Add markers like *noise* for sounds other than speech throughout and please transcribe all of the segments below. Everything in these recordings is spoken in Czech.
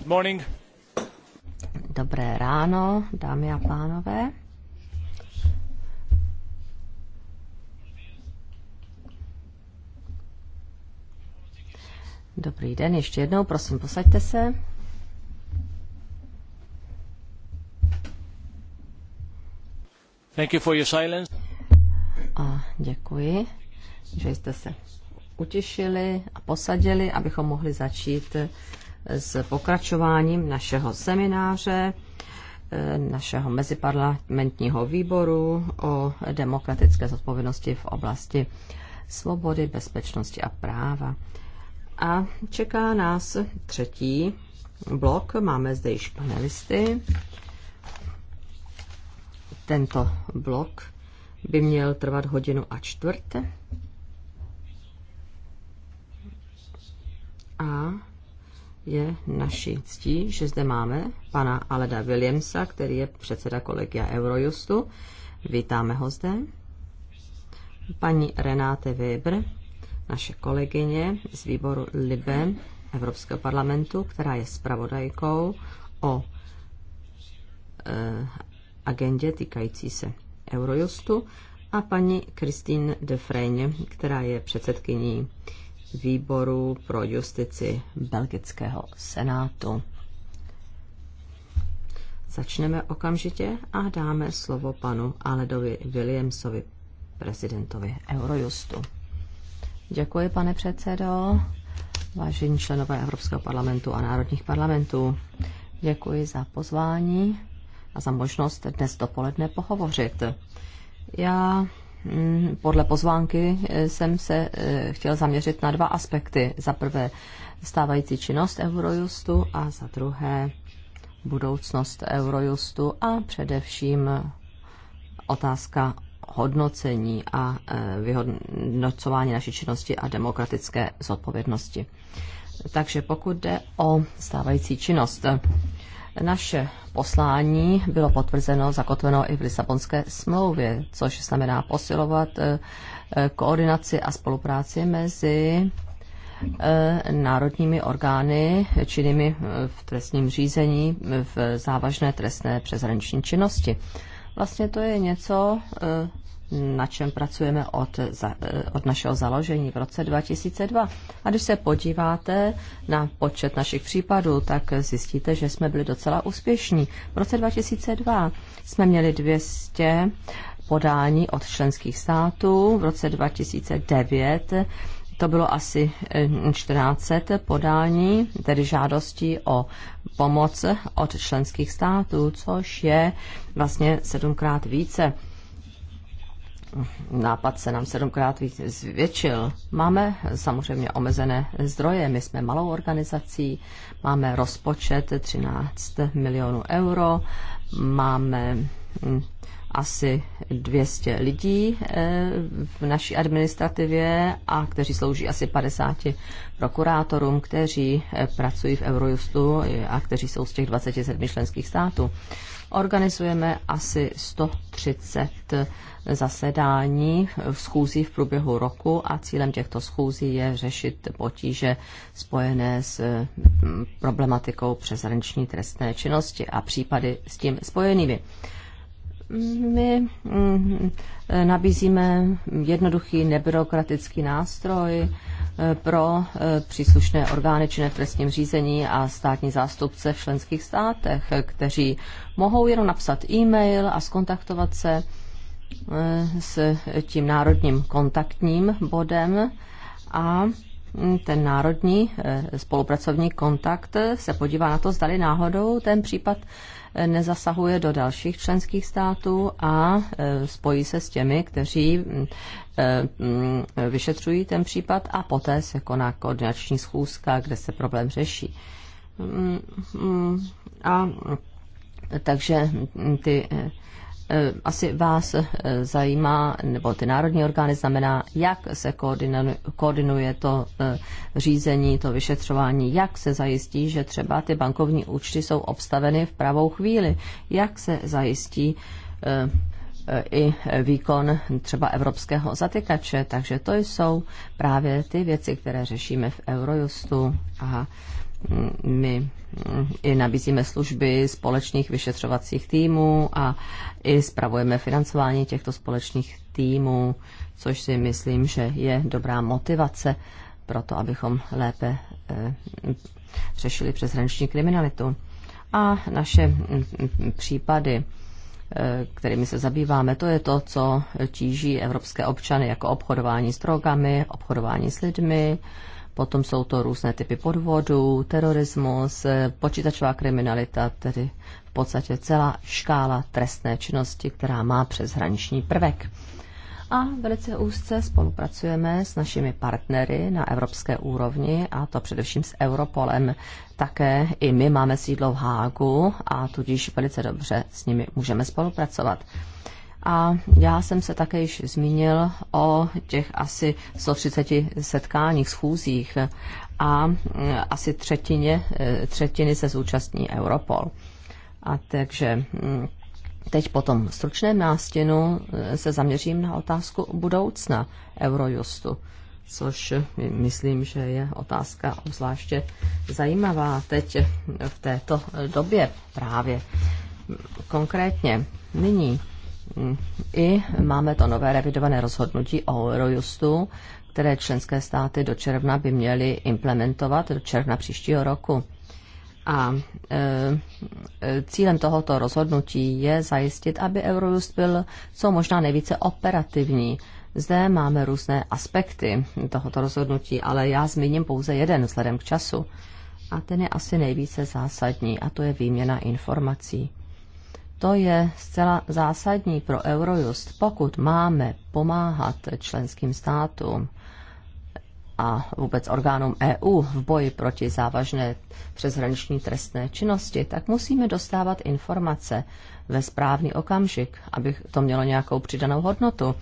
Good morning. Dobré ráno, dámy a pánové. Dobrý den, ještě jednou, prosím, posaďte se. Thank you for your silence. A děkuji, že jste se utěšili a posadili, abychom mohli začít s pokračováním našeho semináře, eh, našeho meziparlamentního výboru o demokratické zodpovědnosti v oblasti svobody, bezpečnosti a práva. A čeká nás třetí blok. Máme zde již panelisty. Tento blok by měl trvat hodinu a čtvrt. A je naší ctí, že zde máme pana Aleda Williamsa, který je předseda kolegia Eurojustu. Vítáme ho zde. Paní Renáte Weber, naše kolegyně z výboru LIBE Evropského parlamentu, která je spravodajkou o e, agendě týkající se Eurojustu a paní Christine de Freyne, která je předsedkyní výboru pro justici belgického senátu. Začneme okamžitě a dáme slovo panu Aledovi Williamsovi, prezidentovi Eurojustu. Děkuji, pane předsedo, vážení členové Evropského parlamentu a národních parlamentů. Děkuji za pozvání a za možnost dnes dopoledne pohovořit. Já Mm, podle pozvánky eh, jsem se eh, chtěl zaměřit na dva aspekty. Za prvé stávající činnost Eurojustu a za druhé budoucnost Eurojustu a především otázka hodnocení a eh, vyhodnocování naší činnosti a demokratické zodpovědnosti. Takže pokud jde o stávající činnost, naše poslání bylo potvrzeno, zakotveno i v Lisabonské smlouvě, což znamená posilovat eh, koordinaci a spolupráci mezi eh, národními orgány činnými eh, v trestním řízení v závažné trestné přeshraniční činnosti. Vlastně to je něco, na čem pracujeme od, eh, od našeho založení v roce 2002. A když se podíváte na počet našich případů, tak zjistíte, že jsme byli docela úspěšní. V roce 2002 jsme měli 200 podání od členských států, v roce 2009 to bylo asi 1400 eh, podání, tedy žádostí o pomoc od členských států, což je vlastně sedmkrát více nápad se nám sedmkrát víc zvětšil. Máme samozřejmě omezené zdroje, my jsme malou organizací, máme rozpočet 13 milionů euro, máme hm, asi 200 lidí eh, v naší administrativě a kteří slouží asi 50 prokurátorům, kteří eh, pracují v Eurojustu a kteří jsou z těch 27 členských států. Organizujeme asi 130 zasedání v schůzí v průběhu roku a cílem těchto schůzí je řešit potíže spojené s mm, problematikou přeshraniční trestné činnosti a případy s tím spojenými. My mm, nabízíme jednoduchý nebyrokratický nástroj, pro eh, příslušné orgány činné v trestním řízení a státní zástupce v členských státech, eh, kteří mohou jenom napsat e-mail a skontaktovat se eh, s tím národním kontaktním bodem a mm, ten národní spolupracovní kontakt se podívá na to, zdali náhodou ten případ nezasahuje do dalších členských států a e, spojí se s těmi, kteří e, vyšetřují ten případ a poté se koná koordinační schůzka, kde se problém řeší. A takže ty e, Eh, asi vás eh, zajímá, nebo ty národní orgány znamená, jak se koordinuje to eh, řízení, to vyšetřování, jak se zajistí, že třeba ty bankovní účty jsou obstaveny v pravou chvíli, jak se zajistí i výkon třeba evropského zatykače. Takže to jsou právě ty věci, které řešíme v Eurojustu a mm, my i nabízíme služby společných vyšetřovacích týmů a i spravujeme financování těchto společných týmů, což si myslím, že je dobrá motivace pro to, abychom lépe eh, řešili přeshraniční kriminalitu. A naše mm, případy, eh, kterými se zabýváme, to je to, co tíží evropské občany, jako obchodování s drogami, obchodování s lidmi, Potom jsou to různé typy podvodů, terorismus, eh, počítačová kriminalita, tedy v podstatě celá škála trestné činnosti, která má přeshraniční prvek. A velice úzce spolupracujeme s našimi partnery na evropské úrovni, a to především s Europolem. Také i my máme sídlo v Hágu a tudíž velice dobře s nimi můžeme spolupracovat. A já jsem se také již zmínil o těch asi 130 setkáních, schůzích a mm, asi třetině, e, třetiny se zúčastní Europol. A takže mm, teď po tom stručném nástěnu e, se zaměřím na otázku budoucna Eurojustu, což e, myslím, že je otázka obzvláště zajímavá teď v této době právě. Konkrétně nyní i máme to nové revidované rozhodnutí o Eurojustu, které členské státy do června by měly implementovat do června příštího roku. A e, e, cílem tohoto rozhodnutí je zajistit, aby Eurojust byl co možná nejvíce operativní. Zde máme různé aspekty tohoto rozhodnutí, ale já zmíním pouze jeden vzhledem k času. A ten je asi nejvíce zásadní, a to je výměna informací to je zcela zásadní pro Eurojust. Pokud máme pomáhat členským státům a vůbec orgánům EU v boji proti závažné přeshraniční trestné činnosti, tak musíme dostávat informace ve správný okamžik, aby to mělo nějakou přidanou hodnotu.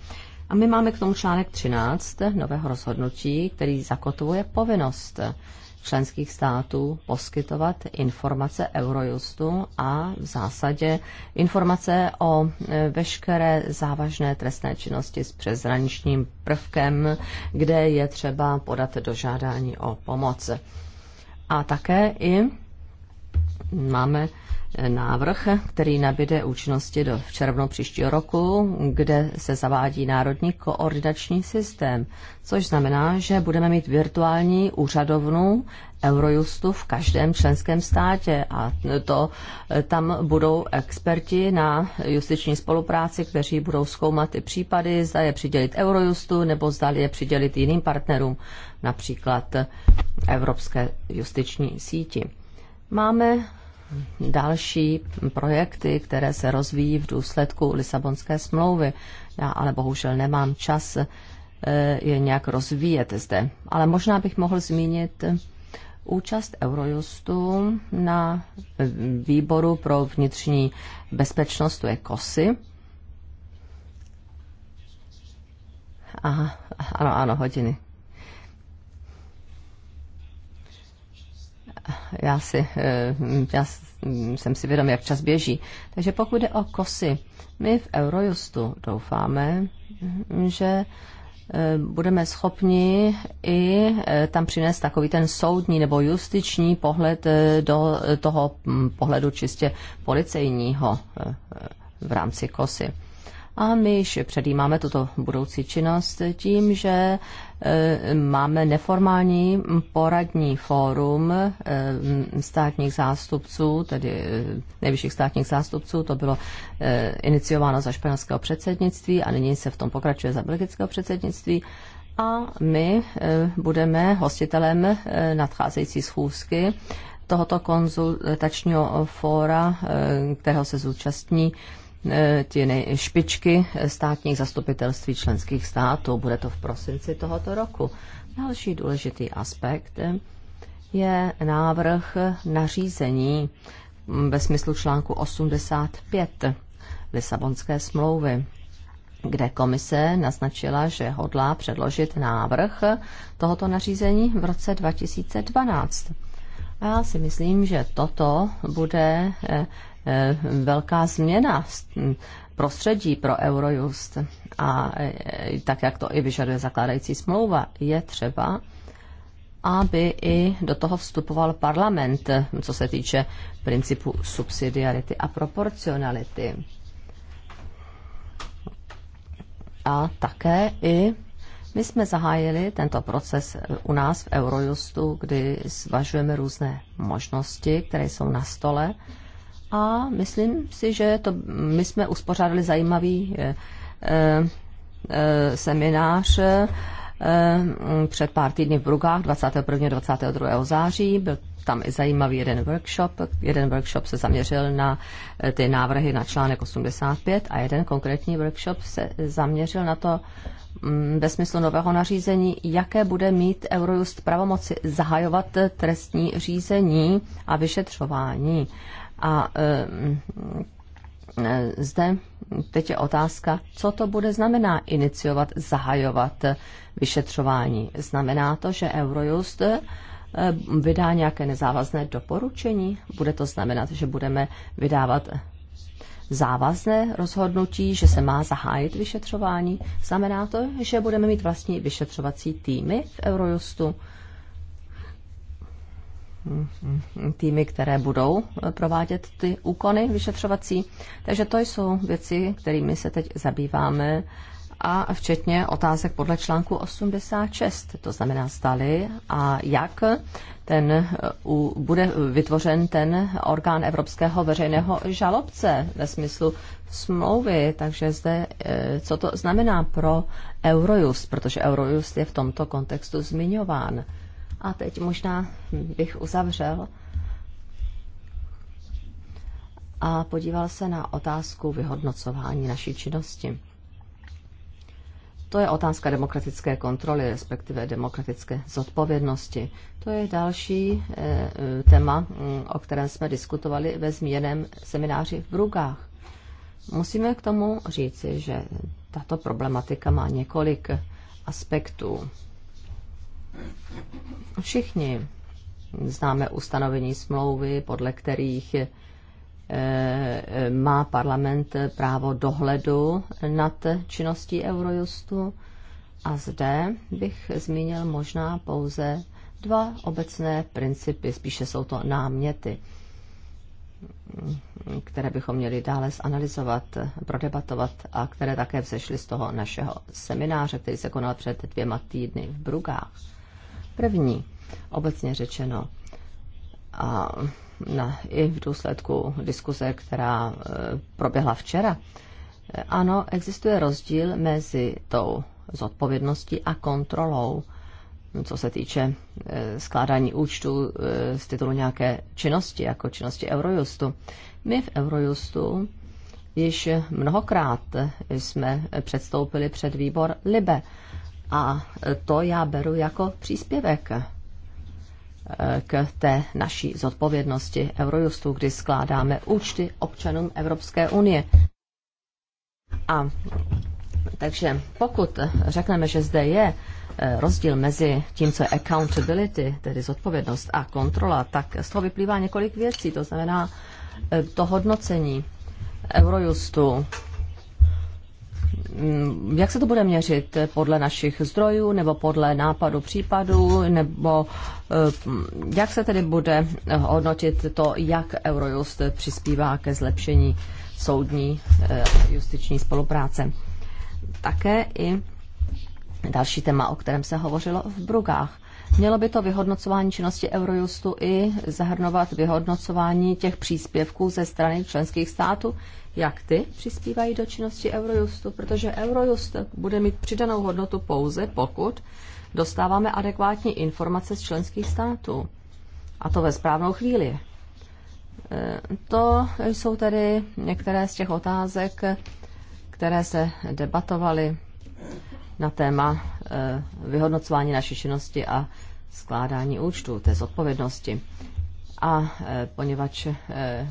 A my máme k tomu článek 13 nového rozhodnutí, který zakotvuje povinnost členských států poskytovat informace Eurojustu a v zásadě informace o e, veškeré závažné trestné činnosti s přezraničním prvkem, kde je třeba podat dožádání o pomoc. A také i máme návrh, který nabíde účinnosti do června příštího roku, kde se zavádí národní koordinační systém, což znamená, že budeme mít virtuální úřadovnu Eurojustu v každém členském státě a to e, tam budou experti na justiční spolupráci, kteří budou zkoumat ty případy, zda je přidělit Eurojustu nebo zda je přidělit jiným partnerům, například Evropské justiční síti. Máme další projekty, které se rozvíjí v důsledku Lisabonské smlouvy. Já ale bohužel nemám čas eh, je nějak rozvíjet zde. Ale možná bych mohl zmínit eh, účast Eurojustu na eh, výboru pro vnitřní bezpečnost, to je KOSY. Aha, ano, ano, hodiny. já, si, eh, já jsem si vědom, jak čas běží. Takže pokud jde o kosy, my v Eurojustu doufáme, že eh, budeme schopni i eh, tam přinést takový ten soudní nebo justiční pohled do toho hm, pohledu čistě policejního v rámci kosy. A my již předjímáme tuto budoucí činnost tím, že Eh, máme neformální poradní fórum eh, státních zástupců, tedy eh, nejvyšších státních zástupců. To bylo iniciováno za španělského předsednictví a nyní se v tom pokračuje za belgického předsednictví. A my budeme hostitelem nadcházející schůzky tohoto konzultačního fóra, kterého se zúčastní Eh, ty špičky státních zastupitelství členských států. Bude to v prosinci tohoto roku. Další důležitý aspekt eh, je návrh nařízení mm, ve smyslu článku 85 Lisabonské smlouvy, kde komise naznačila, že hodlá předložit návrh tohoto nařízení v roce 2012. A já si myslím, že toto bude eh, Eh, velká změna prostředí pro Eurojust a eh, tak, jak to i vyžaduje zakládající smlouva, je třeba, aby i do toho vstupoval parlament, co se týče principu subsidiarity a proporcionality. A také i my jsme zahájili tento proces u nás v Eurojustu, kdy zvažujeme různé možnosti, které jsou na stole a myslím si, že to, my jsme uspořádali zajímavý e, e, seminář e, před pár týdny v Brugách 21. a 22. září. Byl tam i zajímavý jeden workshop. Jeden workshop se zaměřil na ty návrhy na článek 85 a jeden konkrétní workshop se zaměřil na to, mm, ve smyslu nového nařízení, jaké bude mít Eurojust pravomoci zahajovat trestní řízení a vyšetřování. A eh, eh, zde teď je otázka, co to bude znamená iniciovat, zahajovat vyšetřování. Znamená to, že Eurojust eh, vydá nějaké nezávazné doporučení? Bude to znamenat, že budeme vydávat závazné rozhodnutí, že se má zahájit vyšetřování? Znamená to, že budeme mít vlastní vyšetřovací týmy v Eurojustu? týmy, které budou provádět ty úkony vyšetřovací. Takže to jsou věci, kterými se teď zabýváme a včetně otázek podle článku 86, to znamená stali a jak ten u, bude vytvořen ten orgán Evropského veřejného žalobce ve smyslu smlouvy, takže zde, e, co to znamená pro Eurojust, protože Eurojust je v tomto kontextu zmiňován. A teď možná bych uzavřel a podíval se na otázku vyhodnocování naší činnosti. To je otázka demokratické kontroly, respektive demokratické zodpovědnosti. To je další e, téma, mm, o kterém jsme diskutovali ve zmíněném semináři v Brugách. Musíme k tomu říci, že tato problematika má několik aspektů. Všichni známe ustanovení smlouvy, podle kterých eh, eh, má parlament právo dohledu nad činností Eurojustu. A zde bych zmínil možná pouze dva obecné principy, spíše jsou to náměty, které bychom měli dále zanalizovat, prodebatovat a které také vzešly z toho našeho semináře, který se konal před dvěma týdny v Brugách první, obecně řečeno. A na, i v důsledku diskuze, která e, proběhla včera. Ano, existuje rozdíl mezi tou zodpovědností a kontrolou, co se týče e, skládání účtu e, z titulu nějaké činnosti, jako činnosti Eurojustu. My v Eurojustu již mnohokrát jsme předstoupili před výbor LIBE a to já beru jako příspěvek eh, k té naší zodpovědnosti Eurojustu, kdy skládáme účty občanům Evropské unie. A takže pokud řekneme, že zde je eh, rozdíl mezi tím, co je accountability, tedy zodpovědnost a kontrola, tak z toho vyplývá několik věcí. To znamená eh, to hodnocení Eurojustu, Mm, jak se to bude měřit? Podle našich zdrojů nebo podle nápadu případů? Nebo eh, jak se tedy bude hodnotit to, jak Eurojust přispívá ke zlepšení soudní eh, justiční spolupráce? Také i další téma, o kterém se hovořilo v Brugách. Mělo by to vyhodnocování činnosti Eurojustu i zahrnovat vyhodnocování těch příspěvků ze strany členských států, jak ty přispívají do činnosti Eurojustu, protože Eurojust bude mít přidanou hodnotu pouze, pokud dostáváme adekvátní informace z členských států. A to ve správnou chvíli. E, to jsou tedy některé z těch otázek, které se debatovaly na téma e, vyhodnocování naší činnosti a skládání účtů, té zodpovědnosti. A e, poněvadž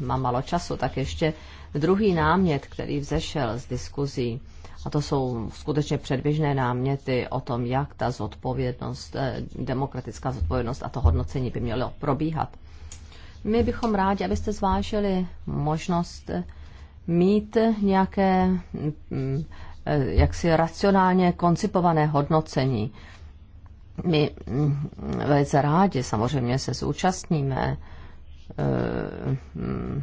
mám málo času, tak ještě druhý námět, který vzešel z diskuzí, a to jsou skutečně předběžné náměty o tom, jak ta zodpovědnost, eh, demokratická zodpovědnost a to hodnocení by mělo probíhat. My bychom rádi, abyste zvážili možnost eh, mít nějaké mm, eh, jaksi racionálně koncipované hodnocení. My mm, velice rádi samozřejmě se zúčastníme mm,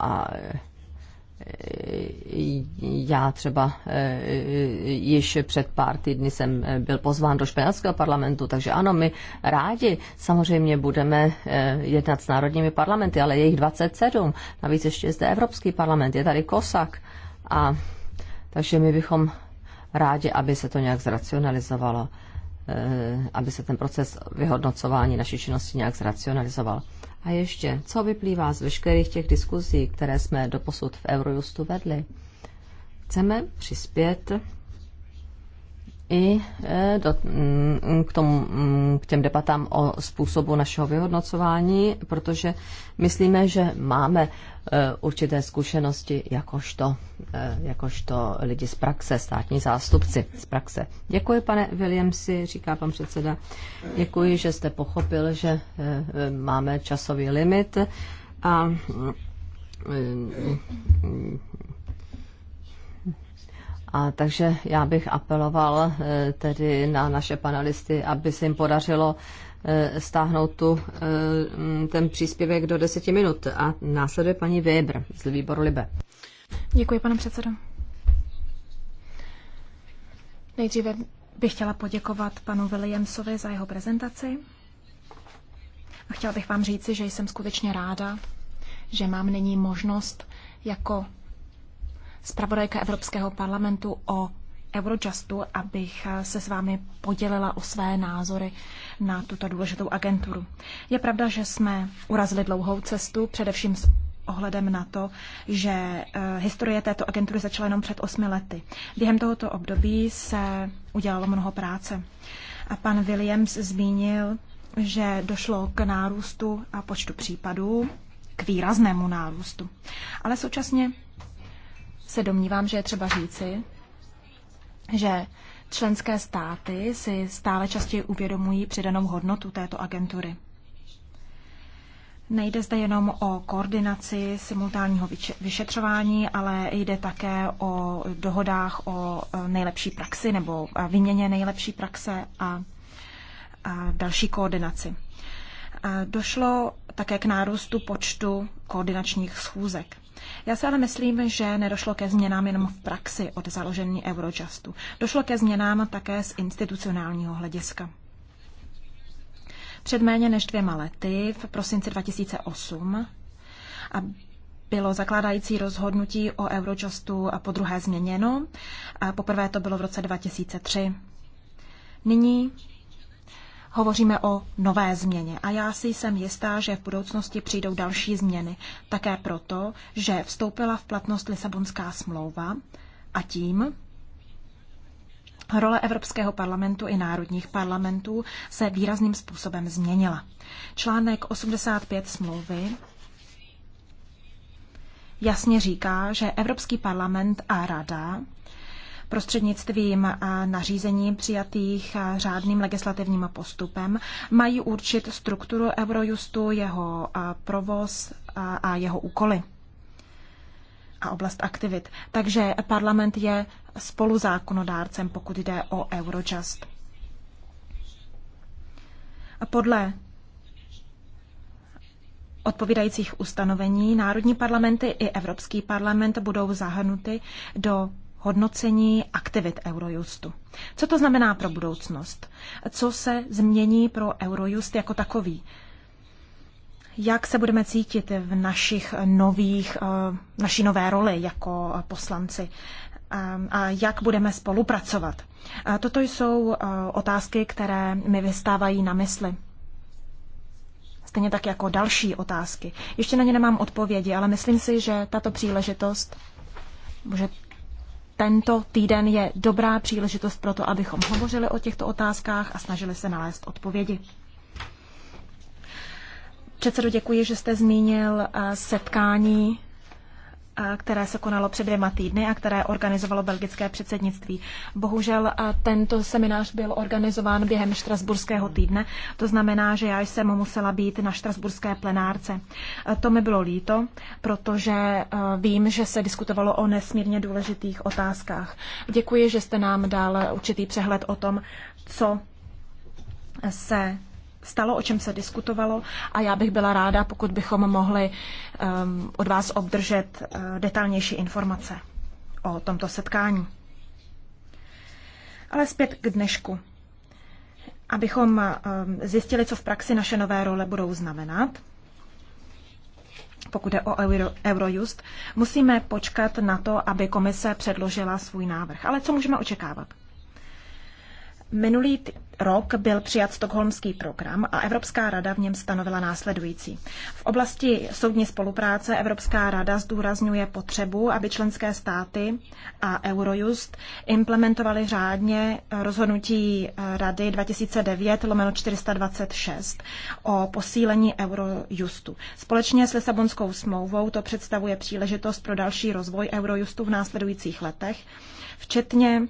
a já třeba eh, již před pár týdny jsem eh, byl pozván do španělského parlamentu, takže ano, my rádi samozřejmě budeme eh, jednat s národními parlamenty, ale je jich 27. Navíc ještě zde Evropský parlament, je tady Kosak. A takže my bychom rádi, aby se to nějak zracionalizovalo, aby se ten proces vyhodnocování naší činnosti nějak zracionalizoval. A ještě, co vyplývá z veškerých těch diskuzí, které jsme doposud v Eurojustu vedli? Chceme přispět i e, do, mm, k, tom mm, k těm debatám o způsobu našeho vyhodnocování, protože myslíme, že máme e, určité zkušenosti jakožto, e, jakožto lidi z praxe, státní zástupci z praxe. Děkuji, pane Williamsi, říká pan předseda. Děkuji, že jste pochopil, že máme časový limit a mm, a takže já bych apeloval eh, tedy na naše panelisty, aby se jim podařilo eh, stáhnout tu, eh, ten příspěvek do deseti minut. A následuje paní Weber z výboru Libe. Děkuji, pane předsedo. Nejdříve bych chtěla poděkovat panu Williamsovi za jeho prezentaci. A chtěla bych vám říci, že jsem skutečně ráda, že mám není možnost jako zpravodajka Evropského parlamentu o Eurojustu, abych se s vámi podělila o své názory na tuto důležitou agenturu. Je pravda, že jsme urazili dlouhou cestu, především s ohledem na to, že eh, historie této agentury začala jenom před osmi lety. Během tohoto období se udělalo mnoho práce. A pan Williams zmínil, že došlo k nárůstu a počtu případů, k výraznému nárůstu. Ale současně se domnívám, že je třeba říci, že členské státy si stále častěji uvědomují přidanou hodnotu této agentury. Nejde zde jenom o koordinaci simultánního vyšetřování, ale jde také o dohodách o e, nejlepší praxi nebo e, vyměně nejlepší praxe a, a další koordinaci. A e, došlo také k nárůstu počtu koordinačních schůzek. Já si ale myslím, že nedošlo ke změnám jenom v praxi od založení Eurojustu. Došlo ke změnám také z institucionálního hlediska. Před méně než dvěma lety, v prosinci 2008, a bylo zakládající rozhodnutí o Eurojustu po druhé změněno. Poprvé to bylo v roce 2003. Nyní Hovoříme o nové změně a já si jsem jistá, že v budoucnosti přijdou další změny. Také proto, že vstoupila v platnost Lisabonská smlouva a tím Role Evropského parlamentu i národních parlamentů se výrazným způsobem změnila. Článek 85 smlouvy jasně říká, že Evropský parlament a Rada prostřednictvím nařízení přijatých řádným legislativním postupem, mají určit strukturu Eurojustu, jeho provoz a jeho úkoly a oblast aktivit. Takže parlament je spoluzákonodárcem, pokud jde o Eurojust. podle odpovídajících ustanovení národní parlamenty i Evropský parlament budou zahrnuty do hodnocení aktivit Eurojustu. Co to znamená pro budoucnost? Co se změní pro Eurojust jako takový? Jak se budeme cítit v našich nových, eh, naší nové roli jako poslanci? Ehm, a jak budeme spolupracovat? Toto jsou eh, otázky, které mi vystávají na mysli stejně tak jako další otázky. Ještě na ně nemám odpovědi, ale myslím si, že tato příležitost, může tento týden je dobrá příležitost pro to, abychom hovořili o těchto otázkách a snažili se nalézt odpovědi. Předsedo, děkuji, že jste zmínil eh, setkání které se konalo před dvěma týdny a které organizovalo belgické předsednictví. Bohužel tento seminář byl organizován během štrasburského týdne, to znamená, že já jsem musela být na štrasburské plenárce. To mi bylo líto, protože vím, že se diskutovalo o nesmírně důležitých otázkách. Děkuji, že jste nám dal určitý přehled o tom, co se stalo, o čem se diskutovalo a já bych byla ráda, pokud bychom mohli um, od vás obdržet uh, detailnější informace o tomto setkání. Ale zpět k dnešku. Abychom um, zjistili, co v praxi naše nové role budou znamenat, pokud je o Euro, Eurojust, musíme počkat na to, aby komise předložila svůj návrh. Ale co můžeme očekávat? Minulý rok byl přijat stokholmský program a Evropská rada v něm stanovila následující. V oblasti soudní spolupráce Evropská rada zdůrazňuje potřebu, aby členské státy a Eurojust implementovali řádně rozhodnutí eh, Rady 2009 lomeno 426 o posílení Eurojustu. Společně s Lisabonskou smlouvou to představuje příležitost pro další rozvoj Eurojustu v následujících letech, včetně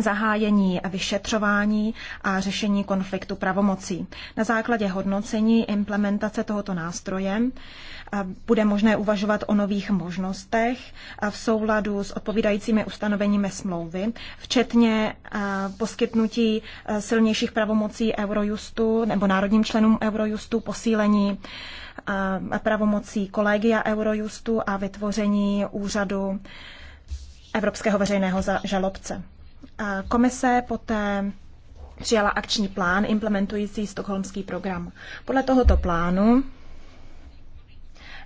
zahájení vyšetřování a řešení konfliktu pravomocí. Na základě hodnocení implementace tohoto nástroje eh, bude možné uvažovat o nových možnostech eh, v souladu s odpovídajícími ustanoveními smlouvy, včetně eh, poskytnutí silnějších pravomocí Eurojustu nebo národním členům Eurojustu, posílení pravomocí kolegia Eurojustu a vytvoření úřadu Evropského veřejného žalobce. Komise poté přijala akční plán implementující stokholmský program. Podle tohoto plánu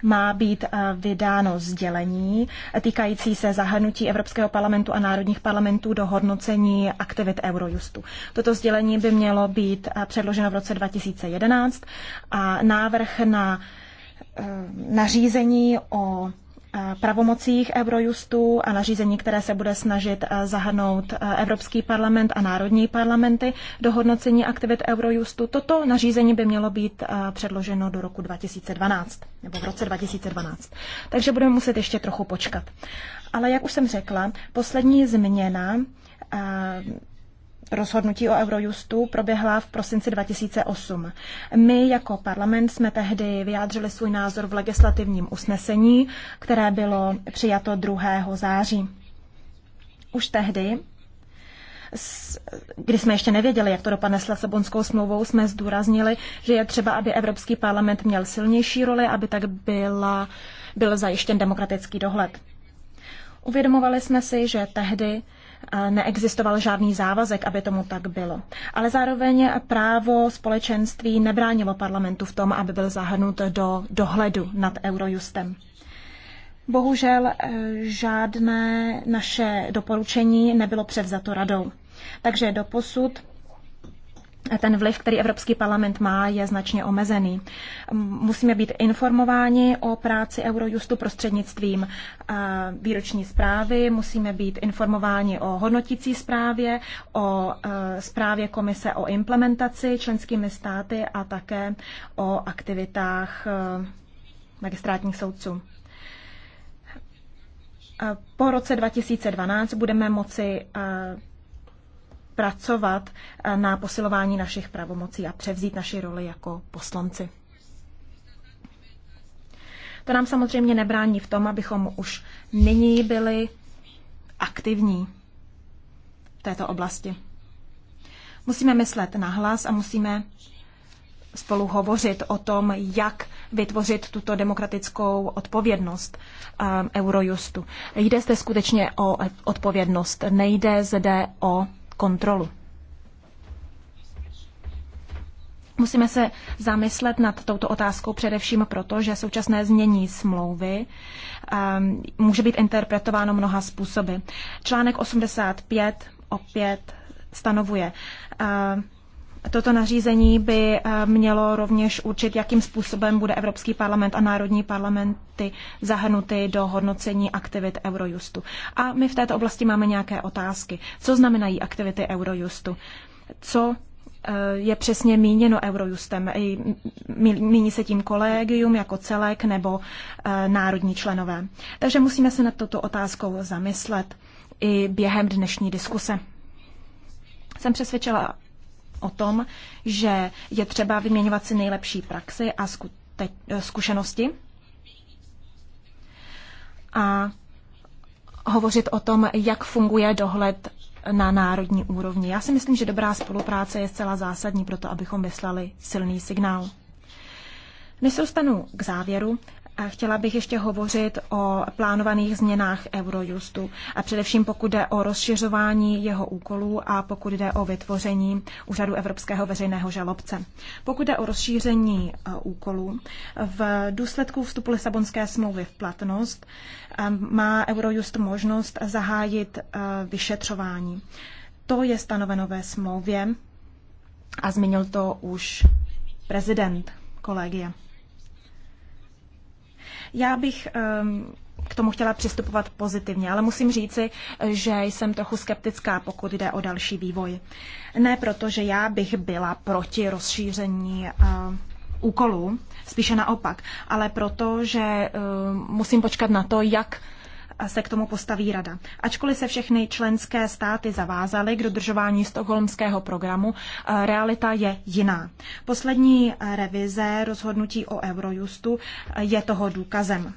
má být eh, vydáno sdělení týkající se zahrnutí Evropského parlamentu a národních parlamentů do hodnocení aktivit Eurojustu. Toto sdělení by mělo být eh, předloženo v roce 2011 a návrh na eh, nařízení o pravomocích Eurojustu a nařízení, které se bude snažit eh, zahrnout eh, Evropský parlament a národní parlamenty do hodnocení aktivit Eurojustu. Toto nařízení by mělo být eh, předloženo do roku 2012, nebo v roce 2012. Takže budeme muset ještě trochu počkat. Ale jak už jsem řekla, poslední změna rozhodnutí o Eurojustu proběhla v prosinci 2008. My jako parlament jsme tehdy vyjádřili svůj názor v legislativním usnesení, které bylo přijato 2. září. Už tehdy kdy jsme ještě nevěděli, jak to dopadne s Lisabonskou smlouvou, jsme zdůraznili, že je třeba, aby Evropský parlament měl silnější roli, aby tak byla, byl zajištěn demokratický dohled. Uvědomovali jsme si, že tehdy neexistoval žádný závazek, aby tomu tak bylo. Ale zároveň právo společenství nebránilo parlamentu v tom, aby byl zahrnut do dohledu nad Eurojustem. Bohužel eh, žádné naše doporučení nebylo převzato radou. Takže doposud ten vliv, který Evropský parlament má, je značně omezený. Musíme být informováni o práci Eurojustu prostřednictvím výroční zprávy, musíme být informováni o hodnotící zprávě, o e, zprávě komise o implementaci členskými státy a také o aktivitách e, magistrátních soudců. E, po roce 2012 budeme moci pracovat eh, na posilování našich pravomocí a převzít naši roli jako poslanci. To nám samozřejmě nebrání v tom, abychom už nyní byli aktivní v této oblasti. Musíme myslet na hlas a musíme spolu hovořit o tom, jak vytvořit tuto demokratickou odpovědnost eh, Eurojustu. Jde zde skutečně o odpovědnost, nejde zde o kontrolu. Musíme se zamyslet nad touto otázkou především proto, že současné změní smlouvy um, může být interpretováno mnoha způsoby. Článek 85 opět stanovuje uh, Toto nařízení by eh, mělo rovněž určit, jakým způsobem bude Evropský parlament a národní parlamenty zahrnuty do hodnocení aktivit Eurojustu. A my v této oblasti máme nějaké otázky. Co znamenají aktivity Eurojustu? Co eh, je přesně míněno Eurojustem? Míní se tím kolegium jako celek nebo eh, národní členové? Takže musíme se nad touto otázkou zamyslet i během dnešní diskuse. Jsem přesvědčila, o tom, že je třeba vyměňovat si nejlepší praxi a zkušenosti a hovořit o tom, jak funguje dohled na národní úrovni. Já si myslím, že dobrá spolupráce je zcela zásadní pro to, abychom vyslali silný signál. Než se dostanu k závěru, chtěla bych ještě hovořit o plánovaných změnách Eurojustu, a především pokud jde o rozšiřování jeho úkolů a pokud jde o vytvoření úřadu Evropského veřejného žalobce. Pokud jde o rozšíření eh, úkolů, v důsledku vstupu Lisabonské smlouvy v platnost má Eurojust možnost zahájit eh, vyšetřování. To je stanoveno ve smlouvě a zmínil to už prezident kolegie. Já bych ehm, k tomu chtěla přistupovat pozitivně, ale musím říci, že jsem trochu skeptická, pokud jde o další vývoj. Ne proto, že já bych byla proti rozšíření ehm, úkolů, spíše naopak, ale proto, že ehm, musím počkat na to, jak se k tomu postaví rada. Ačkoliv se všechny členské státy zavázaly k dodržování stokholmského programu, eh, realita je jiná. Poslední eh, revize rozhodnutí o Eurojustu eh, je toho důkazem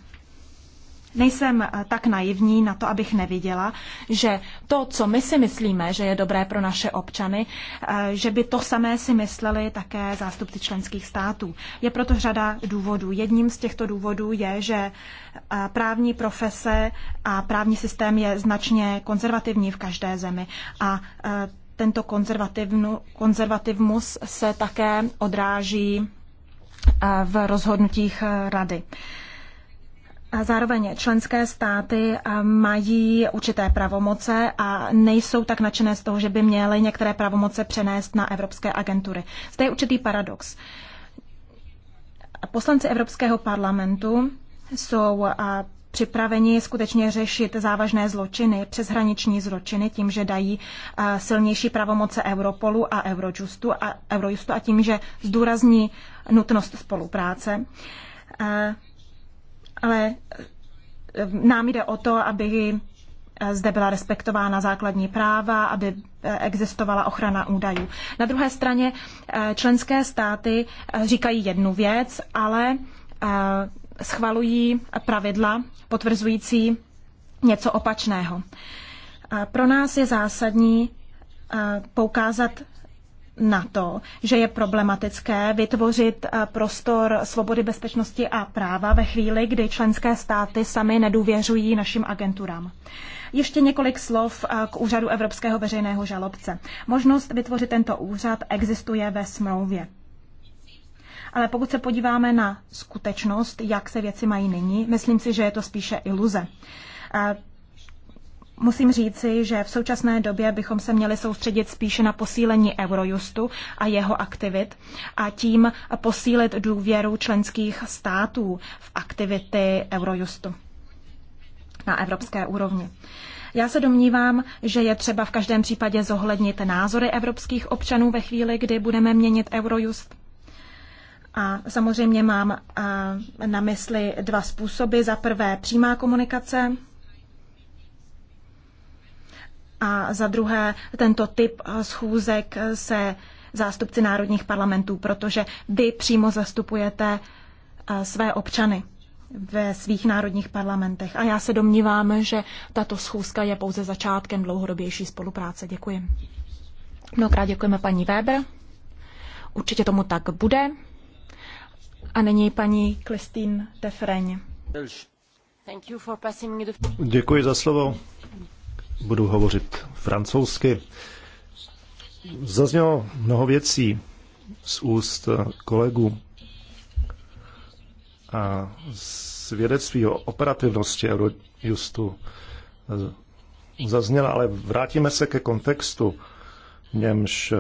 nejsem eh, tak naivní na to, abych neviděla, že to, co my si myslíme, že je dobré pro naše občany, eh, že by to samé si mysleli také zástupci členských států. Je proto řada důvodů. Jedním z těchto důvodů je, že eh, právní profese a právní systém je značně konzervativní v každé zemi a tento konzervativismus se také odráží v rozhodnutích rady. A zároveň členské státy eh, mají určité pravomoce a nejsou tak nadšené z toho, že by měly některé pravomoce přenést na evropské agentury. Zde je určitý paradox. Poslanci Evropského parlamentu jsou eh, připraveni skutečně řešit závažné zločiny, přeshraniční zločiny, tím, že dají eh, silnější pravomoce Europolu a Eurojustu a, Eurojustu a tím, že zdůrazní nutnost spolupráce ale eh, nám jde o to, aby eh, zde byla respektována základní práva, aby eh, existovala ochrana údajů. Na druhé straně členské státy říkají jednu věc, ale schvalují pravidla potvrzující něco opačného. Pro nás je zásadní poukázat na to, že je problematické vytvořit eh, prostor svobody, bezpečnosti a práva ve chvíli, kdy členské státy sami nedůvěřují našim agenturám. Ještě několik slov eh, k úřadu Evropského veřejného žalobce. Možnost vytvořit tento úřad existuje ve smlouvě. Ale pokud se podíváme na skutečnost, jak se věci mají nyní, myslím si, že je to spíše iluze eh, Musím říci, že v současné době bychom se měli soustředit spíše na posílení Eurojustu a jeho aktivit a tím posílit důvěru členských států v aktivity Eurojustu na evropské úrovni. Já se domnívám, že je třeba v každém případě zohlednit názory evropských občanů ve chvíli, kdy budeme měnit Eurojust. A samozřejmě mám na mysli dva způsoby. Za prvé přímá komunikace a za druhé, tento typ eh, schůzek eh, se zástupci národních parlamentů, protože vy přímo zastupujete eh, své občany ve svých národních parlamentech. A já se domnívám, že tato schůzka je pouze začátkem dlouhodobější spolupráce. Děkuji. Mnohokrát děkujeme paní Weber. Určitě tomu tak bude. A nyní paní Kristýn Defreň. Děkuji za slovo budu hovořit francouzsky. Zaznělo mnoho věcí z úst kolegů a svědectví o operativnosti Eurojustu zazněla, ale vrátíme se ke kontextu, v němž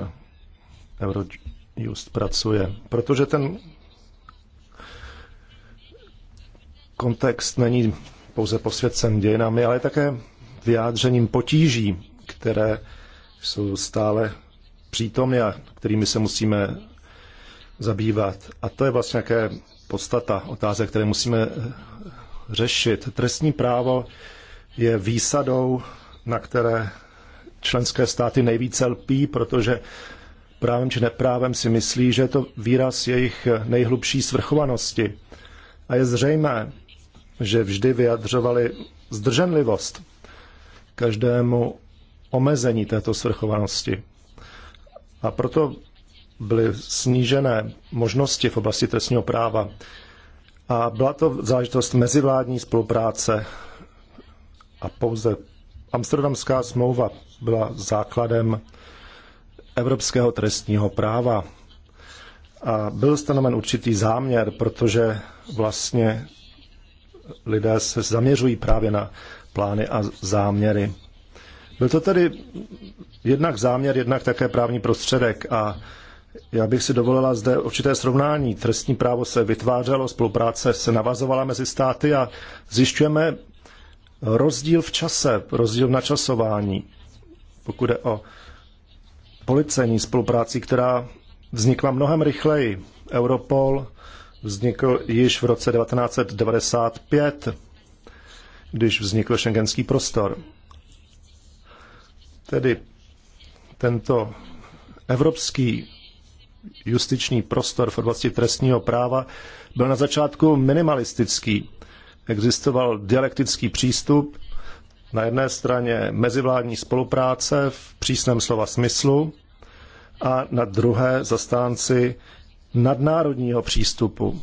Eurojust pracuje, protože ten kontext není pouze posvěcen dějinami, ale také vyjádřením potíží, které jsou stále přítomny a kterými se musíme zabývat. A to je vlastně nějaké podstata otázek, které musíme eh, řešit. Trestní právo je výsadou, na které členské státy nejvíce lpí, protože právem či neprávem si myslí, že je to výraz jejich nejhlubší svrchovanosti. A je zřejmé, že vždy vyjadřovali zdrženlivost každému omezení této svrchovanosti. A proto byly snížené možnosti v oblasti trestního práva. A byla to záležitost mezivládní spolupráce a pouze Amsterdamská smlouva byla základem evropského trestního práva. A byl stanoven určitý záměr, protože vlastně lidé se zaměřují právě na plány a záměry. Byl to tedy jednak záměr, jednak také právní prostředek a já bych si dovolila zde určité srovnání. Trestní právo se vytvářelo, spolupráce se navazovala mezi státy a zjišťujeme rozdíl v čase, rozdíl v načasování, pokud je o policení spolupráci, která vznikla mnohem rychleji. Europol vznikl již v roce 1995, když vznikl šengenský prostor. Tedy tento evropský justiční prostor v oblasti trestního práva byl na začátku minimalistický. Existoval dialektický přístup, na jedné straně mezivládní spolupráce v přísném slova smyslu a na druhé zastánci nadnárodního přístupu,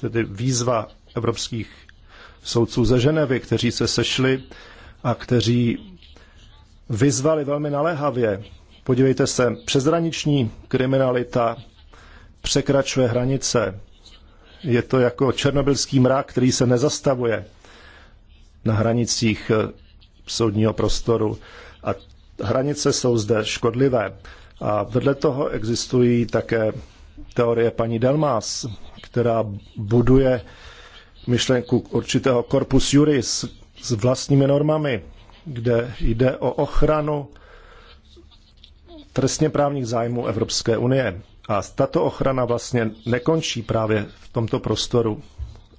tedy výzva evropských soudců ze Ženevy, kteří se sešli a kteří vyzvali velmi naléhavě. Podívejte se, přezraniční kriminalita překračuje hranice. Je to jako černobylský mrak, který se nezastavuje na hranicích eh, soudního prostoru. A hranice jsou zde škodlivé. A vedle toho existují také teorie paní Delmas, která buduje myšlenku určitého korpus juris s vlastními normami, kde jde o ochranu trestně právních zájmů Evropské unie. A tato ochrana vlastně nekončí právě v tomto prostoru.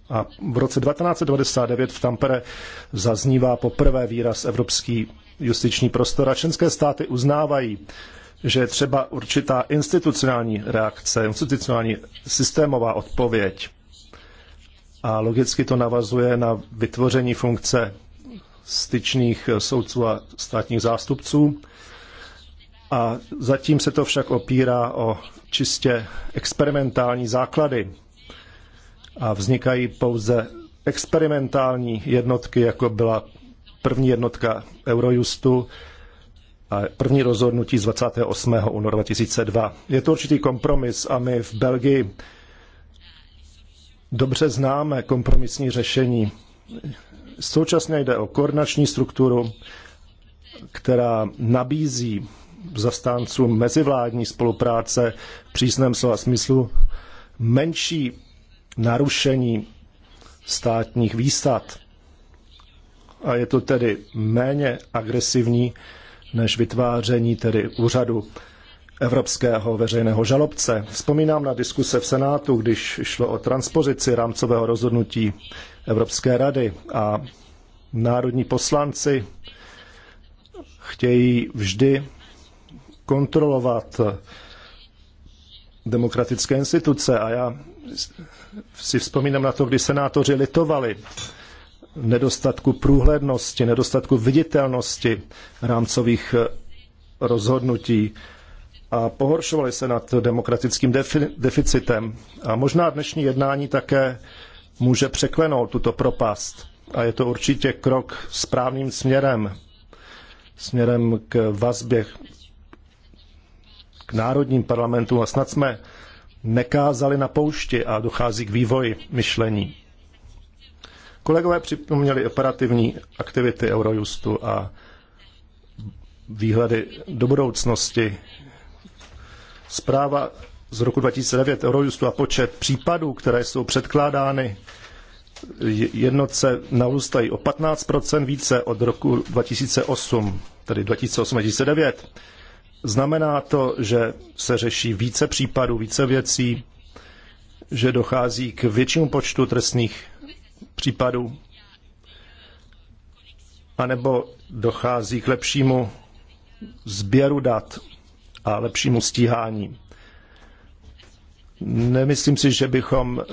A v roce 1999 v Tampere zaznívá poprvé výraz evropský justiční prostor a členské státy uznávají že je třeba určitá institucionální reakce, institucionální systémová odpověď. A logicky to navazuje na vytvoření funkce styčných soudců a státních zástupců. A zatím se to však opírá o čistě experimentální základy. A vznikají pouze experimentální jednotky, jako byla první jednotka Eurojustu, první rozhodnutí z 28. února 2002. Je to určitý kompromis a my v Belgii dobře známe kompromisní řešení. Současně jde o koordinační strukturu, která nabízí zastáncům mezivládní spolupráce v přísném slova smyslu menší narušení státních výsad. A je to tedy méně agresivní než vytváření tedy úřadu evropského veřejného žalobce. Vzpomínám na diskuse v Senátu, když šlo o transpozici rámcového rozhodnutí Evropské rady a národní poslanci chtějí vždy kontrolovat demokratické instituce a já si vzpomínám na to, kdy senátoři litovali nedostatku průhlednosti, nedostatku viditelnosti rámcových eh, rozhodnutí a pohoršovali se nad demokratickým deficitem. A možná dnešní jednání také může překlenout tuto propast. A je to určitě krok správným směrem, směrem k vazbě k národním parlamentům a snad jsme nekázali na poušti a dochází k vývoji myšlení. Kolegové připomněli operativní aktivity Eurojustu a výhledy do budoucnosti. Zpráva z roku 2009 Eurojustu a počet případů, které jsou předkládány jednotce narůstají o 15% více od roku 2008, tedy 2008-2009. Znamená to, že se řeší více případů, více věcí, že dochází k většímu počtu trestných případů. A nebo dochází k lepšímu sběru dat a lepšímu stíhání. Nemyslím si, že bychom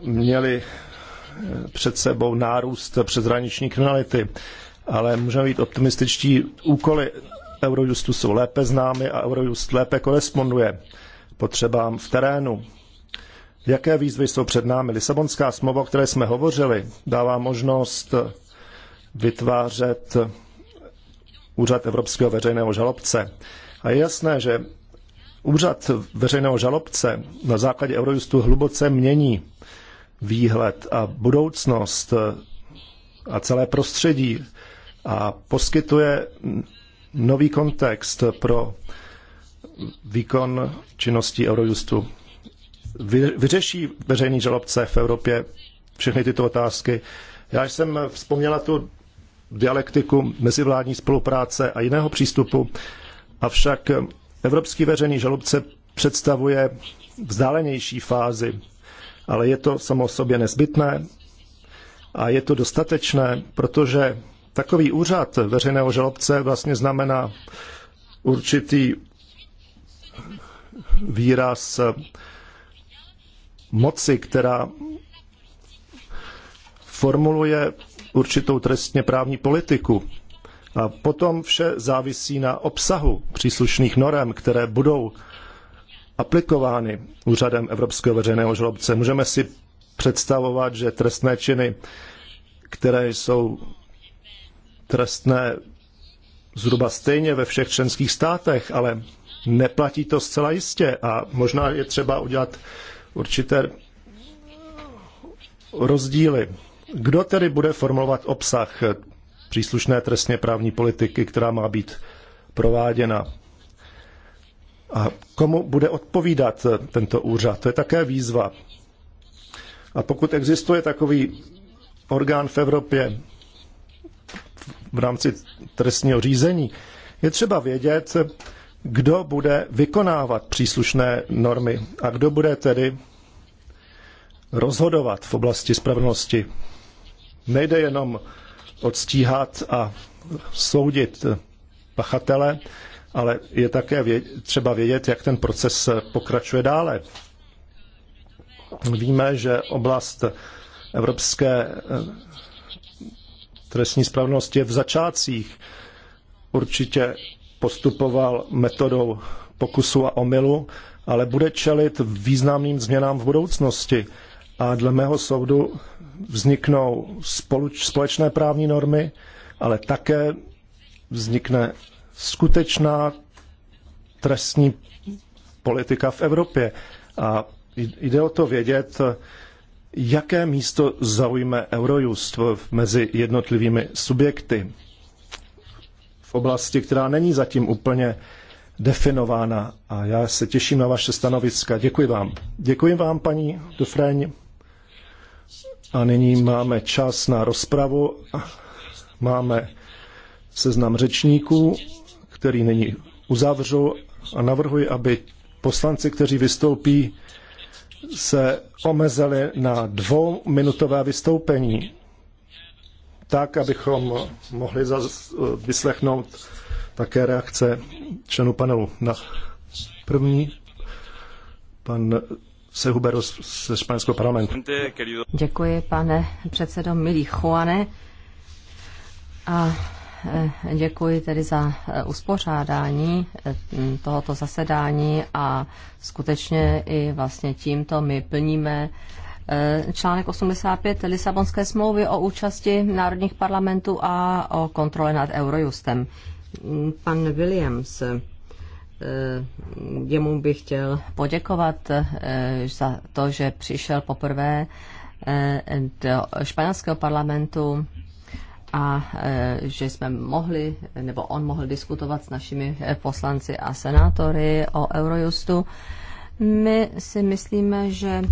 měli eh, před sebou nárůst přeshraniční kriminality, ale můžeme být optimističtí. Úkoly Eurojustu jsou lépe známy a Eurojust lépe koresponduje potřebám v terénu. Jaké výzvy jsou před námi? Lisabonská smlouva, o které jsme hovořili, dává možnost vytvářet úřad Evropského veřejného žalobce. A je jasné, že úřad veřejného žalobce na základě Eurojustu hluboce mění výhled a budoucnost a celé prostředí a poskytuje nový kontext pro výkon činnosti Eurojustu vyřeší veřejný žalobce v Evropě všechny tyto otázky. Já jsem vzpomněla tu dialektiku mezivládní spolupráce a jiného přístupu, avšak Evropský veřejný žalobce představuje vzdálenější fázi, ale je to samo sobě nezbytné a je to dostatečné, protože takový úřad veřejného žalobce vlastně znamená určitý výraz moci, která formuluje určitou trestně právní politiku. A potom vše závisí na obsahu příslušných norem, které budou aplikovány úřadem Evropského veřejného žalobce. Můžeme si představovat, že trestné činy, které jsou trestné zhruba stejně ve všech členských státech, ale neplatí to zcela jistě a možná je třeba udělat určité rozdíly. Kdo tedy bude formulovat obsah příslušné trestně právní politiky, která má být prováděna? A komu bude odpovídat tento úřad? To je také výzva. A pokud existuje takový orgán v Evropě v rámci trestního řízení, je třeba vědět, kdo bude vykonávat příslušné normy a kdo bude tedy rozhodovat v oblasti spravedlnosti. Nejde jenom odstíhat a soudit pachatele, ale je také vědět, třeba vědět, jak ten proces pokračuje dále. Víme, že oblast evropské eh, trestní spravedlnosti je v začátcích. Určitě postupoval metodou pokusu a omylu, ale bude čelit významným změnám v budoucnosti. A dle mého soudu vzniknou spoluč, společné právní normy, ale také vznikne skutečná trestní politika v Evropě. A jde o to vědět, jaké místo zaujme Eurojust mezi jednotlivými subjekty v oblasti, která není zatím úplně definována. A já se těším na vaše stanoviska. Děkuji vám. Děkuji vám, paní Dufreň. A nyní máme čas na rozpravu. Máme seznam řečníků, který nyní uzavřu a navrhuji, aby poslanci, kteří vystoupí, se omezili na dvouminutové vystoupení tak, abychom mohli zas, eh, vyslechnout také reakce členů panelu. Na první pan Sehuber ze španělského parlamentu. Děkuji, pane předsedo, milý Juane. A eh, děkuji tedy za eh, uspořádání tohoto zasedání a skutečně i vlastně tímto my plníme Eh, článek 85 Lisabonské smlouvy o účasti národních parlamentů a o kontrole nad Eurojustem. Mm, pan Williams, eh, jemu bych chtěl poděkovat eh, za to, že přišel poprvé do španělského parlamentu a že jsme mohli, nebo on mohl diskutovat s našimi poslanci a senátory o Eurojustu. My si myslíme, že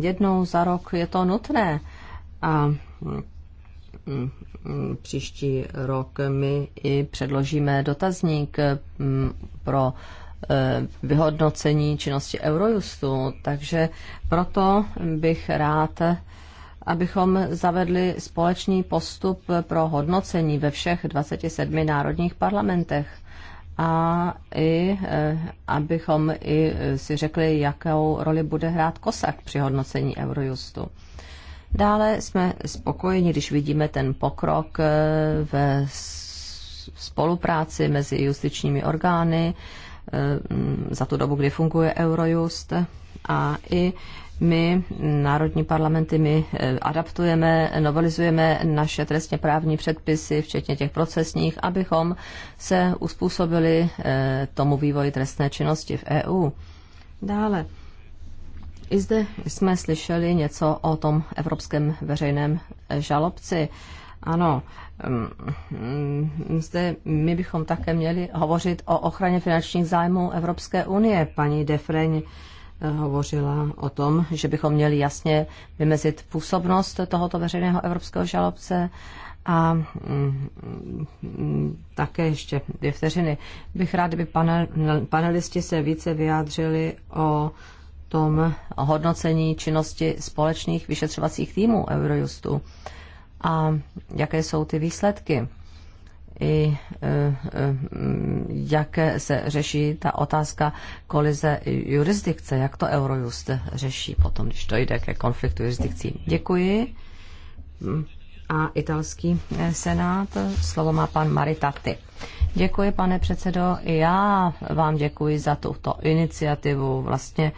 jednou za rok je to nutné a mm, mm, příští rok my i předložíme dotazník mm, pro e, vyhodnocení činnosti Eurojustu, takže proto bych rád, abychom zavedli společný postup pro hodnocení ve všech 27 národních parlamentech a i e, abychom i e, si řekli, jakou roli bude hrát Kosak při hodnocení Eurojustu. Dále jsme spokojeni, když vidíme ten pokrok e, ve spolupráci mezi justičními orgány za tu dobu, kdy funguje Eurojust a i my, národní parlamenty, my eh, adaptujeme, novelizujeme naše trestně právní předpisy, včetně těch procesních, abychom se uspůsobili eh, tomu vývoji trestné činnosti v EU. Dále. I zde jsme slyšeli něco o tom evropském veřejném eh, žalobci. Ano, mm, zde my bychom také měli hovořit o ochraně finančních zájmů Evropské unie. Paní Defreň hovořila o tom, že bychom měli jasně vymezit působnost tohoto veřejného evropského žalobce a mm, také ještě dvě vteřiny. Bych rád, kdyby panelisti se více vyjádřili o tom hodnocení činnosti společných vyšetřovacích týmů Eurojustu a jaké jsou ty výsledky i e, e, jak se řeší ta otázka kolize jurisdikce, jak to Eurojust řeší potom, když to jde ke konfliktu jurisdikcí. Děkuji. A italský e, senát, slovo má pan Maritati. Děkuji, pane předsedo. I já vám děkuji za tuto iniciativu. Vlastně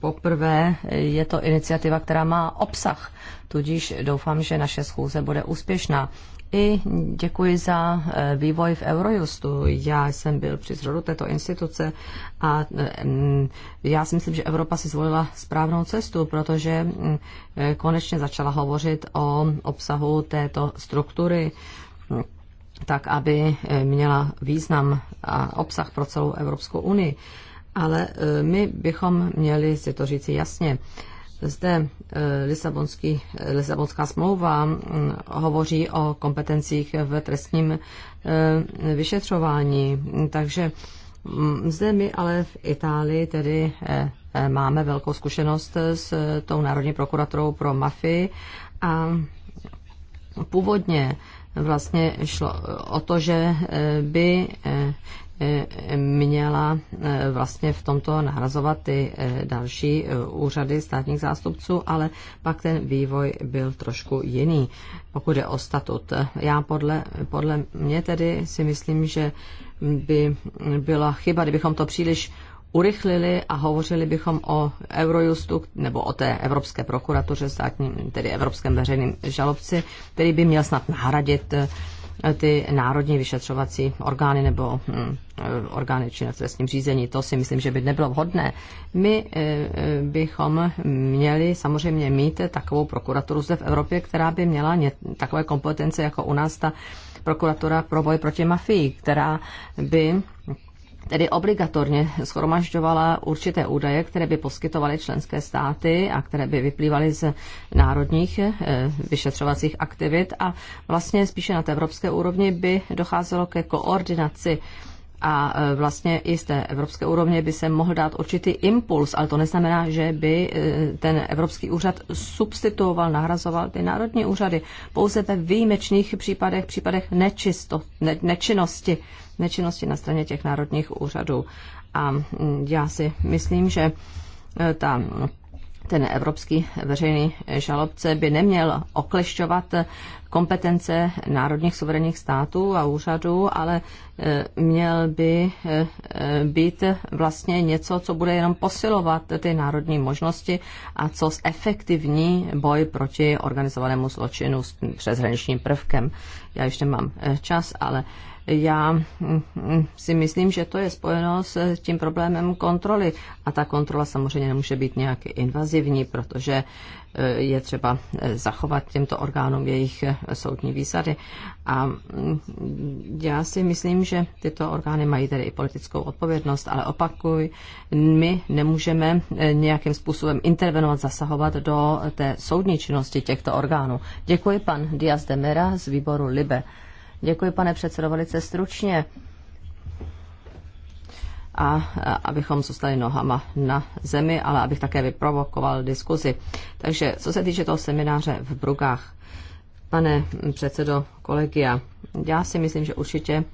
Poprvé je to iniciativa, která má obsah, tudíž doufám, že naše schůze bude úspěšná. I děkuji za eh, vývoj v Eurojustu. Já jsem byl při zrodu této instituce a mm, já si myslím, že Evropa si zvolila správnou cestu, protože mm, eh, konečně začala hovořit o obsahu této struktury mm, tak, aby eh, měla význam a obsah pro celou Evropskou unii ale e, my bychom měli si to říci jasně. Zde e, Lisabonský, Lisabonská smlouva hovoří o kompetencích v trestním e, vyšetřování, takže zde my ale v Itálii tedy máme velkou zkušenost s tou Národní prokuratorou pro mafii a původně vlastně šlo o to, že by měla eh, vlastně v tomto nahrazovat ty eh, další eh, úřady státních zástupců, ale pak ten vývoj byl trošku jiný, pokud je o statut. Já podle, podle mě tedy si myslím, že by byla chyba, kdybychom to příliš urychlili a hovořili bychom o Eurojustu nebo o té Evropské prokuratuře, státním, tedy Evropském veřejným žalobci, který by měl snad nahradit ty národní vyšetřovací orgány nebo hm, eh, orgány či v trestním řízení. To si myslím, že by nebylo vhodné. My eh, eh, bychom měli samozřejmě mít takovou prokuraturu zde v Evropě, která by měla takové kompetence jako u nás ta prokuratura pro boj proti mafii, která by tedy obligatorně schromažďovala určité údaje, které by poskytovaly členské státy a které by vyplývaly z národních eh, vyšetřovacích aktivit a vlastně spíše na té evropské úrovni by docházelo ke koordinaci a e, vlastně i z té evropské úrovně by se mohl dát určitý impuls, ale to neznamená, že by e, ten Evropský úřad substituoval, nahrazoval ty národní úřady. Pouze ve výjimečných případech, případech nečisto, ne, nečinnosti, nečinnosti na straně těch národních úřadů. A já si myslím, že e, ta ten evropský veřejný žalobce by neměl oklešťovat kompetence národních suverénních států a úřadů, ale e, měl by e, být vlastně něco, co bude jenom posilovat ty národní možnosti a co zefektivní boj proti organizovanému zločinu s přeshraničním prvkem. Já ještě mám e, čas, ale já si myslím, že to je spojeno s tím problémem kontroly. A ta kontrola samozřejmě nemůže být nějak invazivní, protože eh, je třeba eh, zachovat těmto orgánům jejich eh, soudní výsady. A mm, já si myslím, že tyto orgány mají tedy i politickou odpovědnost, ale opakuj, my nemůžeme nějakým způsobem intervenovat, zasahovat do té soudní činnosti těchto orgánů. Děkuji pan Diaz de Mera z výboru Libe. Děkuji, pane předsedo, velice stručně. A, abychom zůstali nohama na zemi, ale abych také vyprovokoval diskuzi. Takže co se týče toho semináře v Brugách, pane předsedo kolegia, já si myslím, že určitě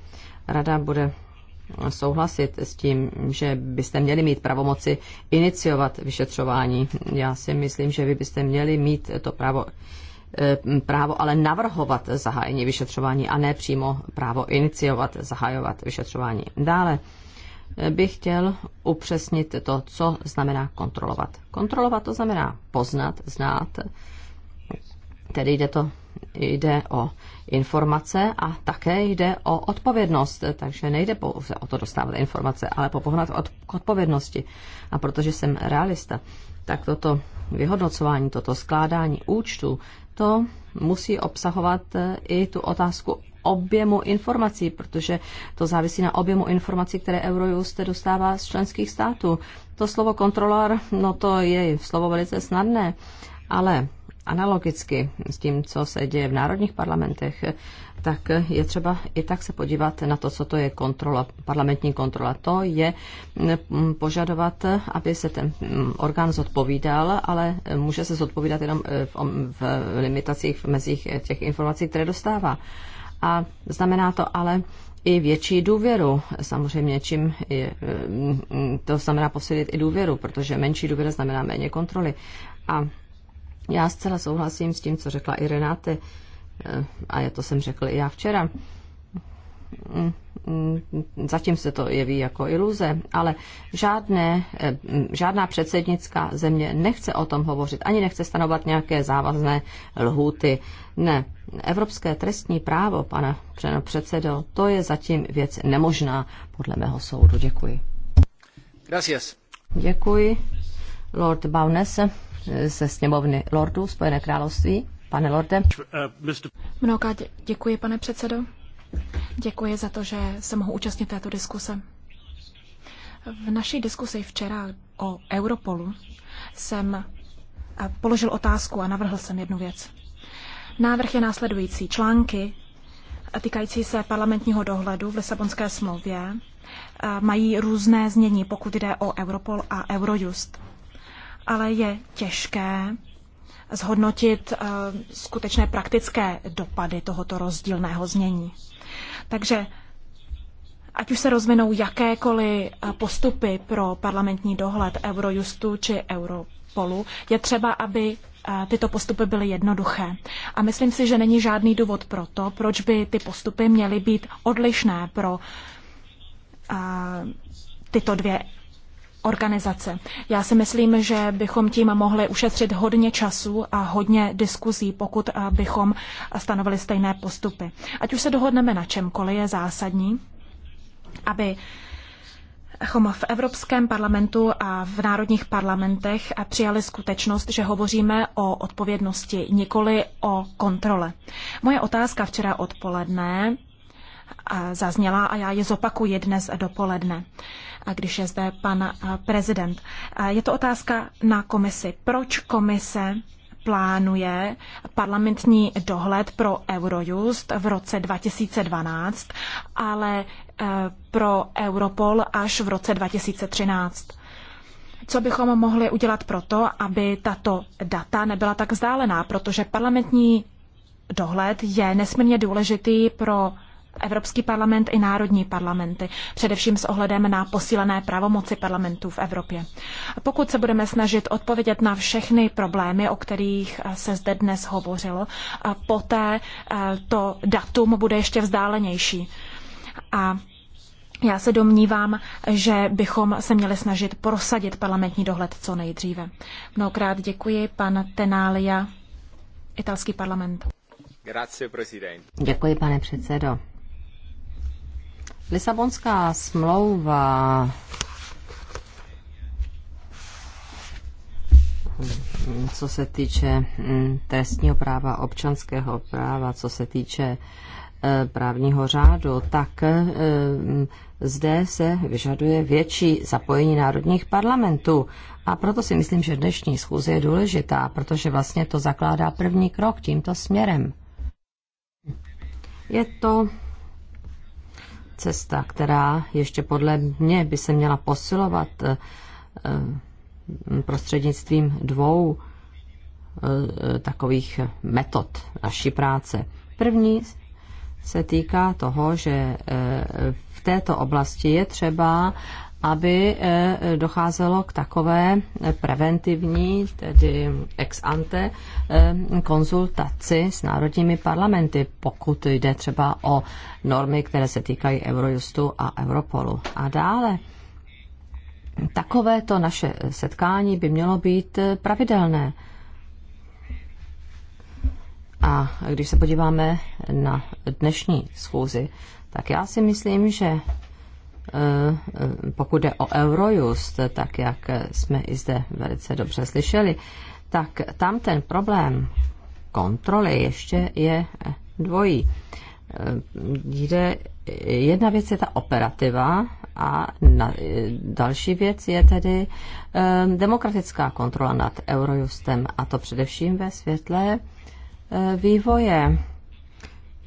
rada bude souhlasit s tím, že byste měli mít pravomoci iniciovat vyšetřování. Já si myslím, že vy byste měli mít to právo Eh, právo ale navrhovat zahájení vyšetřování a ne přímo právo iniciovat, zahajovat vyšetřování. Dále eh, bych chtěl upřesnit to, co znamená kontrolovat. Kontrolovat to znamená poznat, znát, tedy jde to jde o informace a také jde o odpovědnost. Takže nejde pouze o to dostávat informace, ale popohnat od, k odpovědnosti. A protože jsem realista, tak toto vyhodnocování, toto skládání účtu to musí obsahovat e, i tu otázku objemu informací, protože to závisí na objemu informací, které Eurojust dostává z členských států. To slovo kontrolor, no to je slovo velice snadné, ale analogicky s tím, co se děje v národních parlamentech, tak je třeba i tak se podívat na to, co to je kontrola, parlamentní kontrola. To je požadovat, aby se ten orgán zodpovídal, ale může se zodpovídat jenom e, v, v limitacích, v mezích e, těch informací, které dostává. A znamená to ale i větší důvěru. Samozřejmě, čím je, to znamená posílit i důvěru, protože menší důvěra znamená méně kontroly. A já zcela souhlasím s tím, co řekla i Renáte a já to jsem řekl i já včera, zatím se to jeví jako iluze, ale žádné, žádná předsednická země nechce o tom hovořit, ani nechce stanovat nějaké závazné lhůty. Ne, evropské trestní právo, pane předsedo, to je zatím věc nemožná, podle mého soudu. Děkuji. Gracias. Děkuji. Lord Bowness ze sněmovny Lordů Spojené království. Pane Lorde. Mnohokrát děkuji, pane předsedo. Děkuji za to, že se mohu účastnit této diskuse. V naší diskusi včera o Europolu jsem eh, položil otázku a navrhl jsem jednu věc. Návrh je následující. Články eh, týkající se parlamentního dohledu v Lisabonské smlouvě eh, mají různé znění, pokud jde o Europol a Eurojust. Ale je těžké zhodnotit eh, skutečné praktické dopady tohoto rozdílného znění. Takže ať už se rozvinou jakékoliv eh, postupy pro parlamentní dohled Eurojustu či Europolu, je třeba, aby eh, tyto postupy byly jednoduché. A myslím si, že není žádný důvod pro to, proč by ty postupy měly být odlišné pro tyto dvě organizace. Já si myslím, že bychom tím mohli ušetřit hodně času a hodně diskuzí, pokud eh, bychom stanovili stejné postupy. Ať už se dohodneme na čemkoliv, je zásadní, aby v Evropském parlamentu a v národních parlamentech eh, přijali skutečnost, že hovoříme o odpovědnosti, nikoli o kontrole. Moje otázka včera odpoledne eh, zazněla a já ji zopakuji dnes dopoledne. A když je zde pan eh, prezident. Eh, je to otázka na komisi. Proč komise plánuje parlamentní dohled pro Eurojust v roce 2012, ale eh, pro Europol až v roce 2013? co bychom mohli udělat proto, aby tato data nebyla tak vzdálená, protože parlamentní dohled je nesmírně důležitý pro Evropský parlament i národní parlamenty, především s ohledem na posílené pravomoci parlamentů v Evropě. Pokud se budeme snažit odpovědět na všechny problémy, o kterých eh, se zde dnes hovořilo, eh, poté eh, to datum bude ještě vzdálenější. A já se domnívám, že bychom se měli snažit prosadit parlamentní dohled co nejdříve. Mnohokrát děkuji, pan Tenália, italský parlament. Grazie, Děkuji, pane předsedo. Lisabonská smlouva co se týče mm, trestního práva, občanského práva, co se týče e, právního řádu, tak e, mm, zde se vyžaduje větší zapojení národních parlamentů. A proto si myslím, že dnešní schůze je důležitá, protože vlastně to zakládá první krok tímto směrem. Je to cesta, která ještě podle mě by se měla posilovat eh, eh, prostřednictvím dvou eh, takových metod naší práce. První se týká toho, že v této oblasti je třeba aby eh, docházelo k takové preventivní, tedy ex ante, eh, konzultaci s národními parlamenty, pokud jde třeba o normy, které se týkají Eurojustu a Europolu. A dále, takovéto naše setkání by mělo být eh, pravidelné. A když se podíváme na dnešní schůzi, tak já si myslím, že Eh, pokud jde o Eurojust, tak jak jsme i zde velice dobře slyšeli, tak tam ten problém kontroly ještě je dvojí. Eh, jde, jedna věc je ta operativa a na, další věc je tedy um, demokratická kontrola nad Eurojustem a to především ve světle vývoje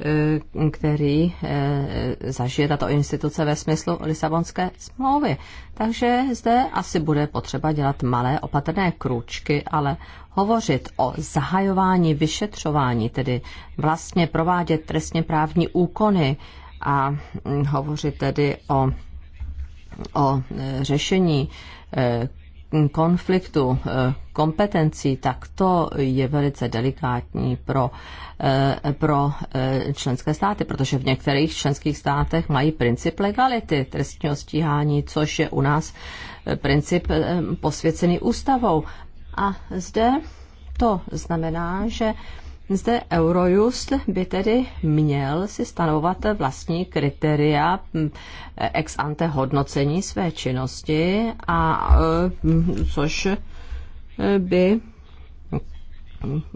Eh, který eh, zažije tato instituce ve smyslu Lisabonské smlouvy. Takže zde asi bude potřeba dělat malé opatrné krůčky, ale hovořit o zahajování vyšetřování, tedy vlastně provádět trestně právní úkony a hm, hovořit tedy o, o eh, řešení konfliktu eh, kompetencí, tak to je velice delikátní pro, eh, pro eh, členské státy, protože v některých členských státech mají princip legality trestního stíhání, což je u nás princip posvěcený ústavou. A zde to znamená, že zde Eurojust by tedy měl si stanovat vlastní kritéria hm, ex ante hodnocení své činnosti, a, hm, což hm, by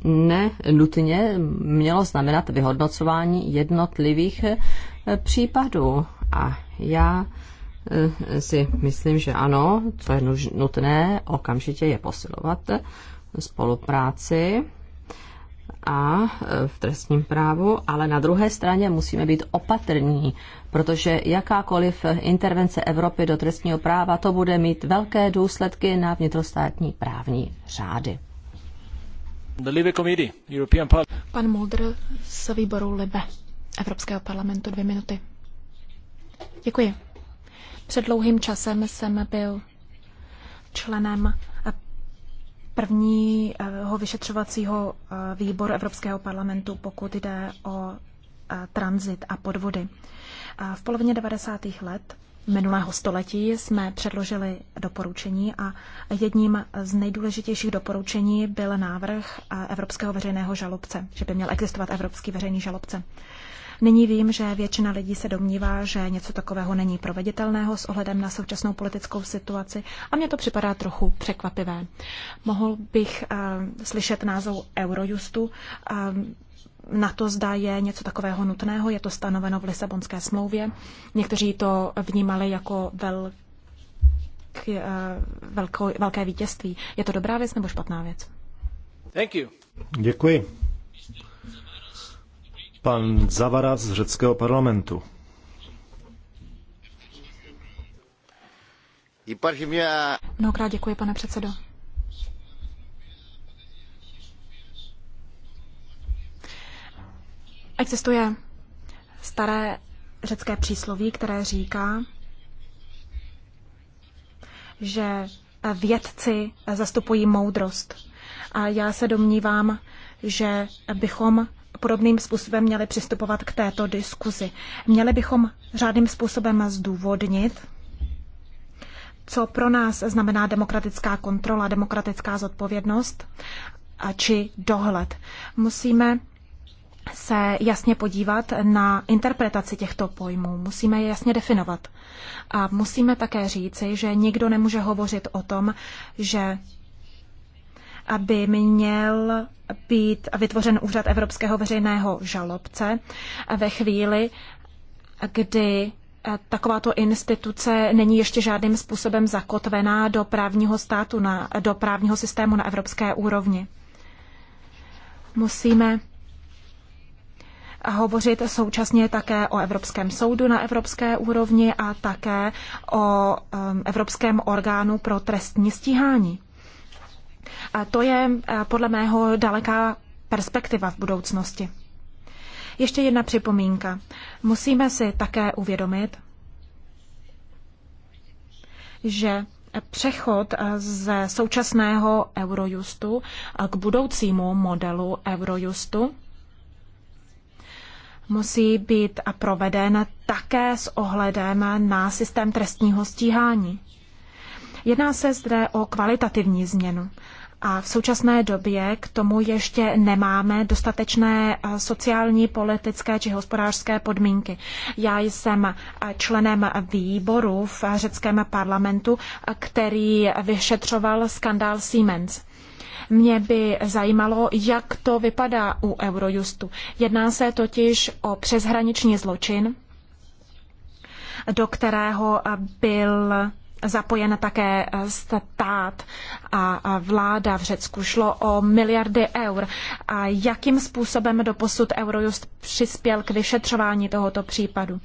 nenutně mělo znamenat vyhodnocování jednotlivých případů. A já si myslím, že ano, co je nutné, okamžitě je posilovat spolupráci a e, v trestním právu, ale na druhé straně musíme být opatrní, protože jakákoliv intervence Evropy do trestního práva to bude mít velké důsledky na vnitrostátní právní řády. Pan Mulder z výboru Libe Evropského parlamentu dvě minuty. Děkuji. Před dlouhým časem jsem byl členem prvního vyšetřovacího eh, výboru Evropského parlamentu, pokud jde o eh, tranzit a podvody. Eh, v polovině 90. let minulého století jsme předložili doporučení a jedním z nejdůležitějších doporučení byl návrh Evropského veřejného žalobce, že by měl existovat Evropský veřejný žalobce. Nyní vím, že většina lidí se domnívá, že něco takového není proveditelného s ohledem na současnou politickou situaci a mně to připadá trochu překvapivé. Mohl bych uh, slyšet názov Eurojustu. Uh, na to zda je něco takového nutného, je to stanoveno v Lisabonské smlouvě. Někteří to vnímali jako velký k, eh, velkou, velké vítězství. Je to dobrá věc nebo špatná věc? Thank you. Děkuji pan Zavara z řeckého parlamentu. Mnohokrát děkuji, pane předsedo. Existuje staré řecké přísloví, které říká, že vědci zastupují moudrost. A já se domnívám, že bychom podobným způsobem měli přistupovat k této diskuzi. Měli bychom řádným způsobem zdůvodnit, co pro nás znamená demokratická kontrola, demokratická zodpovědnost či dohled. Musíme se jasně podívat na interpretaci těchto pojmů. Musíme je jasně definovat. A musíme také říci, že nikdo nemůže hovořit o tom, že aby měl být vytvořen úřad Evropského veřejného žalobce ve chvíli, kdy eh, takováto instituce není ještě žádným způsobem zakotvená do právního státu, na, do právního systému na evropské úrovni. Musíme hovořit současně také o Evropském soudu na evropské úrovni a také o eh, Evropském orgánu pro trestní stíhání. A to je eh, podle mého daleká perspektiva v budoucnosti. Ještě jedna připomínka. Musíme si také uvědomit, že přechod eh, ze současného Eurojustu eh, k budoucímu modelu Eurojustu musí být proveden také s ohledem na systém trestního stíhání. Jedná se zde o kvalitativní změnu. A v současné době k tomu ještě nemáme dostatečné eh, sociální, politické či hospodářské podmínky. Já jsem eh, členem výboru v řeckém parlamentu, eh, který vyšetřoval skandál Siemens. Mě by zajímalo, jak to vypadá u Eurojustu. Jedná se totiž o přeshraniční zločin, do kterého byl zapojen také eh, stát a vláda v Řecku. Šlo o miliardy eur. A jakým způsobem doposud Eurojust přispěl k vyšetřování tohoto případu?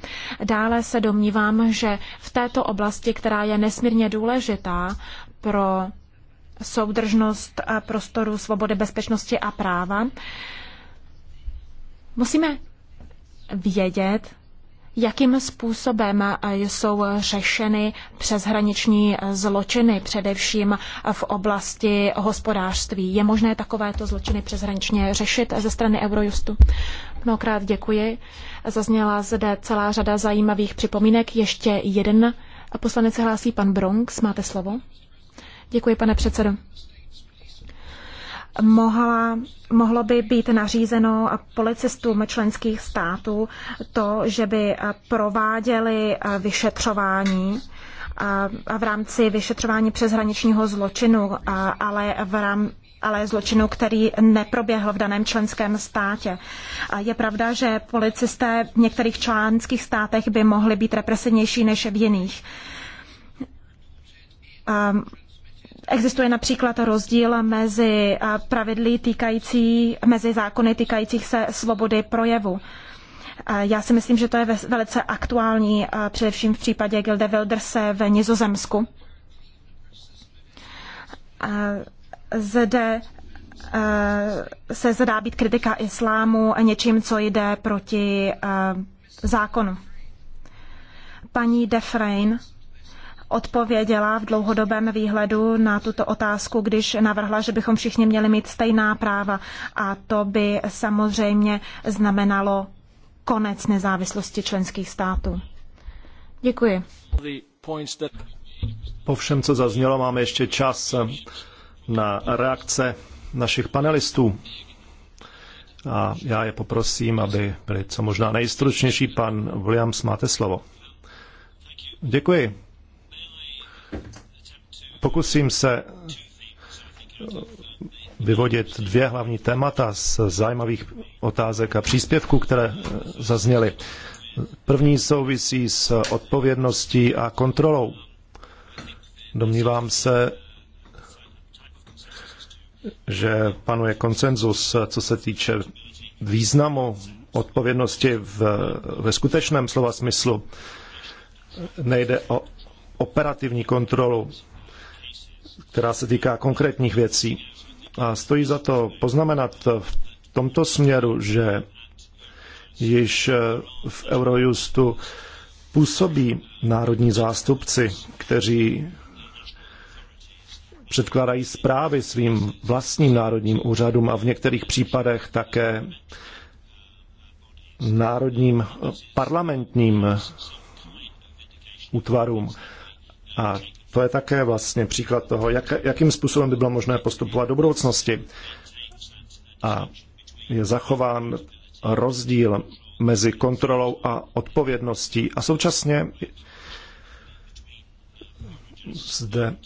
Dále se domnívám, že v této oblasti, která je nesmírně důležitá pro soudržnost a prostoru svobody, bezpečnosti a práva, musíme vědět, Jakým způsobem jsou řešeny přeshraniční zločiny, především v oblasti hospodářství? Je možné takovéto zločiny přeshraničně řešit ze strany Eurojustu? Mnohokrát děkuji. Zazněla zde celá řada zajímavých připomínek. Ještě jeden poslanec hlásí, pan Bronx. Máte slovo? Děkuji, pane předsedo mohla, mohlo by být nařízeno policistům členských států to, že by prováděli vyšetřování a v rámci vyšetřování přeshraničního zločinu, ale v rám, ale zločinu, který neproběhl v daném členském státě. Je pravda, že policisté v některých členských státech by mohli být represivnější než v jiných. Existuje například rozdíl mezi eh, pravidly týkající, mezi zákony týkajících se svobody projevu. Já si myslím, že to je velice aktuální, eh, především v případě Gilde Wilderse v Nizozemsku. Zde eh, se zdá být kritika islámu něčím, co jde proti zákonu. Paní Defrain odpověděla v dlouhodobém výhledu na tuto otázku, když navrhla, že bychom všichni měli mít stejná práva a to by samozřejmě znamenalo konec nezávislosti členských států. Děkuji. Po všem, co zaznělo, máme ještě čas na reakce našich panelistů. A já je poprosím, aby byli co možná nejstručnější. Pan Williams, máte slovo. Děkuji. Pokusím se vyvodit dvě hlavní témata z zajímavých otázek a příspěvků, které eh, zazněly. První souvisí s odpovědností a kontrolou. Domnívám se, že panuje konsenzus, co se týče významu odpovědnosti v, ve skutečném slova smyslu. Nejde o operativní kontrolu, která se týká konkrétních věcí. A stojí za to poznamenat v tomto směru, že již v Eurojustu působí národní zástupci, kteří předkládají zprávy svým vlastním národním úřadům a v některých případech také národním parlamentním útvarům. A to je také vlastně příklad toho, jak, jakým způsobem by bylo možné postupovat do budoucnosti. A je zachován rozdíl mezi kontrolou a odpovědností. A současně zde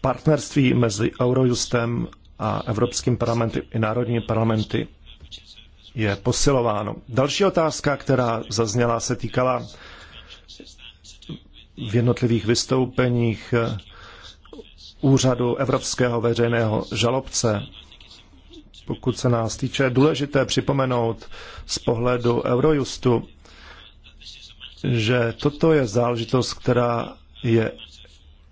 partnerství mezi Eurojustem a Evropským parlamentem i národní parlamenty je posilováno. Další otázka, která zazněla, se týkala v jednotlivých vystoupeních eh, úřadu Evropského veřejného žalobce. Pokud se nás týče, důležité připomenout z pohledu Eurojustu, že toto je záležitost, která je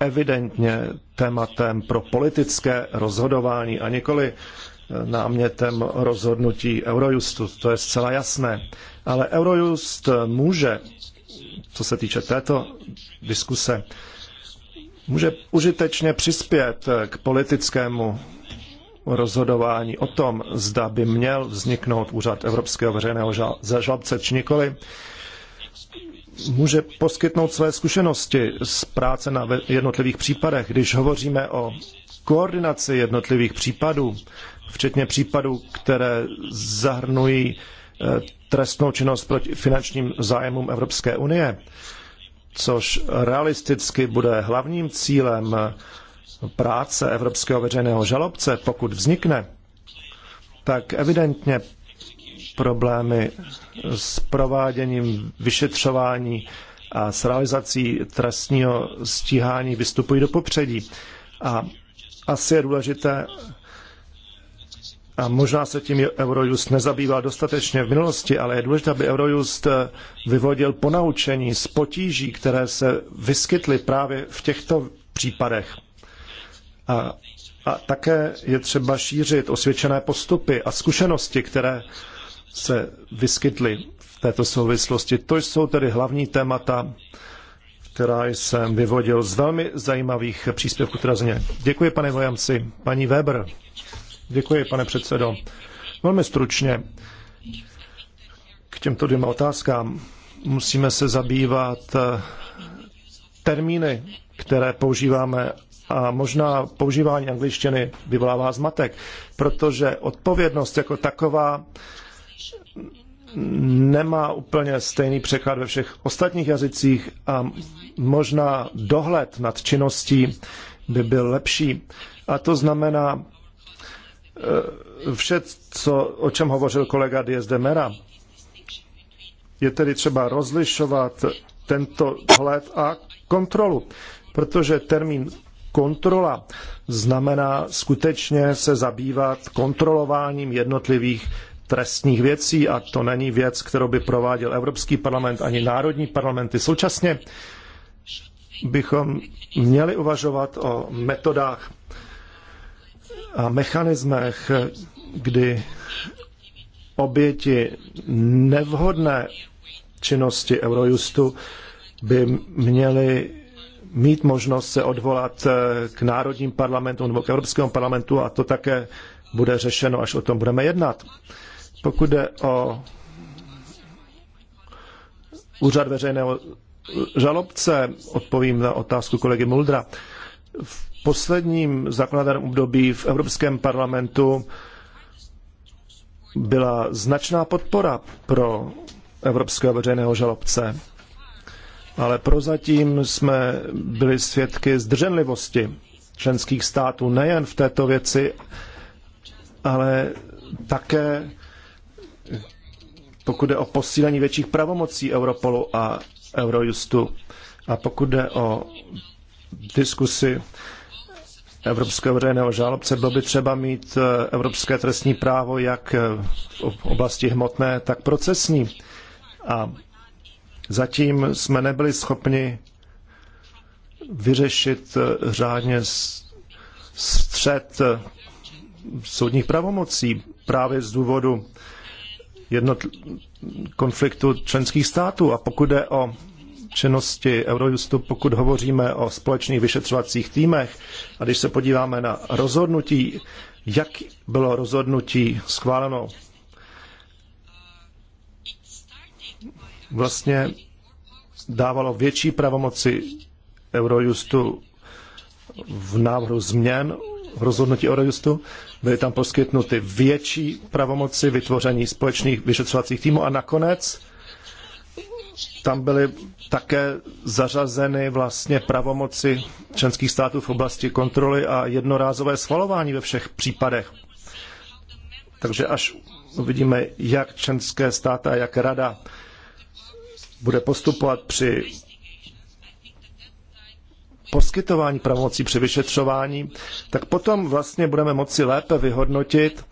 evidentně tématem pro politické rozhodování a nikoli eh, námětem rozhodnutí Eurojustu. To je zcela jasné. Ale Eurojust eh, může, co se týče této diskuse může užitečně přispět k politickému rozhodování o tom, zda by měl vzniknout úřad Evropského veřejného žalobce či nikoli, může poskytnout své zkušenosti z práce na jednotlivých případech. Když hovoříme o koordinaci jednotlivých případů, včetně případů, které zahrnují eh, trestnou činnost proti finančním zájmům Evropské unie, což realisticky bude hlavním cílem práce Evropského veřejného žalobce, pokud vznikne, tak evidentně problémy s prováděním vyšetřování a s realizací trestního stíhání vystupují do popředí. A asi je důležité a možná se tím Eurojust nezabýval dostatečně v minulosti, ale je důležité, aby Eurojust eh, vyvodil ponaučení z potíží, které se vyskytly právě v těchto případech. A, a také je třeba šířit osvědčené postupy a zkušenosti, které se vyskytly v této souvislosti. To jsou tedy hlavní témata, která jsem vyvodil z velmi zajímavých příspěvků, které Děkuji, pane Vojamci. Paní Weber. Děkuji, pane předsedo. Velmi stručně k těmto dvěma otázkám. Musíme se zabývat eh, termíny, které používáme a možná používání angličtiny vyvolává zmatek, protože odpovědnost jako taková nemá úplně stejný překlad ve všech ostatních jazycích a možná dohled nad činností by byl lepší. A to znamená Eh, vše, co, o čem hovořil kolega Diez de Mera. Je tedy třeba rozlišovat tento hled a kontrolu, protože termín kontrola znamená skutečně se zabývat kontrolováním jednotlivých trestních věcí a to není věc, kterou by prováděl Evropský parlament ani národní parlamenty. Současně bychom měli uvažovat o metodách a mechanismech, kdy oběti nevhodné činnosti Eurojustu by měly mít možnost se odvolat eh, k národním parlamentům nebo k Evropskému parlamentu a to také bude řešeno, až o tom budeme jednat. Pokud jde o úřad veřejného žalobce, odpovím na otázku kolegy Muldra. V posledním zákonodárném období v Evropském parlamentu byla značná podpora pro evropského veřejného žalobce. Ale prozatím jsme byli svědky zdrženlivosti členských států nejen v této věci, ale také pokud jde o posílení větších pravomocí Europolu a Eurojustu a pokud jde o diskusi evropského veřejného žalobce. Bylo by třeba mít eh, evropské trestní právo jak eh, v oblasti hmotné, tak procesní. A zatím jsme nebyli schopni vyřešit eh, řádně střed soudních pravomocí právě z důvodu jednot, konfliktu členských států. A pokud jde o činnosti Eurojustu, pokud hovoříme o společných vyšetřovacích týmech a když se podíváme na rozhodnutí, jak bylo rozhodnutí schváleno, vlastně dávalo větší pravomoci Eurojustu v návrhu změn v rozhodnutí Eurojustu. Byly tam poskytnuty větší pravomoci vytvoření společných vyšetřovacích týmů a nakonec tam byly také zařazeny vlastně pravomoci členských států v oblasti kontroly a jednorázové schvalování ve všech případech. Takže až uvidíme, jak členské státy a jak rada bude postupovat při poskytování pravomocí při vyšetřování, tak potom vlastně budeme moci lépe vyhodnotit,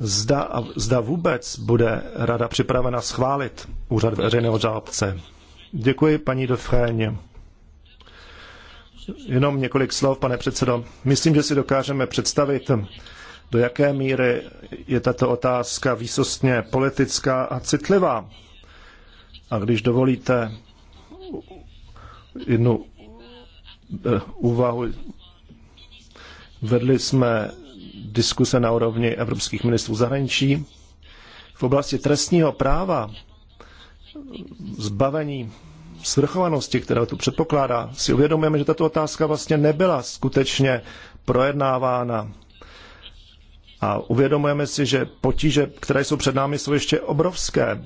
zda, zda vůbec bude rada připravena schválit úřad veřejného žalobce. Děkuji, paní Dofréně. Jenom několik slov, pane předsedo. Myslím, že si dokážeme představit, do jaké míry je tato otázka výsostně politická a citlivá. A když dovolíte jednu eh, úvahu, vedli jsme diskuse na úrovni evropských ministrů zahraničí. V oblasti trestního práva zbavení svrchovanosti, které tu předpokládá, si uvědomujeme, že tato otázka vlastně nebyla skutečně projednávána. A uvědomujeme si, že potíže, které jsou před námi, jsou ještě obrovské.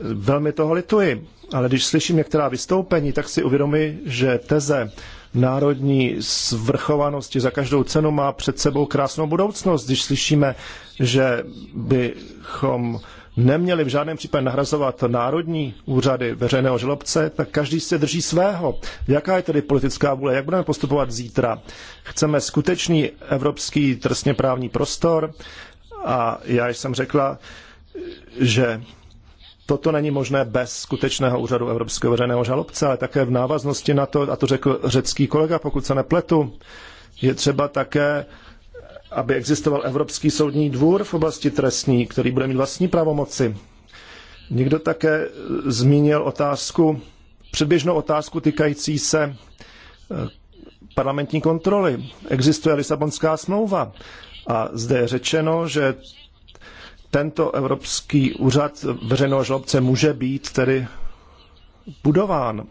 Velmi toho lituji, ale když slyším některá vystoupení, tak si uvědomuji, že teze národní svrchovanosti za každou cenu má před sebou krásnou budoucnost, když slyšíme, že bychom neměli v žádném případě nahrazovat národní úřady veřejného žalobce, tak každý se drží svého. Jaká je tedy politická vůle? Jak budeme postupovat zítra? Chceme skutečný evropský trestně právní prostor a já jsem řekla, že Toto není možné bez skutečného úřadu Evropského veřejného žalobce, ale také v návaznosti na to, a to řekl řecký kolega, pokud se nepletu, je třeba také, aby existoval Evropský soudní dvůr v oblasti trestní, který bude mít vlastní pravomoci. Někdo také zmínil otázku, předběžnou otázku týkající se eh, parlamentní kontroly. Existuje Lisabonská smlouva a zde je řečeno, že tento Evropský úřad veřejného žalobce může být tedy budován.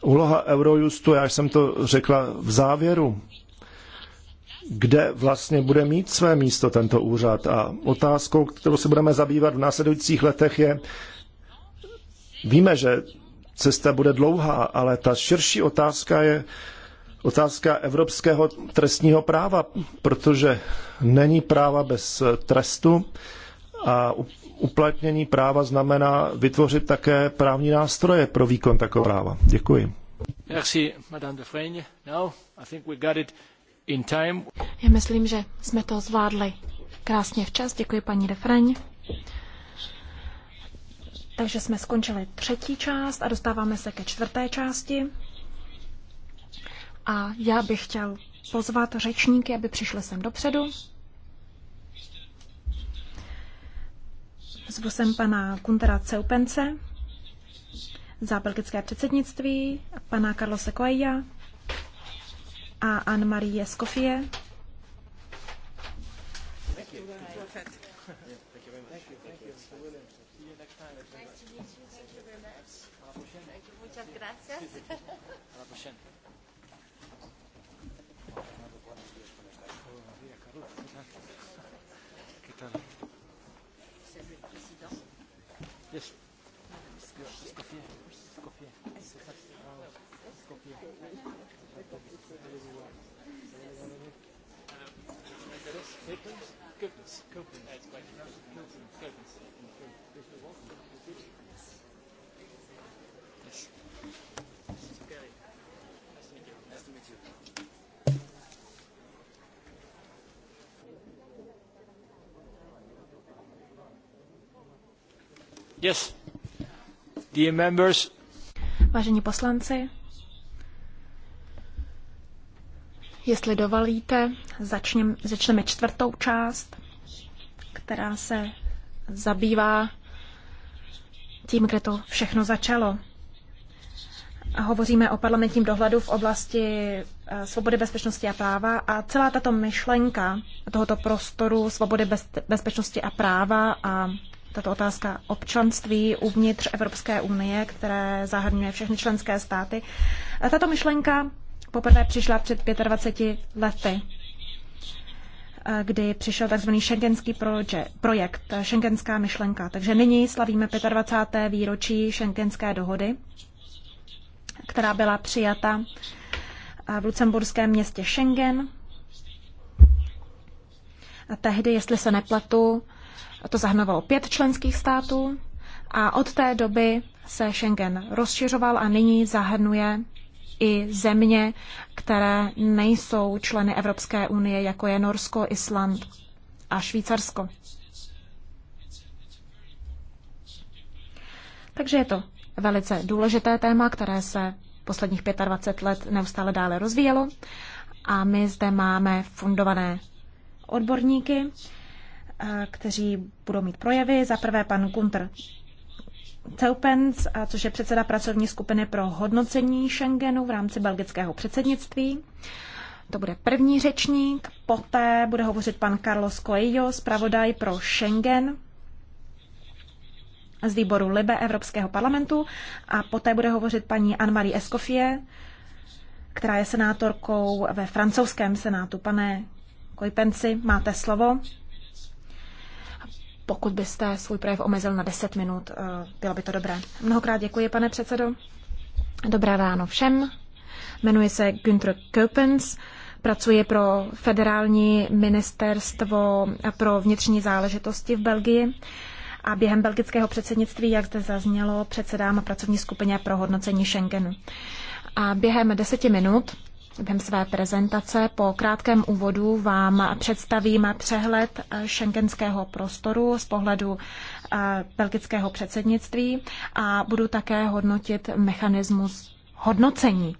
Úloha Eurojustu, já jsem to řekla v závěru, kde vlastně bude mít své místo tento úřad. A otázkou, kterou se budeme zabývat v následujících letech, je, víme, že cesta bude dlouhá, ale ta širší otázka je otázka evropského trestního práva, protože není práva bez trestu a uplatnění práva znamená vytvořit také právní nástroje pro výkon takového práva. Děkuji. Merci, Madame de Now, I think we got it in time. Já myslím, že jsme to zvládli krásně včas. Děkuji, paní de Defreň. Takže jsme skončili třetí část a dostáváme se ke čtvrté části. A já bych chtěl pozvat řečníky, aby přišli sem dopředu. s sem pana Kuntera Ceupence za belgické předsednictví, pana Carlose Coelha a Anne-Marie Escoffier Yes. Dear members. Vážení poslanci, jestli dovolíte, začněm, začneme čtvrtou část, která se zabývá tím, kde to všechno začalo. A hovoříme o parlamentním dohledu v oblasti eh, svobody, bezpečnosti a práva a celá tato myšlenka tohoto prostoru svobody, bezpečnosti a práva a tato otázka občanství uvnitř Evropské unie, které zahrnuje všechny členské státy. tato myšlenka poprvé přišla před 25 lety, kdy přišel tzv. šengenský projekt, šengenská myšlenka. Takže nyní slavíme 25. výročí šengenské dohody, která byla přijata v lucemburském městě Schengen. A tehdy, jestli se nepletu, to zahrnovalo pět členských států a od té doby se Schengen rozšiřoval a nyní zahrnuje i země, které nejsou členy Evropské unie, jako je Norsko, Island a Švýcarsko. Takže je to velice důležité téma, které se posledních 25 let neustále dále rozvíjelo. A my zde máme fundované odborníky, kteří budou mít projevy. Za prvé pan Gunter Ceupens, což je předseda pracovní skupiny pro hodnocení Schengenu v rámci belgického předsednictví. To bude první řečník, poté bude hovořit pan Carlos Coelho, zpravodaj pro Schengen z výboru Libe Evropského parlamentu a poté bude hovořit paní Anne-Marie Escoffier, která je senátorkou ve francouzském senátu. Pane Kojpenci, máte slovo pokud byste svůj projev omezil na 10 minut, eh, bylo by to dobré. Mnohokrát děkuji, pane předsedo. Dobrá ráno všem. Jmenuji se Günther Köpens, pracuji pro federální ministerstvo pro vnitřní záležitosti v Belgii a během belgického předsednictví, jak zde zaznělo, předsedám pracovní skupině pro hodnocení Schengenu. A během deseti minut Během své prezentace po krátkém úvodu vám představím přehled eh, šengenského prostoru z pohledu eh, belgického předsednictví a budu také hodnotit mechanismus hodnocení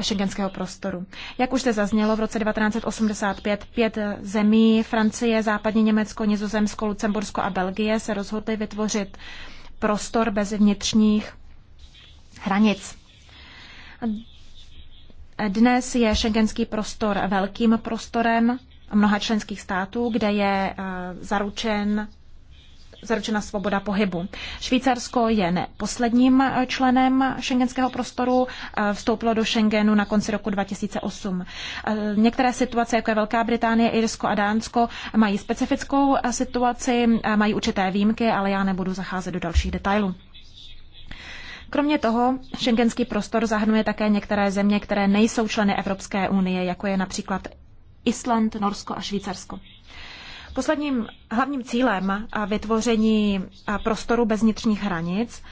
šengenského prostoru. Jak už se zaznělo, v roce 1985 pět zemí, Francie, Západní Německo, Nizozemsko, Lucembursko a Belgie, se rozhodly vytvořit prostor bez vnitřních hranic. Dnes je šengenský prostor velkým prostorem mnoha členských států, kde je eh, zaručen zaručena svoboda pohybu. Švýcarsko je ne posledním eh, členem šengenského prostoru, eh, vstoupilo do Schengenu na konci roku 2008. Některé situace, jako je Velká Británie, Irsko a Dánsko, mají specifickou situaci, mají určité výjimky, ale já nebudu zacházet do dalších detailů. Kromě toho, šengenský prostor zahrnuje také některé země, které nejsou členy Evropské unie, jako je například Island, Norsko a Švýcarsko. Posledním hlavním cílem vytvoření prostoru bez vnitřních hranic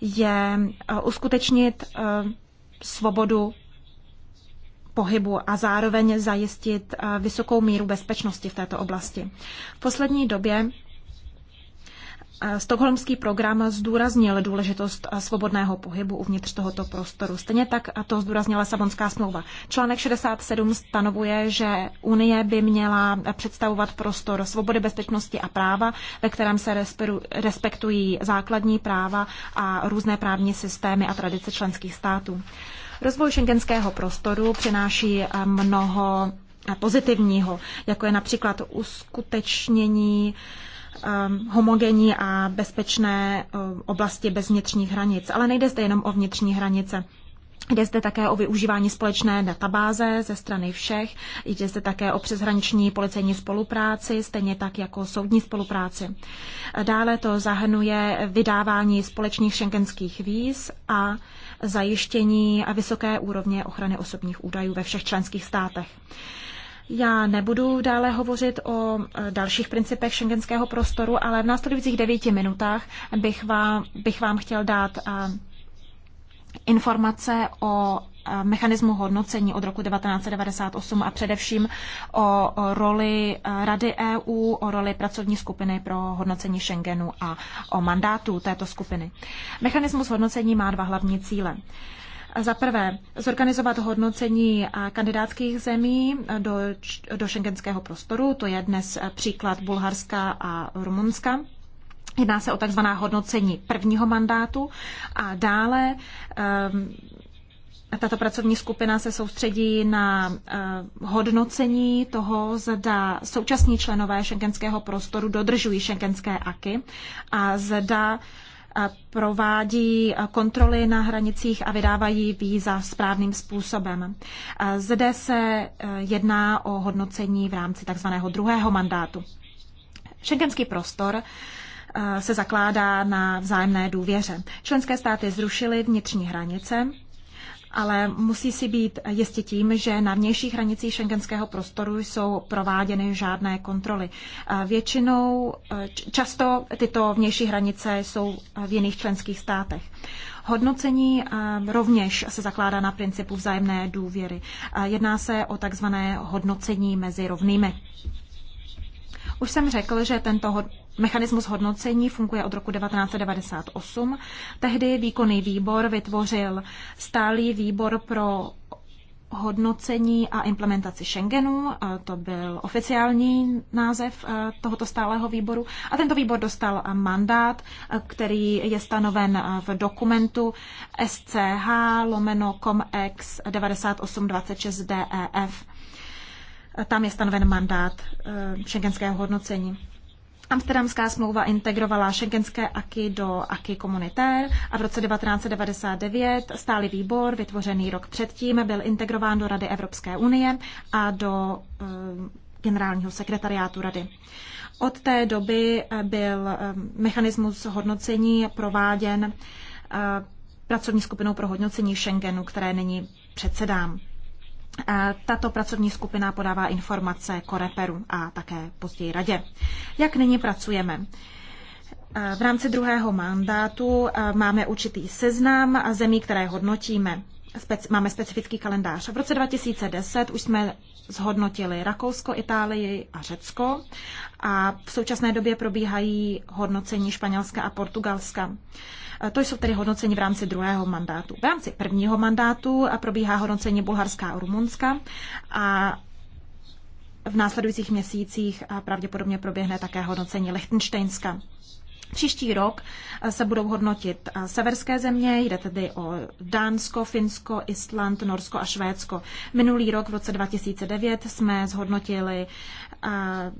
je uskutečnit svobodu pohybu a zároveň zajistit vysokou míru bezpečnosti v této oblasti. V poslední době Stockholmský program zdůraznil důležitost svobodného pohybu uvnitř tohoto prostoru. Stejně tak a to zdůraznila Sabonská smlouva. Článek 67 stanovuje, že Unie by měla představovat prostor svobody, bezpečnosti a práva, ve kterém se respektují základní práva a různé právní systémy a tradice členských států. Rozvoj šengenského prostoru přináší eh, mnoho pozitivního, jako je například uskutečnění Um, homogenní a bezpečné uh, oblasti bez vnitřních hranic. Ale nejde zde jenom o vnitřní hranice. Jde zde také o využívání společné databáze ze strany všech, jde zde také o přeshraniční policejní spolupráci, stejně tak jako soudní spolupráci. Dále to zahrnuje vydávání společných šengenských víz a zajištění vysoké úrovně ochrany osobních údajů ve všech členských státech. Já nebudu dále hovořit o eh, dalších principech šengenského prostoru, ale v následujících devíti minutách bych vám, bych vám chtěl dát eh, informace o eh, mechanismu hodnocení od roku 1998 a především o roli Rady EU, o roli pracovní skupiny pro hodnocení Schengenu a o mandátu této skupiny. Mechanismus hodnocení má dva hlavní cíle. Za prvé, zorganizovat hodnocení kandidátských zemí do, do šengenského prostoru, to je dnes příklad Bulharska a Rumunska. Jedná se o takzvaná hodnocení prvního mandátu a dále um, tato pracovní skupina se soustředí na eh, hodnocení toho, zda současní členové šengenského prostoru dodržují šengenské aky a zda provádí kontroly na hranicích a vydávají víza správným způsobem. Zde se e, jedná o hodnocení v rámci takzvaného druhého mandátu. Schengenský prostor e, se zakládá na vzájemné důvěře. Členské státy zrušily vnitřní hranice ale musí si být jistě tím, že na vnějších hranicích šengenského prostoru jsou prováděny žádné kontroly. Většinou, e, často tyto vnější hranice jsou v jiných členských státech. Hodnocení e, rovněž se zakládá na principu vzájemné důvěry. Jedná se o takzvané hodnocení mezi rovnými. Už jsem řekl, že tento Mechanismus hodnocení funguje od roku 1998. Tehdy výkonný výbor vytvořil stálý výbor pro hodnocení a implementaci Schengenu. To byl oficiální název eh, tohoto stálého výboru. A tento výbor dostal mandát, eh, který je stanoven eh, v dokumentu SCH lomeno COMEX 9826 DEF. Tam je stanoven mandát šengenského hodnocení. Amsterdamská smlouva integrovala šengenské aky do aky komunitér a v roce 1999 stály výbor, vytvořený rok předtím, byl integrován do Rady Evropské unie a do e, generálního sekretariátu Rady. Od té doby eh, byl eh, mechanismus hodnocení prováděn pracovní skupinou pro hodnocení Schengenu, které nyní předsedám. Tato pracovní skupina podává informace Koreperu a také později radě. Jak nyní pracujeme? V rámci druhého mandátu máme určitý seznam zemí, které hodnotíme. Máme specifický kalendář. V roce 2010 už jsme zhodnotili Rakousko, Itálii a Řecko a v současné době probíhají hodnocení Španělska a Portugalska. To jsou tedy hodnocení v rámci druhého mandátu. V rámci prvního mandátu probíhá hodnocení bulharská a Rumunska a v následujících měsících a pravděpodobně proběhne také hodnocení Lichtensteinska. Příští rok se budou hodnotit severské země, jde tedy o Dánsko, Finsko, Island, Norsko a Švédsko. Minulý rok v roce 2009 jsme zhodnotili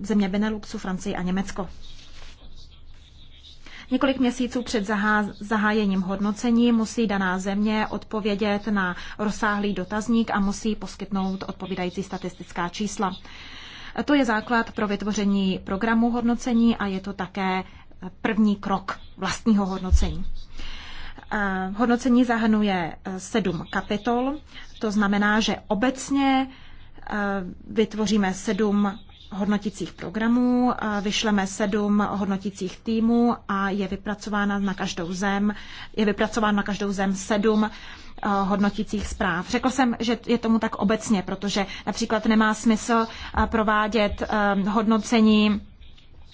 země Beneluxu, Francii a Německo. Několik měsíců před zahájením hodnocení musí daná země odpovědět na rozsáhlý dotazník a musí poskytnout odpovídající statistická čísla. To je základ pro vytvoření programu hodnocení a je to také první krok vlastního hodnocení. Eh, hodnocení zahrnuje eh, sedm kapitol, to znamená, že obecně eh, vytvoříme sedm hodnoticích programů. Vyšleme sedm hodnoticích týmů a je vypracována na každou zem, je vypracována na každou zem sedm eh, hodnotících zpráv. Řekl jsem, že je tomu tak obecně, protože například nemá smysl eh, provádět eh, hodnocení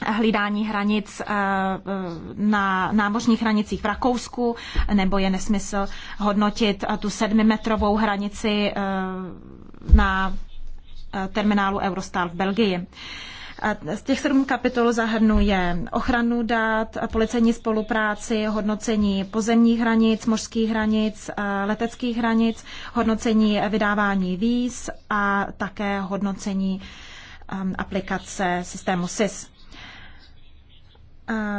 hlídání hranic na námořních hranicích v Rakousku, nebo je nesmysl hodnotit tu sedmimetrovou hranici na terminálu Eurostal v Belgii. Z těch sedm kapitol zahrnuje ochranu dát, policejní spolupráci, hodnocení pozemních hranic, mořských hranic, leteckých hranic, hodnocení vydávání víz a také hodnocení um, aplikace systému SIS.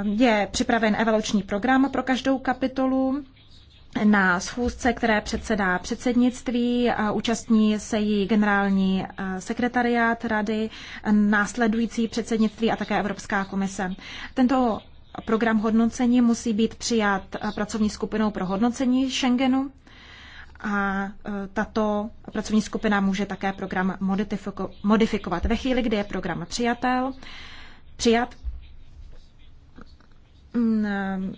Je připraven evoluční program pro každou kapitolu na schůzce, které předsedá předsednictví, účastní se jí generální eh, sekretariát rady, následující předsednictví a také Evropská komise. Tento program hodnocení musí být přijat eh, pracovní skupinou pro hodnocení Schengenu a eh, tato pracovní skupina může také program modifikovat. Ve chvíli, kdy je program přijatel, přijat, mm,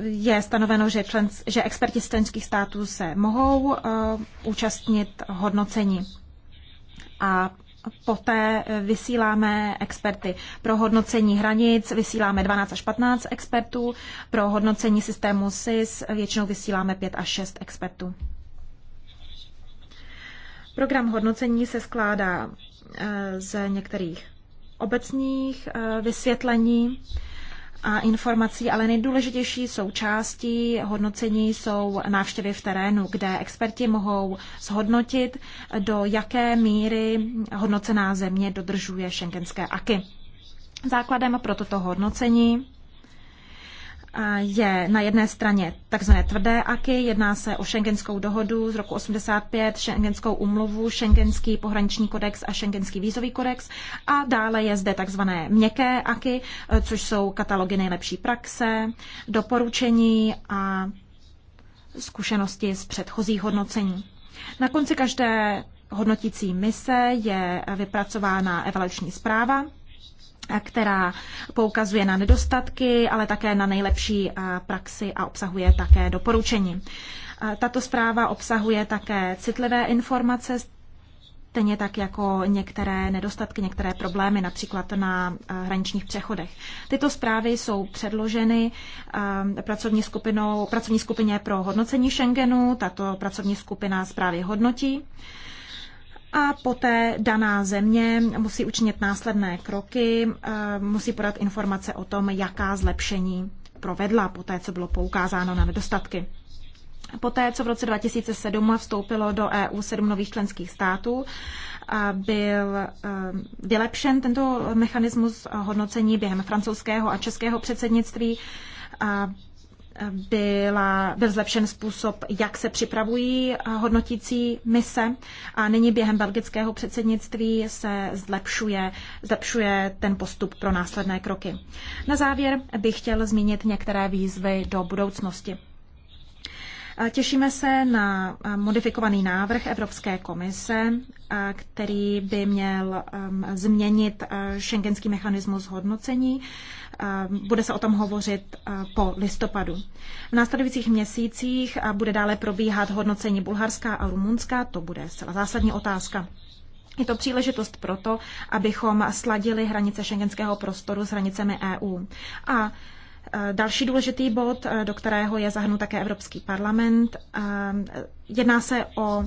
je stanoveno, že, člen, že experti z členských států se mohou uh, účastnit hodnocení. A poté eh, vysíláme experty pro hodnocení hranic, vysíláme 12 až 15 expertů, pro hodnocení systému SIS většinou vysíláme 5 až 6 expertů. Program hodnocení se skládá eh, z některých obecných vysvětlení, a informací, ale nejdůležitější součástí hodnocení jsou návštěvy v terénu, kde experti mohou zhodnotit, do jaké míry hodnocená země dodržuje šengenské aky. Základem pro toto hodnocení je na jedné straně takzvané tvrdé aky, jedná se o šengenskou dohodu z roku 85, šengenskou umluvu, šengenský pohraniční kodex a šengenský vízový kodex a dále je zde takzvané měkké aky, což jsou katalogy nejlepší praxe, doporučení a zkušenosti z předchozích hodnocení. Na konci každé hodnotící mise je vypracována evaluační zpráva, která poukazuje na nedostatky, ale také na nejlepší eh, praxi a obsahuje také doporučení. Eh, tato zpráva obsahuje také citlivé informace, stejně tak jako některé nedostatky, některé problémy, například na eh, hraničních přechodech. Tyto zprávy jsou předloženy pracovní, skupinou, pracovní skupině pro hodnocení Schengenu. Tato pracovní skupina zprávy hodnotí a poté daná země musí učinit následné kroky, eh, musí podat informace o tom, jaká zlepšení provedla poté, co bylo poukázáno na nedostatky. Poté, co v roce 2007 vstoupilo do EU sedm nových členských států, eh, byl eh, vylepšen tento mechanismus hodnocení během francouzského a českého předsednictví byla, byl zlepšen způsob, jak se připravují eh, hodnotící mise a nyní během belgického předsednictví se zlepšuje, zlepšuje ten postup pro následné kroky. Na závěr bych chtěl zmínit některé výzvy do budoucnosti. Těšíme se na modifikovaný návrh Evropské komise, který by měl um, změnit šengenský mechanismus hodnocení. Bude se o tom hovořit po listopadu. V následujících měsících bude dále probíhat hodnocení bulharská a rumunská, To bude zcela zásadní otázka. Je to příležitost proto, abychom sladili hranice šengenského prostoru s hranicemi EU. A Eh, další důležitý bod, eh, do kterého je zahrnut také Evropský parlament, eh, jedná se o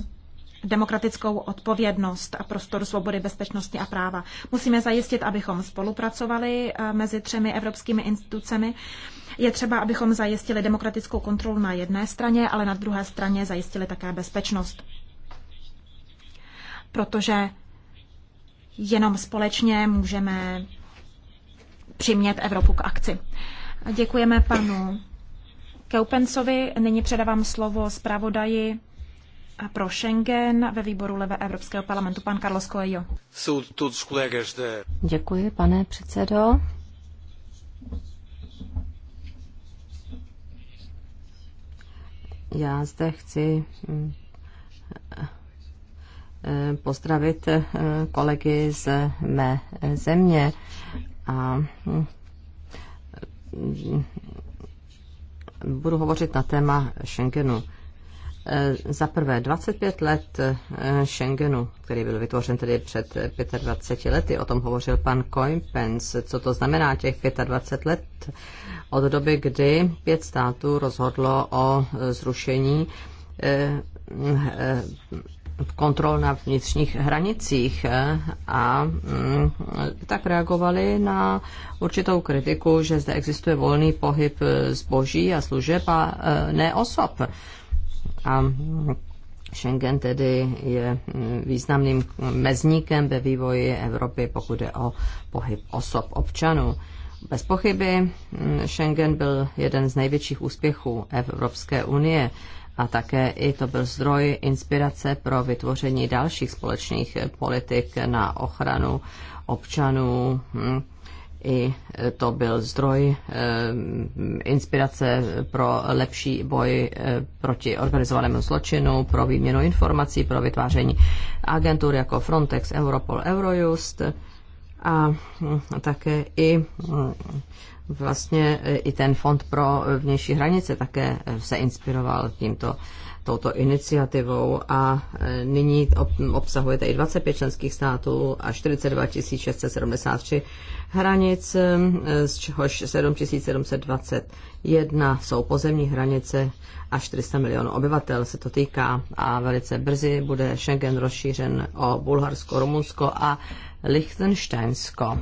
demokratickou odpovědnost a prostor svobody, bezpečnosti a práva. Musíme zajistit, abychom spolupracovali mezi třemi evropskými institucemi. Je třeba, abychom zajistili demokratickou kontrolu na jedné straně, ale na druhé straně zajistili také bezpečnost. Protože jenom společně můžeme přimět Evropu k akci děkujeme panu Keupencovi. Nyní předávám slovo zpravodaji pro Schengen ve výboru Leve Evropského parlamentu, pan Carlos Coelho. Děkuji, pane předsedo. Já zde chci hm, eh, pozdravit eh, kolegy z mé země a hm, budu hovořit na téma Schengenu. E, za prvé 25 let e, Schengenu, který byl vytvořen tedy před 25 lety, o tom hovořil pan Coimpens, co to znamená těch 25 let od doby, kdy pět států rozhodlo o e, zrušení kontrol na vnitřních hranicích eh, a mm, tak reagovali na určitou kritiku, že zde existuje volný pohyb eh, zboží a služeb a eh, ne osob. A mm, Schengen tedy je mm, významným mezníkem ve vývoji Evropy, pokud je o pohyb osob občanů. Bez pochyby Schengen byl jeden z největších úspěchů Evropské unie a také i to byl zdroj inspirace pro vytvoření dalších společných politik na ochranu občanů. Hm. I to byl zdroj eh, inspirace pro lepší boj eh, proti organizovanému zločinu, pro výměnu informací, pro vytváření agentur jako Frontex, Europol, Eurojust a hm, také i hm, vlastně e, i ten fond pro vnější hranice také e, se inspiroval tímto touto iniciativou a e, nyní obsahujete i 25 členských států a 42 673 hranic, z čehož 7721 jsou pozemní hranice a 400 milionů obyvatel se to týká a velice brzy bude Schengen rozšířen o Bulharsko, Rumunsko a Liechtensteinsko.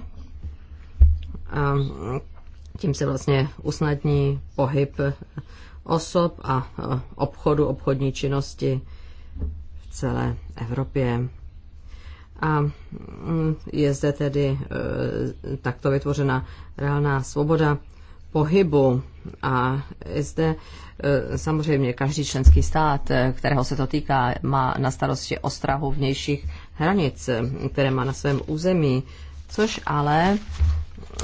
Tím se vlastně usnadní pohyb osob a e, obchodu, obchodní činnosti v celé Evropě. A mm, je zde tedy e, takto vytvořena reálná svoboda pohybu. A je zde e, samozřejmě každý členský stát, kterého se to týká, má na starosti ostrahu vnějších hranic, které má na svém území, což ale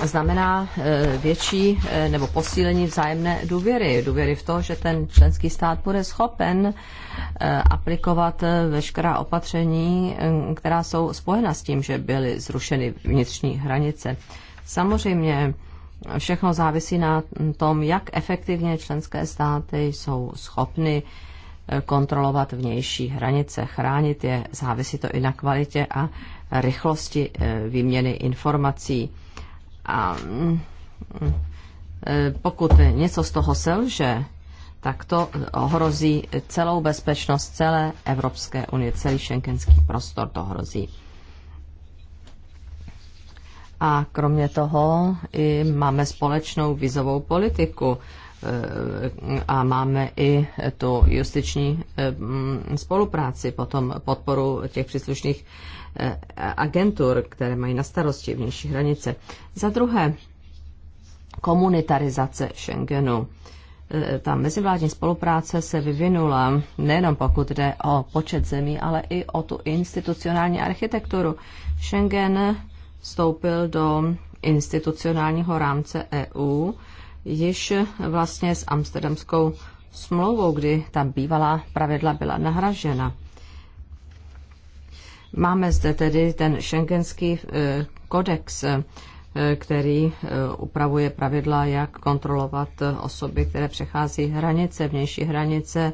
znamená eh, větší eh, nebo posílení vzájemné důvěry. Důvěry v to, že ten členský stát bude schopen eh, aplikovat veškerá opatření, která jsou spojena s tím, že byly zrušeny vnitřní hranice. Samozřejmě všechno závisí na tom, jak efektivně členské státy jsou schopny kontrolovat vnější hranice, chránit je, závisí to i na kvalitě a rychlosti výměny informací a mm, mm, e, pokud něco z toho selže, tak to ohrozí celou bezpečnost celé Evropské unie, celý šenkenský prostor to hrozí. A kromě toho i máme společnou vizovou politiku e, a máme i tu justiční e, mm, spolupráci, potom podporu těch příslušných Eh, agentur, které mají na starosti vnější hranice. Za druhé, komunitarizace Schengenu. Eh, ta mezivládní spolupráce se vyvinula nejenom pokud jde o počet zemí, ale i o tu institucionální architekturu. Schengen vstoupil do institucionálního rámce EU již vlastně s amsterdamskou smlouvou, kdy ta bývalá pravidla byla nahražena. Máme zde tedy ten šengenský eh, kodex, eh, který eh, upravuje pravidla, jak kontrolovat osoby, které přechází hranice, vnější hranice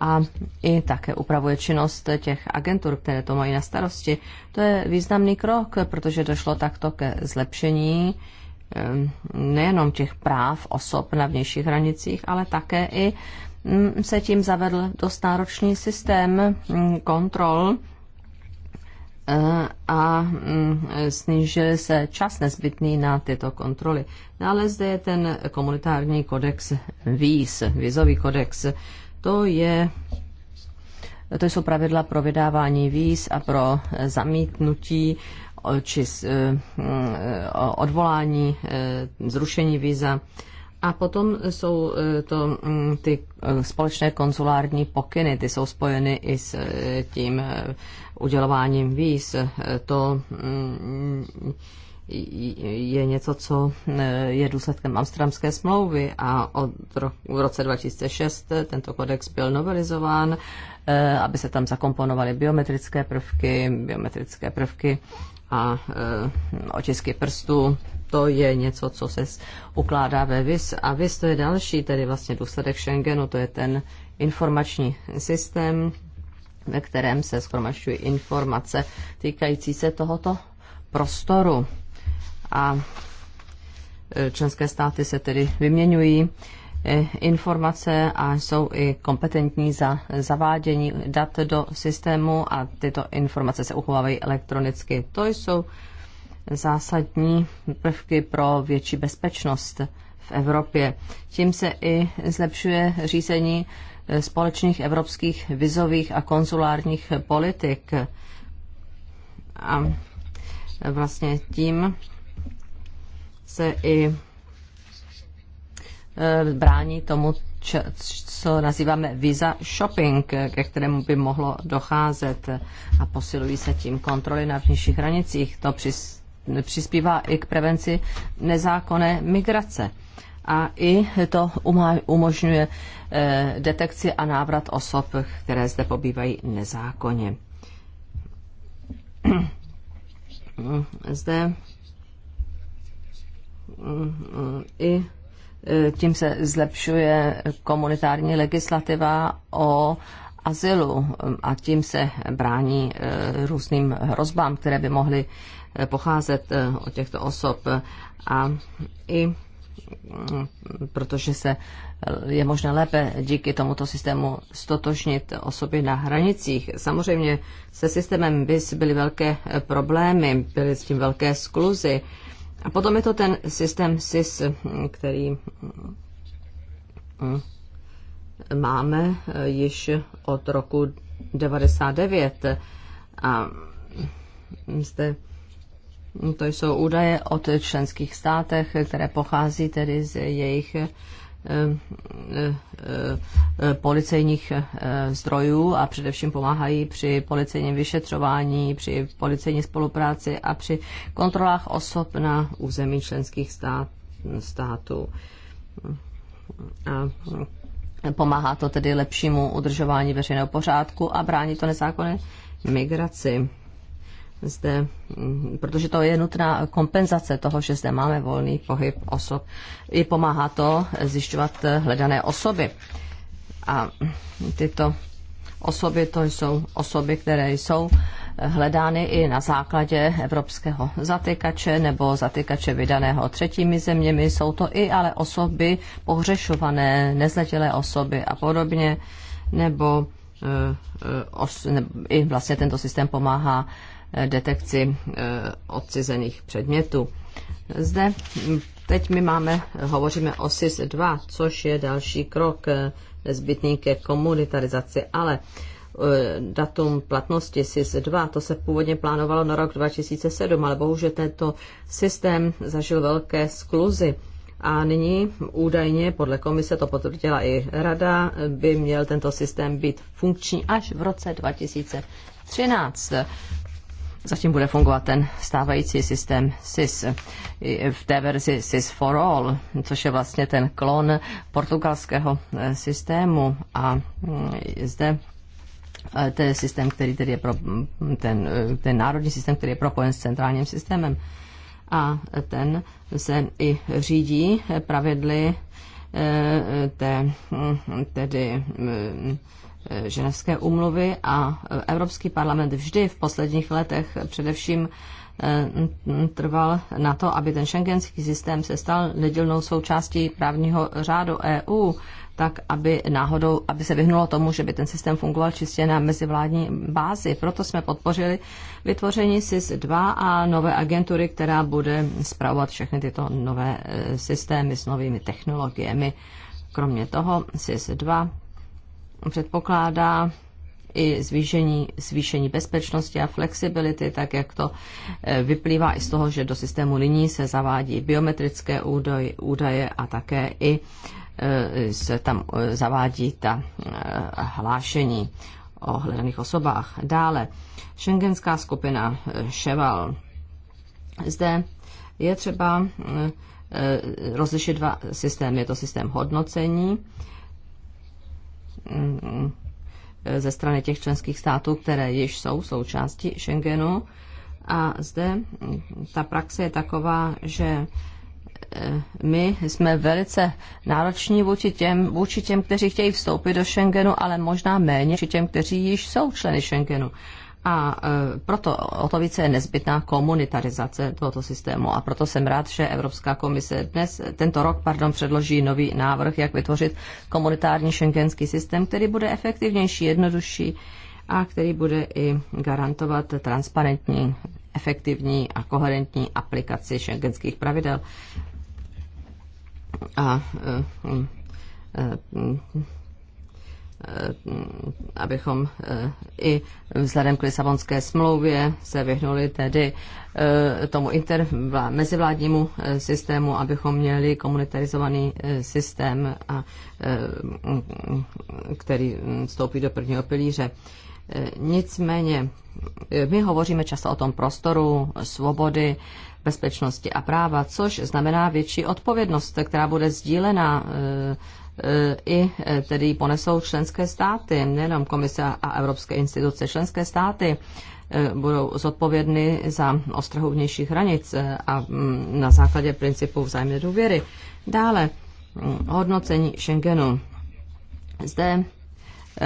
a i také upravuje činnost těch agentur, které to mají na starosti. To je významný krok, protože došlo takto ke zlepšení nejenom těch práv osob na vnějších hranicích, ale také i mm, se tím zavedl dost náročný systém mm, kontrol Eh, a mm, snížil se čas nezbytný na tyto kontroly. Dále no, zde je ten komunitární kodex VIS, vizový kodex. To je to jsou pravidla pro vydávání víz a pro zamítnutí eh, či eh, mm, odvolání, zrušení víza. A potom jsou e, to mm, ty e, společné konzulární pokyny, ty jsou spojeny i s e, tím udělováním víz. To mm, je něco, co je důsledkem Amsterdamské smlouvy a od roku, v roce 2006 tento kodex byl novelizován, aby se tam zakomponovaly biometrické prvky, biometrické prvky a otisky prstů to je něco, co se ukládá ve VIS. A VIS to je další, tedy vlastně důsledek Schengenu, to je ten informační systém, ve kterém se schromažďují informace týkající se tohoto prostoru. A e, členské státy se tedy vyměňují e, informace a jsou i kompetentní za zavádění dat do systému a tyto informace se uchovávají elektronicky. To jsou zásadní prvky pro větší bezpečnost v Evropě. Tím se i zlepšuje řízení eh, společných evropských vizových a konzulárních politik. A vlastně tím se i eh, brání tomu, co nazýváme visa shopping, ke kterému by mohlo docházet a posilují se tím kontroly na vnějších hranicích. To přis, přispívá i k prevenci nezákonné migrace. A i to umožňuje eh, detekci a návrat osob, které zde pobývají nezákonně. *clears throat* Zde mm, i eh, tím se zlepšuje komunitární legislativa o azylu mm, a tím se brání eh, různým hrozbám, které by mohly pocházet eh, od těchto osob a i mm, protože se eh, je možné lépe díky tomuto systému stotožnit osoby na hranicích. Samozřejmě se systémem BIS byly velké eh, problémy, byly s tím velké skluzy. A potom je to ten systém SIS, který mm, mm, máme již od roku 99. A zde to jsou údaje od členských státech, které pochází tedy z jejich eh, eh, eh, policejních zdrojů a především pomáhají při policejním vyšetřování, při policejní spolupráci a při kontrolách osob na území členských stát, států. A pomáhá to tedy lepšímu udržování veřejného pořádku a brání to nezákonné migraci zde, mm, protože to je nutná kompenzace toho, že zde máme volný pohyb osob. I pomáhá to zjišťovat hledané osoby. A tyto osoby, to jsou osoby, které jsou hledány i na základě evropského zatykače nebo zatykače vydaného třetími zeměmi. Jsou to i ale osoby pohřešované, nezletilé osoby a podobně, nebo, eh, eh, nebo i vlastně tento systém pomáhá detekci eh, odcizených předmětů. Zde hm, teď my máme, hovoříme o SIS-2, což je další krok eh, nezbytný ke komunitarizaci, ale eh, datum platnosti SIS-2, to se původně plánovalo na rok 2007, ale bohužel tento systém zažil velké skluzy. A nyní údajně, podle komise to potvrdila i rada, by měl tento systém být funkční až v roce 2013 zatím bude fungovat ten stávající systém SIS v té verzi SIS for All, což je vlastně ten klon portugalského eh, systému a mm, zde eh, to je systém, který tedy je pro, mm, ten, eh, ten národní systém, který je propojen s centrálním systémem a ten se i řídí pravidly té, mm, tedy Eh, ženevské úmluvy a eh, Evropský parlament vždy v posledních letech především eh, trval na to, aby ten šengenský systém se stal nedělnou součástí právního řádu EU, tak aby náhodou, aby se vyhnulo tomu, že by ten systém fungoval čistě na mezivládní bázi. Proto jsme podpořili vytvoření SIS-2 a nové agentury, která bude spravovat všechny tyto nové systémy s novými technologiemi. Kromě toho SIS-2 předpokládá i zvýšení, zvýšení bezpečnosti a flexibility, tak jak to e, vyplývá i z toho, že do systému nyní se zavádí biometrické údaje a také i e, se tam e, zavádí ta hlášení o hledaných osobách. Dále, šengenská skupina Cheval. Zde je třeba rozlišit dva systémy. Je to systém hodnocení, Mm, mm, ze strany těch členských států, které již jsou součástí Schengenu. A zde mm, ta praxe je taková, že eh, my jsme velice nároční vůči těm, vůči těm, kteří chtějí vstoupit do Schengenu, ale možná méně vůči těm, kteří již jsou členy Schengenu. A e, proto o to více je nezbytná komunitarizace tohoto systému. A proto jsem rád, že Evropská komise dnes, tento rok, pardon, předloží nový návrh, jak vytvořit komunitární šengenský systém, který bude efektivnější, jednodušší a který bude i garantovat transparentní, efektivní a koherentní aplikaci šengenských pravidel. A e, e, Eh, abychom eh, i vzhledem k Lisabonské smlouvě se vyhnuli tedy eh, tomu inter, mezivládnímu systému, abychom měli komunitarizovaný systém, a, který mm, vstoupí do prvního pilíře. Nicméně, my hovoříme často o tom prostoru svobody, bezpečnosti a práva, což znamená větší odpovědnost, která bude sdílená Eh, i eh, tedy ponesou členské státy, nejenom komise a evropské instituce. Členské státy eh, budou zodpovědny za ostrahu vnějších hranic a mm, na základě principu vzájemné důvěry. Dále mm, hodnocení Schengenu. Zde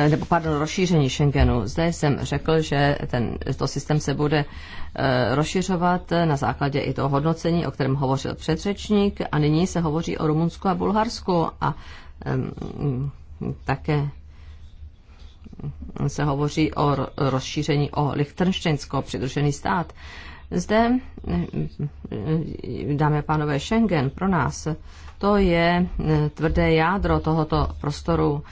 nebo pardon, rozšíření Schengenu. Zde jsem řekl, že ten, to systém se bude rozšiřovat na základě i toho hodnocení, o kterém hovořil předřečník a nyní se hovoří o Rumunsku a Bulharsku a Mm, také se hovoří o rozšíření o Lichtensteinsko, přidružený stát. Zde, mm, dámy a pánové, Schengen pro nás, to je mm, tvrdé jádro tohoto prostoru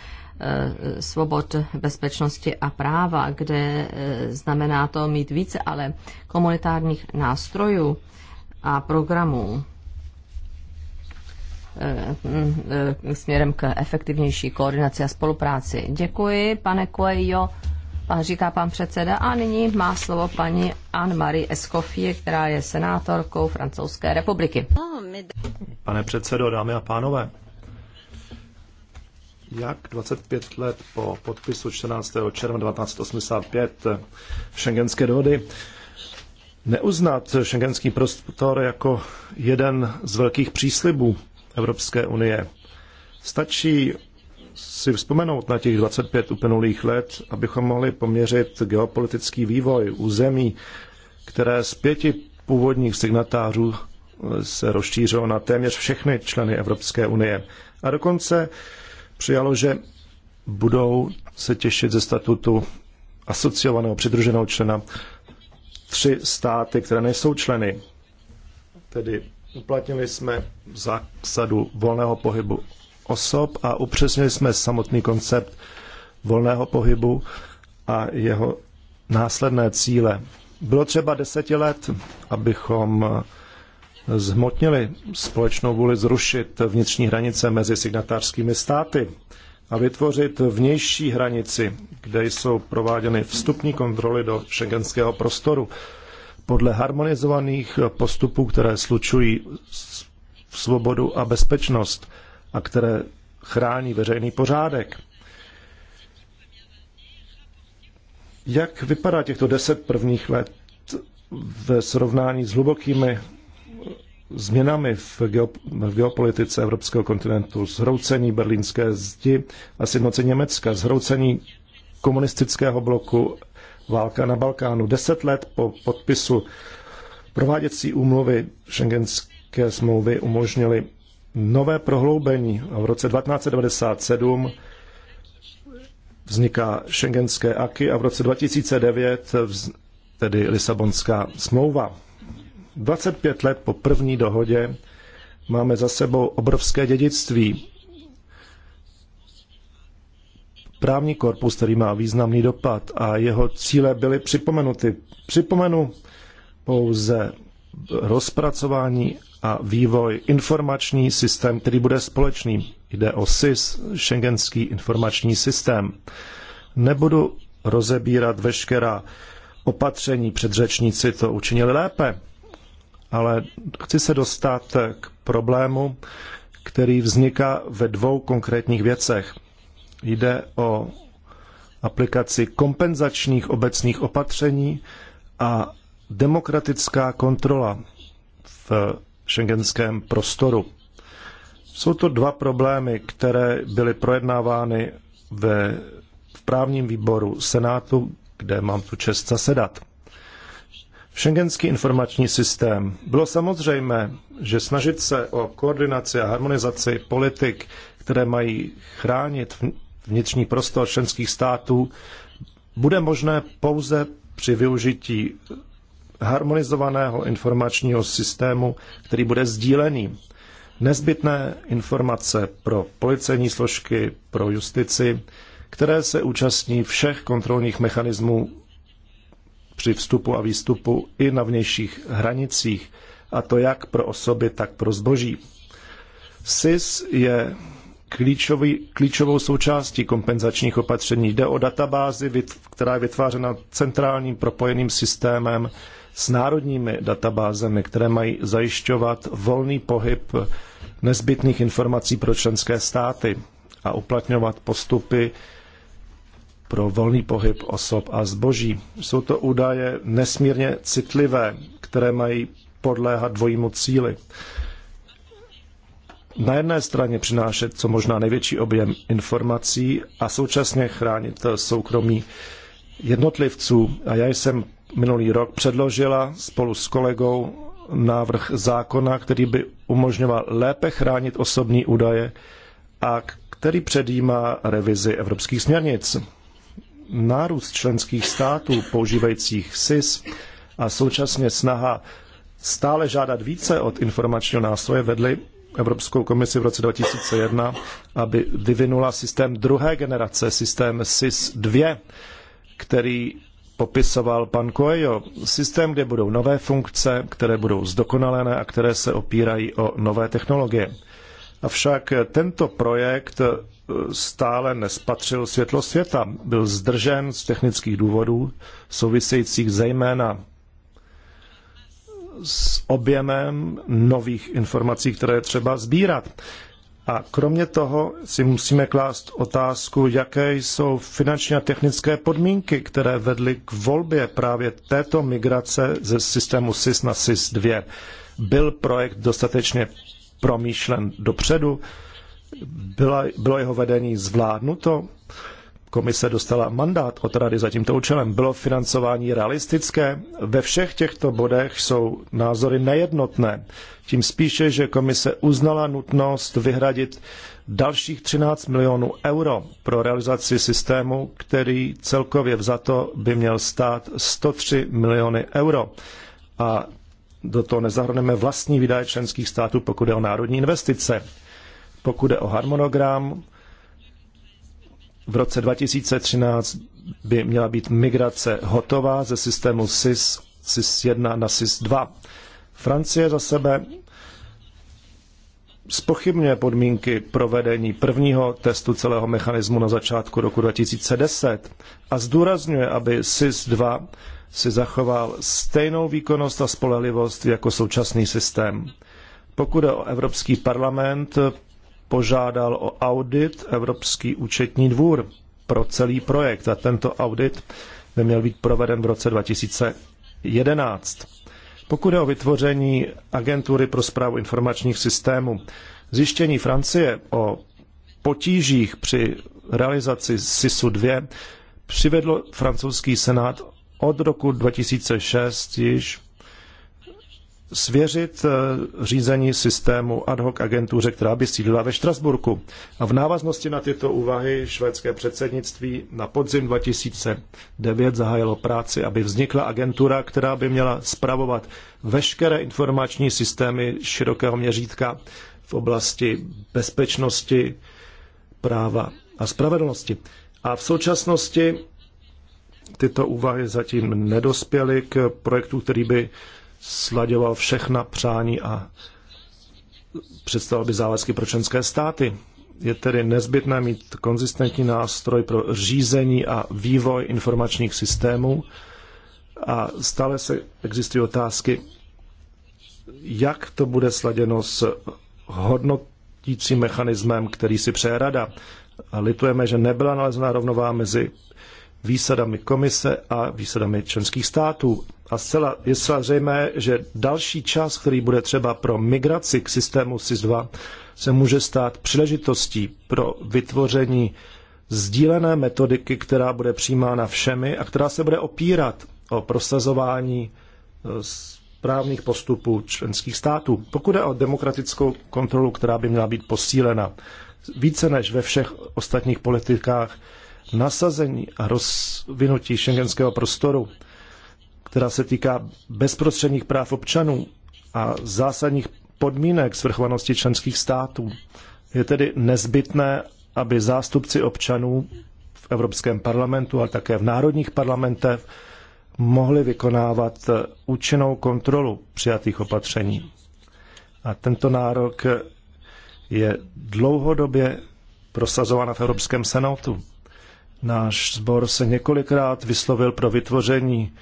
eh, svobod, bezpečnosti a práva, kde eh, znamená to mít více ale komunitárních nástrojů a programů Eh, směrem k efektivnější koordinaci a spolupráci. Děkuji, pane Coelho, eh, říká pan předseda. A nyní má slovo paní Anne-Marie Escoffier, která je senátorkou Francouzské republiky. Pane předsedo, dámy a pánové, jak 25 let po podpisu 14. června 1985 šengenské dohody neuznat šengenský prostor jako jeden z velkých příslibů Evropské unie. Stačí si vzpomenout na těch 25 uplynulých let, abychom mohli poměřit geopolitický vývoj u zemí, které z pěti původních signatářů eh, se rozšířilo na téměř všechny členy Evropské unie. A dokonce přijalo, že budou se těšit ze statutu asociovaného přidruženého člena tři státy, které nejsou členy, tedy Uplatnili jsme zásadu volného pohybu osob a upřesnili jsme samotný koncept volného pohybu a jeho následné cíle. Bylo třeba deseti let, abychom zhmotnili společnou vůli zrušit vnitřní hranice mezi signatářskými státy a vytvořit vnější hranici, kde jsou prováděny vstupní kontroly do šengenského prostoru podle harmonizovaných postupů, které slučují svobodu a bezpečnost a které chrání veřejný pořádek. Jak vypadá těchto deset prvních let ve srovnání s hlubokými změnami v, geop- v geopolitice evropského kontinentu, zhroucení berlínské zdi a sjednocení Německa, zhroucení komunistického bloku válka na Balkánu. Deset let po podpisu prováděcí úmluvy šengenské smlouvy umožnily nové prohloubení. V roce 1997 vzniká šengenské aky a v roce 2009 vz, tedy Lisabonská smlouva. 25 let po první dohodě máme za sebou obrovské dědictví právní korpus, který má významný dopad a jeho cíle byly připomenuty. Připomenu pouze rozpracování a vývoj informační systém, který bude společný. Jde o SIS, Schengenský informační systém. Nebudu rozebírat veškerá opatření, předřečníci to učinili lépe, ale chci se dostat k problému, který vzniká ve dvou konkrétních věcech. Jde o aplikaci kompenzačních obecných opatření a demokratická kontrola v šengenském prostoru. Jsou to dva problémy, které byly projednávány ve, v právním výboru Senátu, kde mám tu čest zasedat. Schengenský informační systém. Bylo samozřejmé, že snažit se o koordinaci a harmonizaci politik, které mají chránit vnitřní prostor členských států bude možné pouze při využití harmonizovaného informačního systému, který bude sdílený. Nezbytné informace pro policejní složky, pro justici, které se účastní všech kontrolních mechanismů při vstupu a výstupu i na vnějších hranicích, a to jak pro osoby, tak pro zboží. SIS je klíčový, klíčovou součástí kompenzačních opatření. Jde o databázi, která je vytvářena centrálním propojeným systémem s národními databázemi, které mají zajišťovat volný pohyb nezbytných informací pro členské státy a uplatňovat postupy pro volný pohyb osob a zboží. Jsou to údaje nesmírně citlivé, které mají podléhat dvojímu cíli na jedné straně přinášet co možná největší objem informací a současně chránit eh, soukromí jednotlivců. A já jsem minulý rok předložila spolu s kolegou návrh zákona, který by umožňoval lépe chránit osobní údaje a který předjímá revizi evropských směrnic. Nárůst členských států používajících SIS a současně snaha stále žádat více od informačního nástroje vedly Evropskou komisi v roce 2001, aby vyvinula systém druhé generace, systém SIS-2, který popisoval pan Coelho. Systém, kde budou nové funkce, které budou zdokonalené a které se opírají o nové technologie. Avšak tento projekt eh, stále nespatřil světlo světa. Byl zdržen z technických důvodů, souvisejících zejména s objemem nových informací, které je třeba sbírat. A kromě toho si musíme klást otázku, jaké jsou finanční a technické podmínky, které vedly k volbě právě této migrace ze systému SIS na SIS 2. Byl projekt dostatečně promýšlen dopředu? Byla, bylo jeho vedení zvládnuto? komise dostala mandát od rady za tímto účelem. Bylo financování realistické? Ve všech těchto bodech jsou názory nejednotné. Tím spíše, že komise uznala nutnost vyhradit dalších 13 milionů euro pro realizaci systému, který celkově vzato by měl stát 103 miliony euro. A do toho nezahrneme vlastní výdaje členských států, pokud je o národní investice. Pokud je o harmonogram, v roce 2013 by měla být migrace hotová ze systému SIS, SIS 1 na SIS 2. Francie za sebe spochybňuje podmínky provedení prvního testu celého mechanismu na začátku roku 2010 a zdůrazňuje, aby SIS-2 si zachoval stejnou výkonnost a spolehlivost jako současný systém. Pokud je o Evropský parlament, požádal o audit Evropský účetní dvůr pro celý projekt a tento audit by měl být proveden v roce 2011. Pokud je o vytvoření agentury pro zprávu informačních systémů, zjištění Francie o potížích při realizaci SISu 2 přivedlo francouzský senát od roku 2006 již svěřit eh, řízení systému ad hoc agentuře, která by sídlila ve Štrasburku. A v návaznosti na tyto úvahy švédské předsednictví na podzim 2009 zahájilo práci, aby vznikla agentura, která by měla spravovat veškeré informační systémy širokého měřítka v oblasti bezpečnosti, práva a spravedlnosti. A v současnosti tyto úvahy zatím nedospěly k projektu, který by sladěval všechna přání a představil by závazky pro členské státy. Je tedy nezbytné mít konzistentní nástroj pro řízení a vývoj informačních systémů a stále se existují otázky, jak to bude sladěno s hodnotícím mechanismem, který si přeje rada. A litujeme, že nebyla nalezena rovnováha mezi výsadami komise a výsadami členských států. A zcela, je zcela zřejmé, že další čas, který bude třeba pro migraci k systému SIS-2, se může stát příležitostí pro vytvoření sdílené metodiky, která bude přijímána všemi a která se bude opírat o prosazování e, správných postupů členských států. Pokud je o demokratickou kontrolu, která by měla být posílena, více než ve všech ostatních politikách nasazení a rozvinutí šengenského prostoru, která se týká bezprostředních práv občanů a zásadních podmínek svrchovanosti členských států. Je tedy nezbytné, aby zástupci občanů v Evropském parlamentu, ale také v národních parlamentech mohli vykonávat účinnou kontrolu přijatých opatření. A tento nárok je dlouhodobě prosazována v Evropském senátu. Náš sbor se několikrát vyslovil pro vytvoření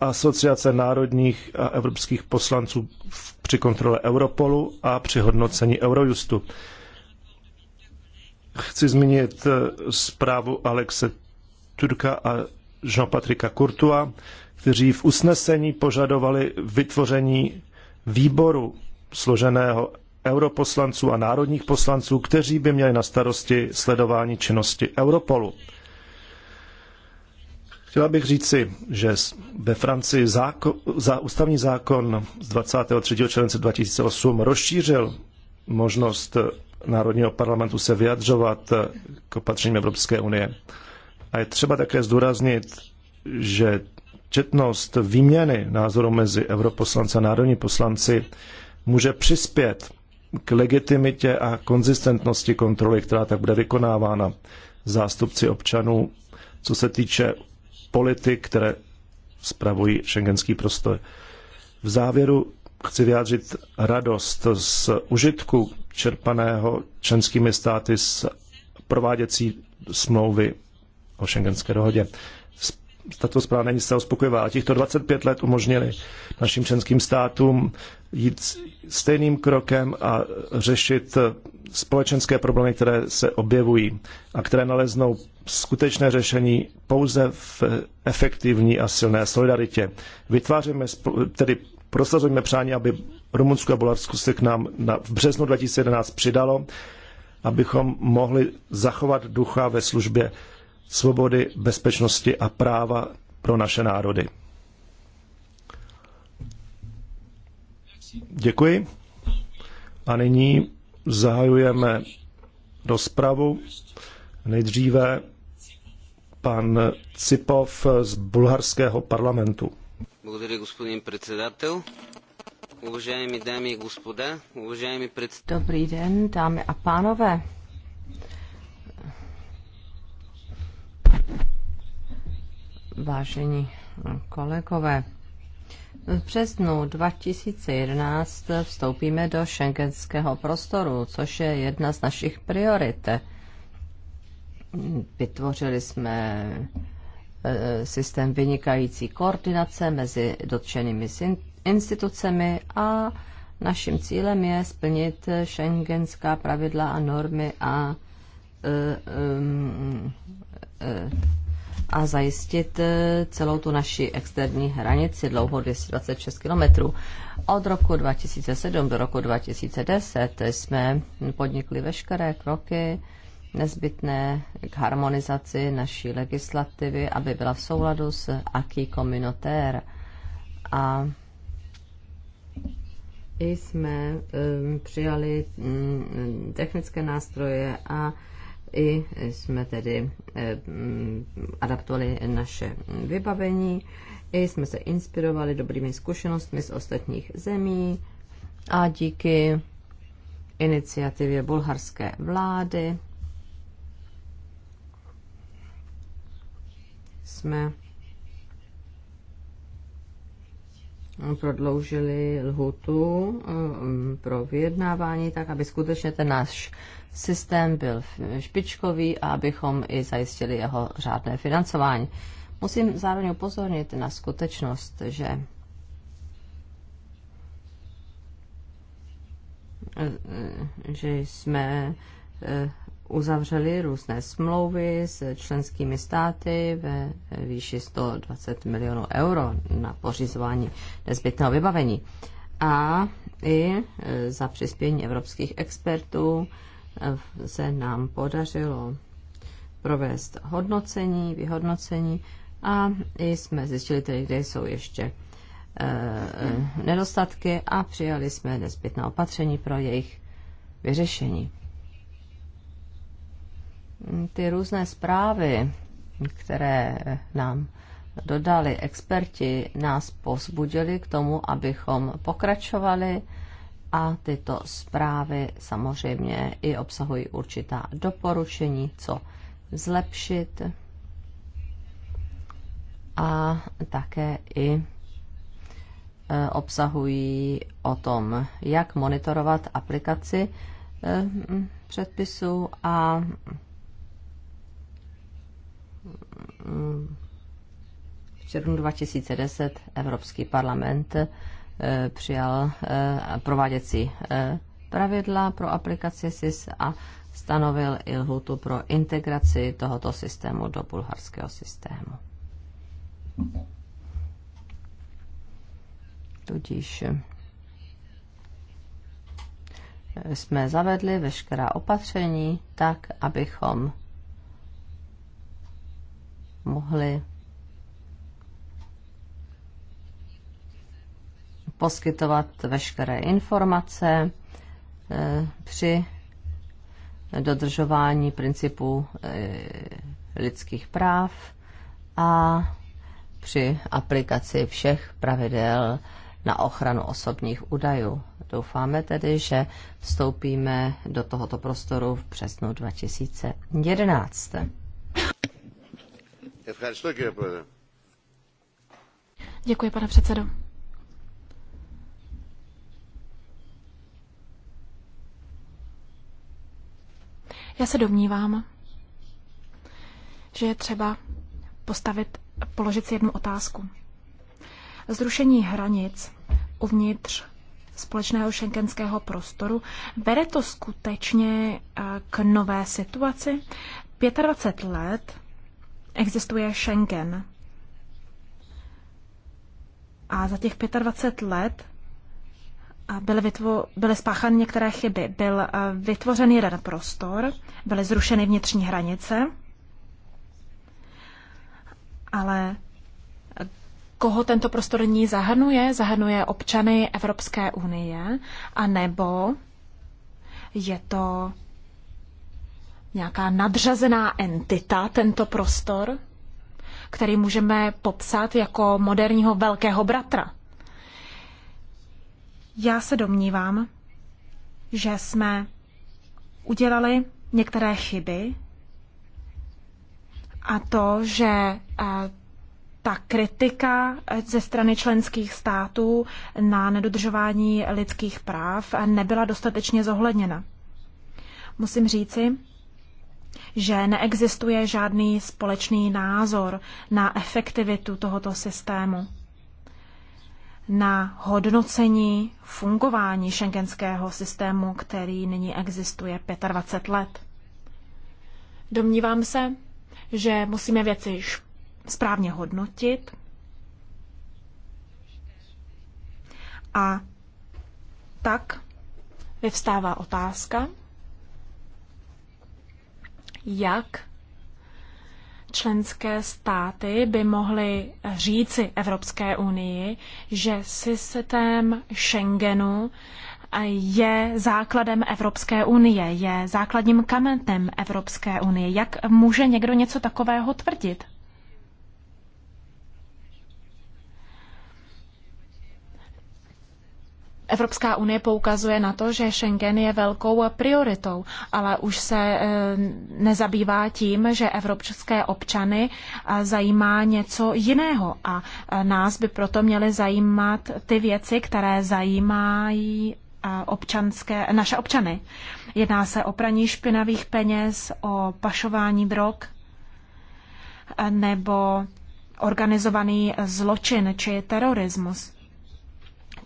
Asociace národních a evropských poslanců při kontrole Europolu a při hodnocení Eurojustu. Chci zmínit eh, zprávu Alexe Turka a Jean-Patrika Courtois, kteří v usnesení požadovali vytvoření výboru složeného europoslanců a národních poslanců, kteří by měli na starosti sledování činnosti Europolu. Chtěla bych říci, že ve Francii za ústavní zákon z 23. července 2008 rozšířil možnost eh, Národního parlamentu se vyjadřovat eh, k opatřením Evropské unie. A je třeba také zdůraznit, že četnost výměny názorů mezi europoslanci a národní poslanci může přispět k legitimitě a konzistentnosti kontroly, která tak bude vykonávána zástupci občanů, co se týče politik, které spravují šengenský prostor. V závěru chci vyjádřit radost z užitku čerpaného členskými státy z prováděcí smlouvy o šengenské dohodě tato zpráva není zcela uspokojivá. A těchto 25 let umožnili našim členským státům jít stejným krokem a řešit společenské problémy, které se objevují a které naleznou skutečné řešení pouze v efektivní a silné solidaritě. Vytváříme, tedy prosazujeme přání, aby Rumunsko a Bulharsko se k nám na, v březnu 2011 přidalo, abychom mohli zachovat ducha ve službě svobody, bezpečnosti a práva pro naše národy. Děkuji. A nyní zahajujeme rozpravu. Nejdříve pan Cipov z bulharského parlamentu. Благодаря, господин председател. Уважаеми дами и господа, уважаеми Dobrý den, dámy a pánové. Vážení kolegové, v březnu 2011 vstoupíme do šengenského prostoru, což je jedna z našich priorit. Vytvořili jsme e, systém vynikající koordinace mezi dotčenými institucemi a naším cílem je splnit šengenská pravidla a normy a e, e, a zajistit eh, celou tu naši externí hranici dlouhou 226 km. Od roku 2007 do roku 2010 jsme podnikli veškeré kroky nezbytné k harmonizaci naší legislativy, aby byla v souladu s aký communautaire. A i jsme um, přijali um, technické nástroje a i jsme tedy eh, mm, adaptovali naše vybavení, i jsme se inspirovali dobrými zkušenostmi z ostatních zemí a díky iniciativě bulharské vlády jsme prodloužili lhutu eh, mm, pro vyjednávání, tak aby skutečně ten náš systém byl špičkový a abychom i zajistili jeho řádné financování. Musím zároveň upozornit na skutečnost, že že jsme eh, uzavřeli různé smlouvy s členskými státy ve výši 120 milionů euro na pořizování nezbytného vybavení. A i eh, za přispění evropských expertů se nám podařilo provést hodnocení, vyhodnocení a jsme zjistili tedy, kde jsou ještě eh, eh, nedostatky a přijali jsme nezbytná opatření pro jejich vyřešení. Ty různé zprávy, které nám dodali experti, nás pozbudili k tomu, abychom pokračovali a tyto zprávy samozřejmě i obsahují určitá doporučení, co zlepšit a také i e, obsahují o tom, jak monitorovat aplikaci e, předpisů a v červnu 2010 Evropský parlament Eh, přijal eh, prováděcí eh, pravidla pro aplikaci SIS a stanovil i lhutu pro integraci tohoto systému do bulharského systému. Tudíž jsme zavedli veškerá opatření tak, abychom mohli poskytovat veškeré informace eh, při dodržování principů eh, lidských práv a při aplikaci všech pravidel na ochranu osobních údajů. Doufáme tedy, že vstoupíme do tohoto prostoru v přesnu 2011. Děkuji, pane předsedo. Já se domnívám, že je třeba postavit, položit si jednu otázku. Zrušení hranic uvnitř společného šenkenského prostoru, vede to skutečně eh, k nové situaci? 25 let existuje Schengen. A za těch 25 let byly, vytvo- byly spáchány některé chyby. Byl eh, vytvořen jeden prostor, byly zrušeny vnitřní hranice, ale eh, koho tento prostor ní zahrnuje? Zahrnuje občany Evropské unie, a nebo je to nějaká nadřazená entita, tento prostor, který můžeme popsat jako moderního velkého bratra. Já se domnívám, že jsme udělali některé chyby a to, že eh, ta kritika eh, ze strany členských států na nedodržování lidských práv nebyla dostatečně zohledněna. Musím říci, že neexistuje žádný společný názor na efektivitu tohoto systému na hodnocení fungování šengenského systému, který nyní existuje 25 let. Domnívám se, že musíme věci správně hodnotit a tak vyvstává otázka, jak členské státy by mohly říci Evropské unii, že systém Schengenu je základem Evropské unie, je základním kamenem Evropské unie. Jak může někdo něco takového tvrdit? Evropská unie poukazuje na to, že Schengen je velkou prioritou, ale už se eh, nezabývá tím, že evropské občany eh, zajímá něco jiného a eh, nás by proto měly zajímat ty věci, které zajímají občanské, naše občany. Jedná se o praní špinavých peněz, o pašování drog nebo organizovaný zločin či terorismus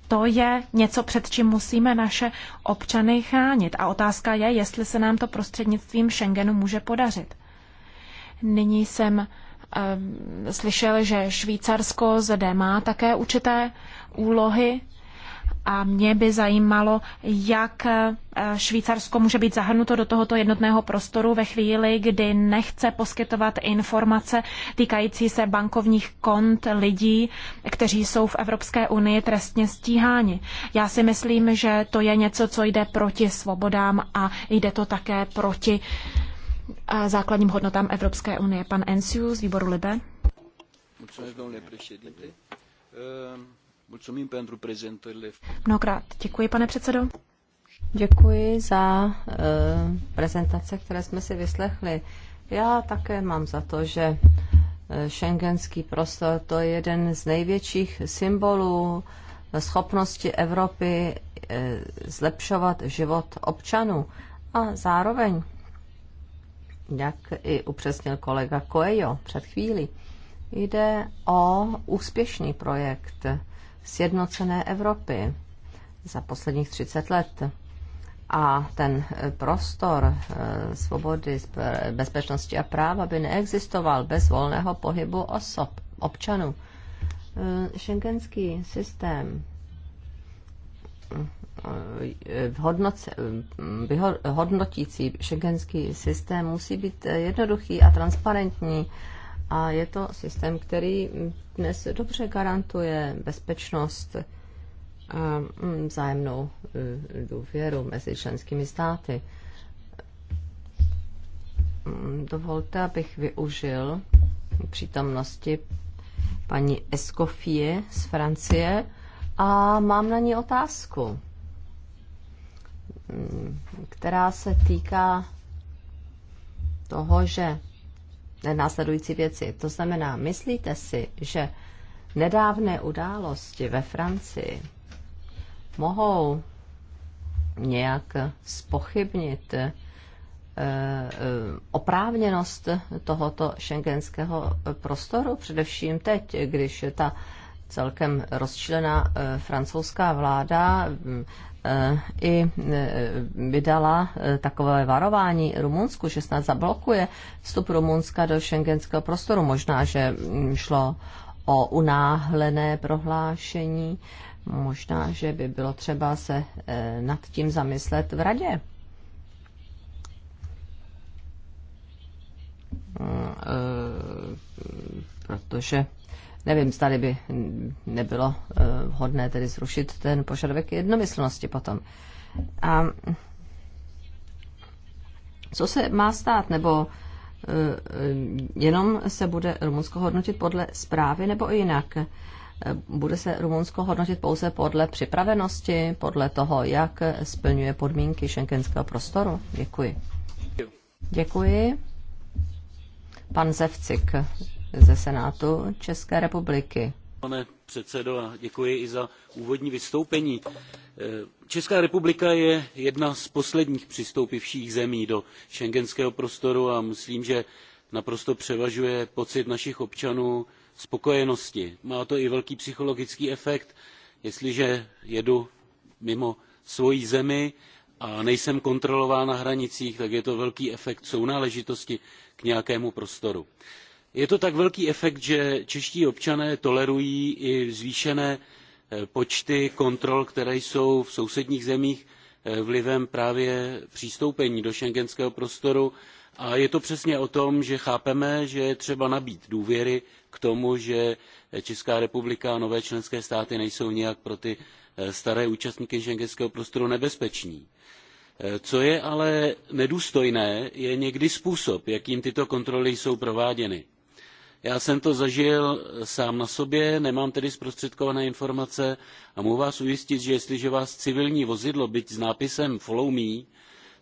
to je něco, před čím musíme naše občany chránit. A otázka je, jestli se nám to prostřednictvím Schengenu může podařit. Nyní jsem um, slyšel, že Švýcarsko zde má také určité úlohy. A mě by zajímalo, jak eh, Švýcarsko může být zahrnuto do tohoto jednotného prostoru ve chvíli, kdy nechce poskytovat informace týkající se bankovních kont lidí, kteří jsou v Evropské unii trestně stíháni. Já si myslím, že to je něco, co jde proti svobodám a jde to také proti eh, základním hodnotám Evropské unie. Pan Ensius z výboru Libe. Mnohokrát děkuji, pane předsedo. Děkuji za uh, prezentace, které jsme si vyslechli. Já také mám za to, že šengenský eh, prostor to je jeden z největších symbolů eh, schopnosti Evropy zlepšovat život občanů. A zároveň, jak i upřesnil kolega Coelho před chvílí, jde o úspěšný projekt sjednocené Evropy za posledních 30 let. A ten eh, prostor eh, svobody, bezpečnosti a práva by neexistoval bez volného pohybu osob, občanů. Schengenský eh, systém hodnotící šengenský systém musí být jednoduchý a transparentní a je to systém, který dnes dobře garantuje bezpečnost a mm, vzájemnou eh, důvěru mezi členskými státy. Mm, dovolte, abych využil přítomnosti paní Escoffie z Francie a mám na ní otázku, mm, která se týká toho, že následující věci. To znamená, myslíte si, že nedávné události ve Francii mohou nějak spochybnit eh, eh, oprávněnost tohoto šengenského prostoru, především teď, když ta celkem rozčlená eh, francouzská vláda mm, Eh, i eh, vydala eh, takové varování Rumunsku, že snad zablokuje vstup Rumunska do šengenského prostoru. Možná, že mm, šlo o unáhlené prohlášení, možná, že by bylo třeba se nad tím zamyslet v radě. Mm, protože Nevím, zda by nebylo eh, vhodné tedy zrušit ten požadavek jednomyslnosti potom. A co se má stát, nebo eh, jenom se bude Rumunsko hodnotit podle zprávy, nebo jinak? Eh, bude se Rumunsko hodnotit pouze podle připravenosti, podle toho, jak splňuje podmínky šenkenského prostoru? Děkuji. Děkuji. Pan Zevcik ze Senátu České republiky. Pane předsedo, a děkuji i za úvodní vystoupení. E, Česká republika je jedna z posledních přistoupivších zemí do šengenského prostoru a myslím, že naprosto převažuje pocit našich občanů spokojenosti. Má to i velký psychologický efekt, jestliže jedu mimo svoji zemi a nejsem kontrolován na hranicích, tak je to velký efekt sounáležitosti k nějakému prostoru je to tak velký efekt že čeští občané tolerují i zvýšené eh, počty kontrol které jsou v sousedních zemích eh, vlivem právě přistoupení do schengenského prostoru a je to přesně o tom že chápeme že je třeba nabýt důvěry k tomu že eh, česká republika a nové členské státy nejsou nijak pro ty staré účastníky schengenského prostoru nebezpeční. co je ale nedůstojné je někdy způsob jakým tyto kontroly jsou prováděny já jsem to zažil sám na sobě nemám tedy zprostředkované informace a mohu vás ujistit že jestliže vás civilní vozidlo byť s nápisem follow me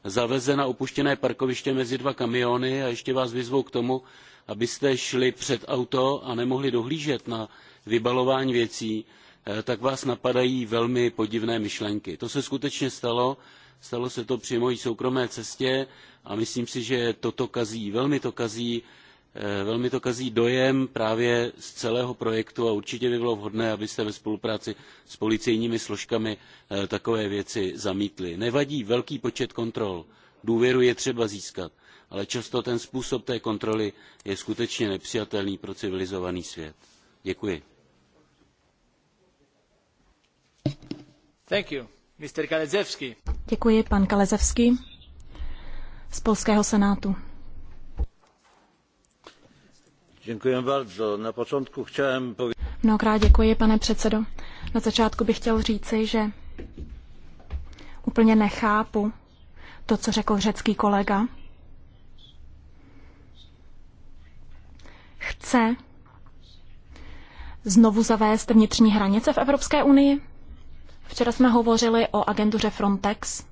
zaveze na opuštěné parkoviště mezi dva kamiony a ještě vás vyzvou k tomu abyste šli před auto a nemohli dohlížet na vybalování věcí eh, tak vás napadají velmi podivné myšlenky. to se skutečně stalo stalo se to při mojí soukromé cestě a myslím si že toto kazí velmi to kazí Eh, velmi to kazí dojem právě z celého projektu a určitě by bylo vhodné abyste ve spolupráci s policejními složkami eh, takové věci zamítli. nevadí velký počet kontrol důvěru je třeba získat ale často ten způsob té kontroly je skutečně nepřijatelný pro civilizovaný svět. děkuji. Děkuji, pan Kalezevský z polského senátu. Mnohokrát děkuji, pane předsedo. Na začátku bych chtěl říci, že úplně nechápu to, co řekl řecký kolega. Chce znovu zavést vnitřní hranice v Evropské unii? Včera jsme hovořili o agentuře Frontex.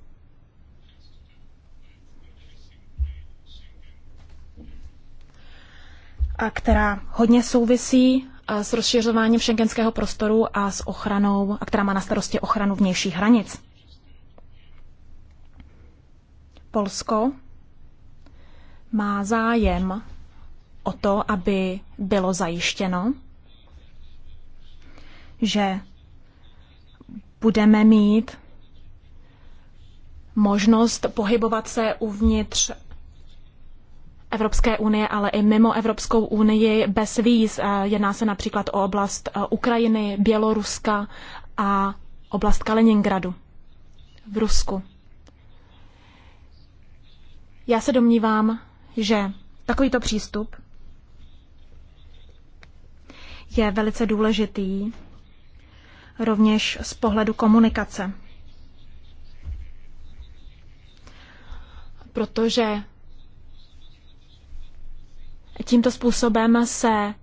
a která hodně souvisí s rozšiřováním šengenského prostoru a s ochranou, a která má na starosti ochranu vnějších hranic. Polsko má zájem o to, aby bylo zajištěno, že budeme mít možnost pohybovat se uvnitř Evropské unie, ale i mimo Evropskou unii bez víz. Jedná se například o oblast e, Ukrajiny, Běloruska a oblast Kaliningradu v Rusku. Já se domnívám, že takovýto přístup je velice důležitý rovněž z pohledu komunikace. Protože Tímto způsobem se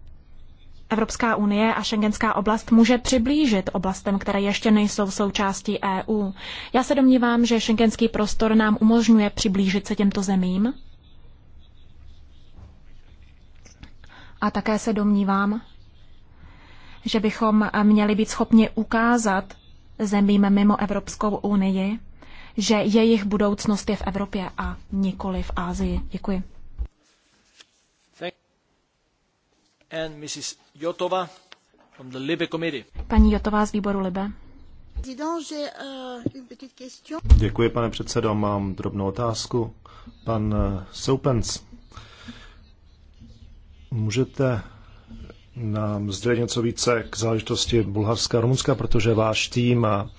Evropská unie a šengenská oblast může přiblížit oblastem, které ještě nejsou součástí EU. Já se domnívám, že šengenský prostor nám umožňuje přiblížit se těmto zemím. A také se domnívám, že bychom měli být schopni ukázat zemím mimo Evropskou unii, že jejich budoucnost je v Evropě a nikoli v Ázii. Děkuji. and Mrs. Jotova from the Libe Committee. Paní Jotová z výboru Libe. Děkuji, pane předsedo. Mám drobnou otázku. Pan eh, Soupens, můžete nám sdělit něco více k záležitosti Bulharska a Rumunska, protože váš tým a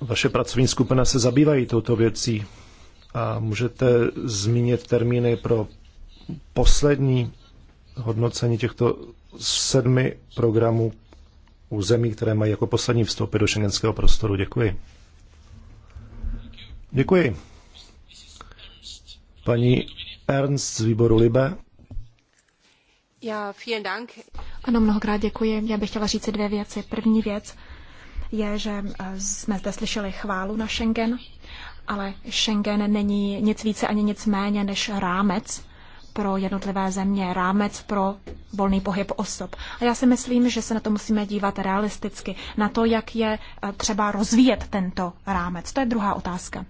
vaše pracovní skupina se zabývají touto věcí. A můžete zmínit termíny pro poslední hodnocení těchto sedmi programů u zemí, které mají jako poslední vstoupy do šengenského prostoru. Děkuji. Děkuji. Paní Ernst z výboru Libe. Já, vielen Dank. Ano, mnohokrát děkuji. Já bych chtěla říct dvě věci. První věc je, že eh, jsme zde slyšeli chválu na Schengen, ale Schengen není nic více ani nic méně než rámec, pro jednotlivé země, rámec pro volný pohyb osob. A já si myslím, že se na to musíme dívat realisticky, na to, jak je eh, třeba rozvíjet tento rámec. To je druhá otázka.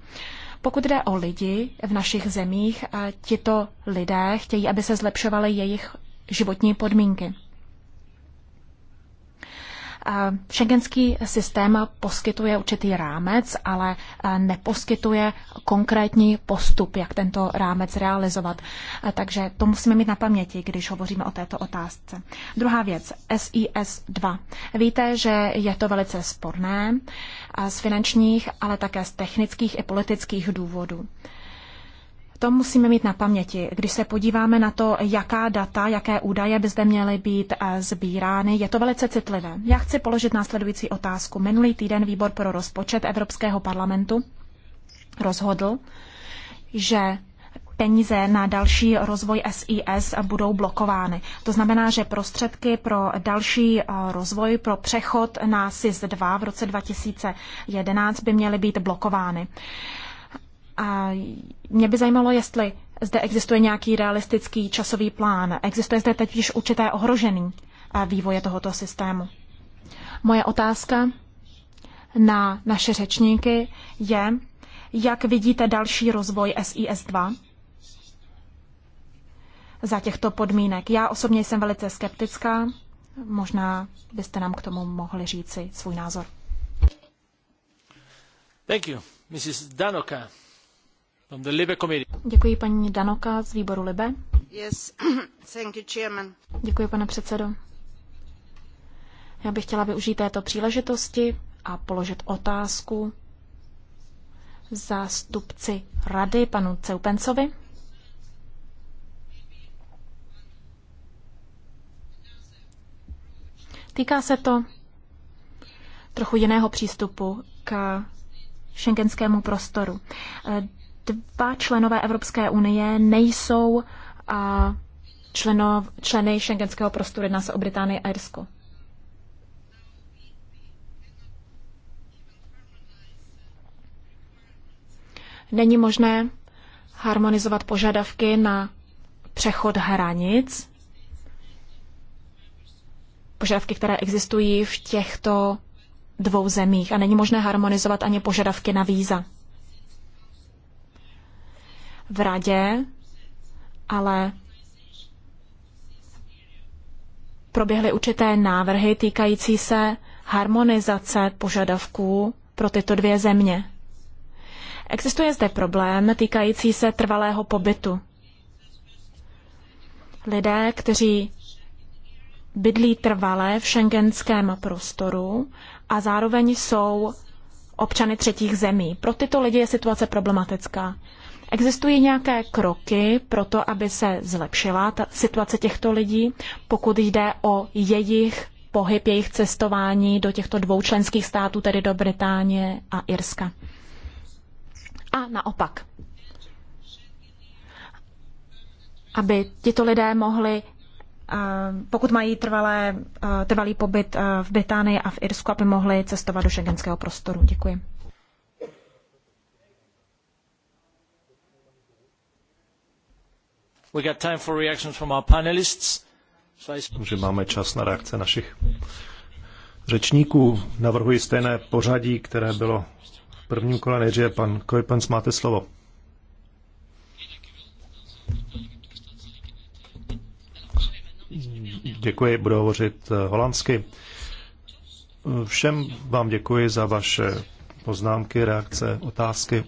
Pokud jde o lidi v našich zemích, eh, tito lidé chtějí, aby se zlepšovaly jejich životní podmínky. Schengenský systém poskytuje určitý rámec, ale e, neposkytuje konkrétní postup, jak tento rámec realizovat. E, takže to musíme mít na paměti, když hovoříme o této otázce. Druhá věc, SIS 2. Víte, že je to velice sporné z finančních, ale také z technických i politických důvodů. To musíme mít na paměti. Když se podíváme na to, jaká data, jaké údaje by zde měly být eh, sbírány, je to velice citlivé. Já chci položit následující otázku. Minulý týden výbor pro rozpočet Evropského parlamentu rozhodl, že peníze na další rozvoj SIS budou blokovány. To znamená, že prostředky pro další eh, rozvoj, pro přechod na SIS 2 v roce 2011 by měly být blokovány. A mě by zajímalo, jestli zde existuje nějaký realistický časový plán. Existuje zde teď již určité ohrožený eh, vývoje tohoto systému. Moje otázka na naše řečníky je, jak vidíte další rozvoj SIS 2 za těchto podmínek. Já osobně jsem velice skeptická. Možná byste nám k tomu mohli říci svůj názor. Thank you. Mrs. Danoka. Děkuji paní Danoka z výboru Libe. Yes. *clears throat* Thank you, chairman. Děkuji, pane předsedo. Já bych chtěla využít této příležitosti a položit otázku zástupci rady panu Ceupencovi. Týká se to trochu jiného přístupu k šengenskému prostoru dva členové Evropské unie nejsou a, členov, členy šengenského prostoru, jedná se o Británii a Irsko. Není možné harmonizovat požadavky na přechod hranic, požadavky, které existují v těchto dvou zemích a není možné harmonizovat ani požadavky na víza v radě, ale proběhly určité návrhy týkající se harmonizace požadavků pro tyto dvě země. Existuje zde problém týkající se trvalého pobytu. Lidé, kteří bydlí trvale v šengenském prostoru a zároveň jsou občany třetích zemí. Pro tyto lidi je situace problematická. Existují nějaké kroky pro to, aby se zlepšila ta situace těchto lidí, pokud jde o jejich pohyb, jejich cestování do těchto dvou členských států, tedy do Británie a Irska. A naopak, aby tito lidé mohli, eh, pokud mají trvalé, eh, trvalý pobyt eh, v Británii a v Irsku, aby mohli cestovat do šengenského prostoru. Děkuji. Že máme čas na reakce našich řečníků. Navrhuji stejné pořadí, které bylo v prvním kole. Nejdříve pan Kojpens, máte slovo. Děkuji, budu hovořit eh, holandsky. Všem vám děkuji za vaše poznámky, reakce, otázky.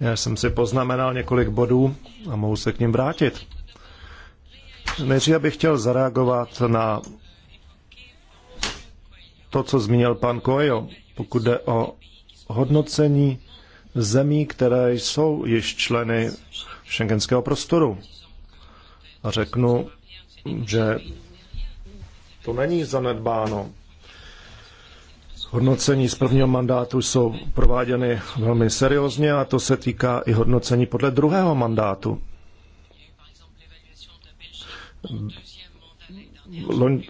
Já jsem si poznamenal několik bodů a mohu se k ním vrátit. Nejdříve bych chtěl zareagovat na to, co zmínil pan Kojo, pokud jde o hodnocení zemí, které jsou již členy šengenského prostoru. A řeknu, že to není zanedbáno. Hodnocení z prvního mandátu jsou prováděny velmi seriózně a to se týká i hodnocení podle druhého mandátu.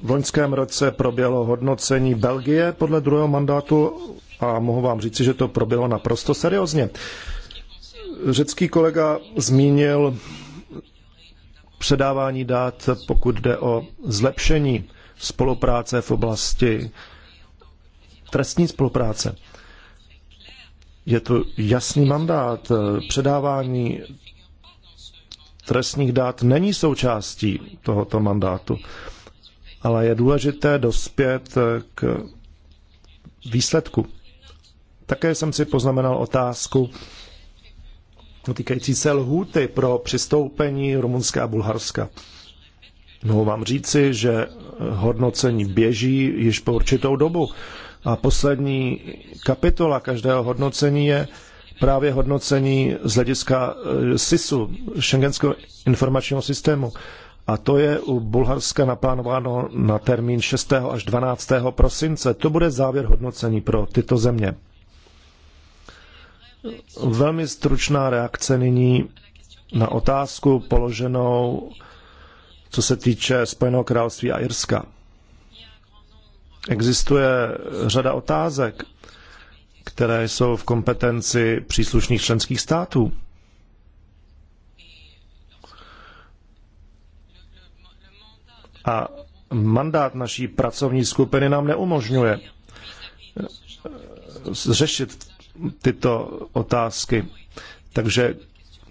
V loňském roce proběhlo hodnocení Belgie podle druhého mandátu a mohu vám říci, že to proběhlo naprosto seriózně. Řecký kolega zmínil předávání dát, pokud jde o zlepšení spolupráce v oblasti trestní spolupráce. Je to jasný mandát. Předávání trestních dát není součástí tohoto mandátu, ale je důležité dospět k výsledku. Také jsem si poznamenal otázku týkající se lhůty pro přistoupení Rumunska a Bulharska. Mohu vám říci, že hodnocení běží již po určitou dobu a poslední kapitola každého hodnocení je právě hodnocení z hlediska eh, SISu, Schengenského informačního systému. A to je u Bulharska naplánováno na termín 6. až 12. prosince. To bude závěr hodnocení pro tyto země. Velmi stručná reakce nyní na otázku položenou, co se týče Spojeného království a Irska. Existuje řada otázek, které jsou v kompetenci příslušných členských států. A mandát naší pracovní skupiny nám neumožňuje řešit tyto otázky. Takže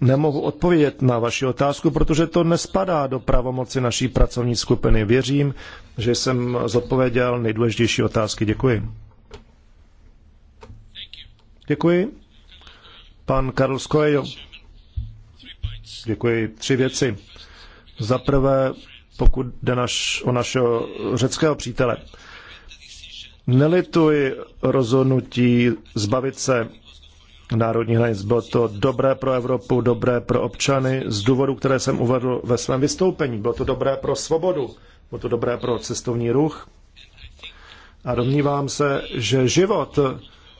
nemohu odpovědět na vaši otázku, protože to nespadá do pravomoci naší pracovní skupiny. Věřím, že jsem zodpověděl nejdůležitější otázky. Děkuji. Děkuji. Pan Karl Skojo. Děkuji. Tři věci. Za prvé, pokud jde naš, o našeho řeckého přítele. Nelituji rozhodnutí zbavit se národní hranic. Bylo to dobré pro Evropu, dobré pro občany, z důvodu, které jsem uvedl ve svém vystoupení. Bylo to dobré pro svobodu, bylo to dobré pro cestovní ruch. A domnívám se, že život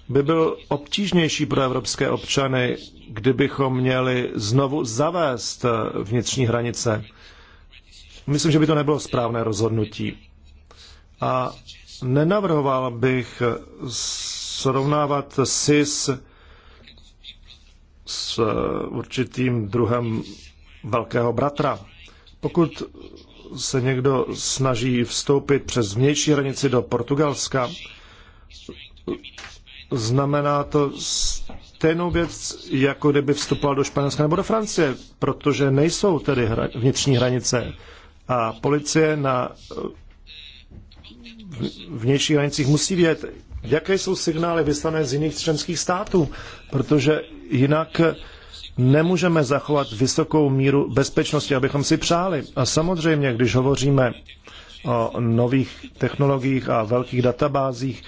by byl obtížnější pro evropské občany, kdybychom měli znovu zavést vnitřní hranice. Myslím, že by to nebylo správné rozhodnutí. A nenavrhoval bych srovnávat SIS s eh, určitým druhem velkého bratra. Pokud se někdo snaží vstoupit přes vnější hranici do Portugalska, znamená to stejnou věc, jako kdyby vstupoval do Španělska nebo do Francie, protože nejsou tedy hra, vnitřní hranice. A policie na eh, vnějších hranicích musí vědět, jaké jsou signály vyslané z jiných členských států, protože jinak nemůžeme zachovat vysokou míru bezpečnosti, abychom si přáli. A samozřejmě, když hovoříme o nových technologiích a velkých databázích,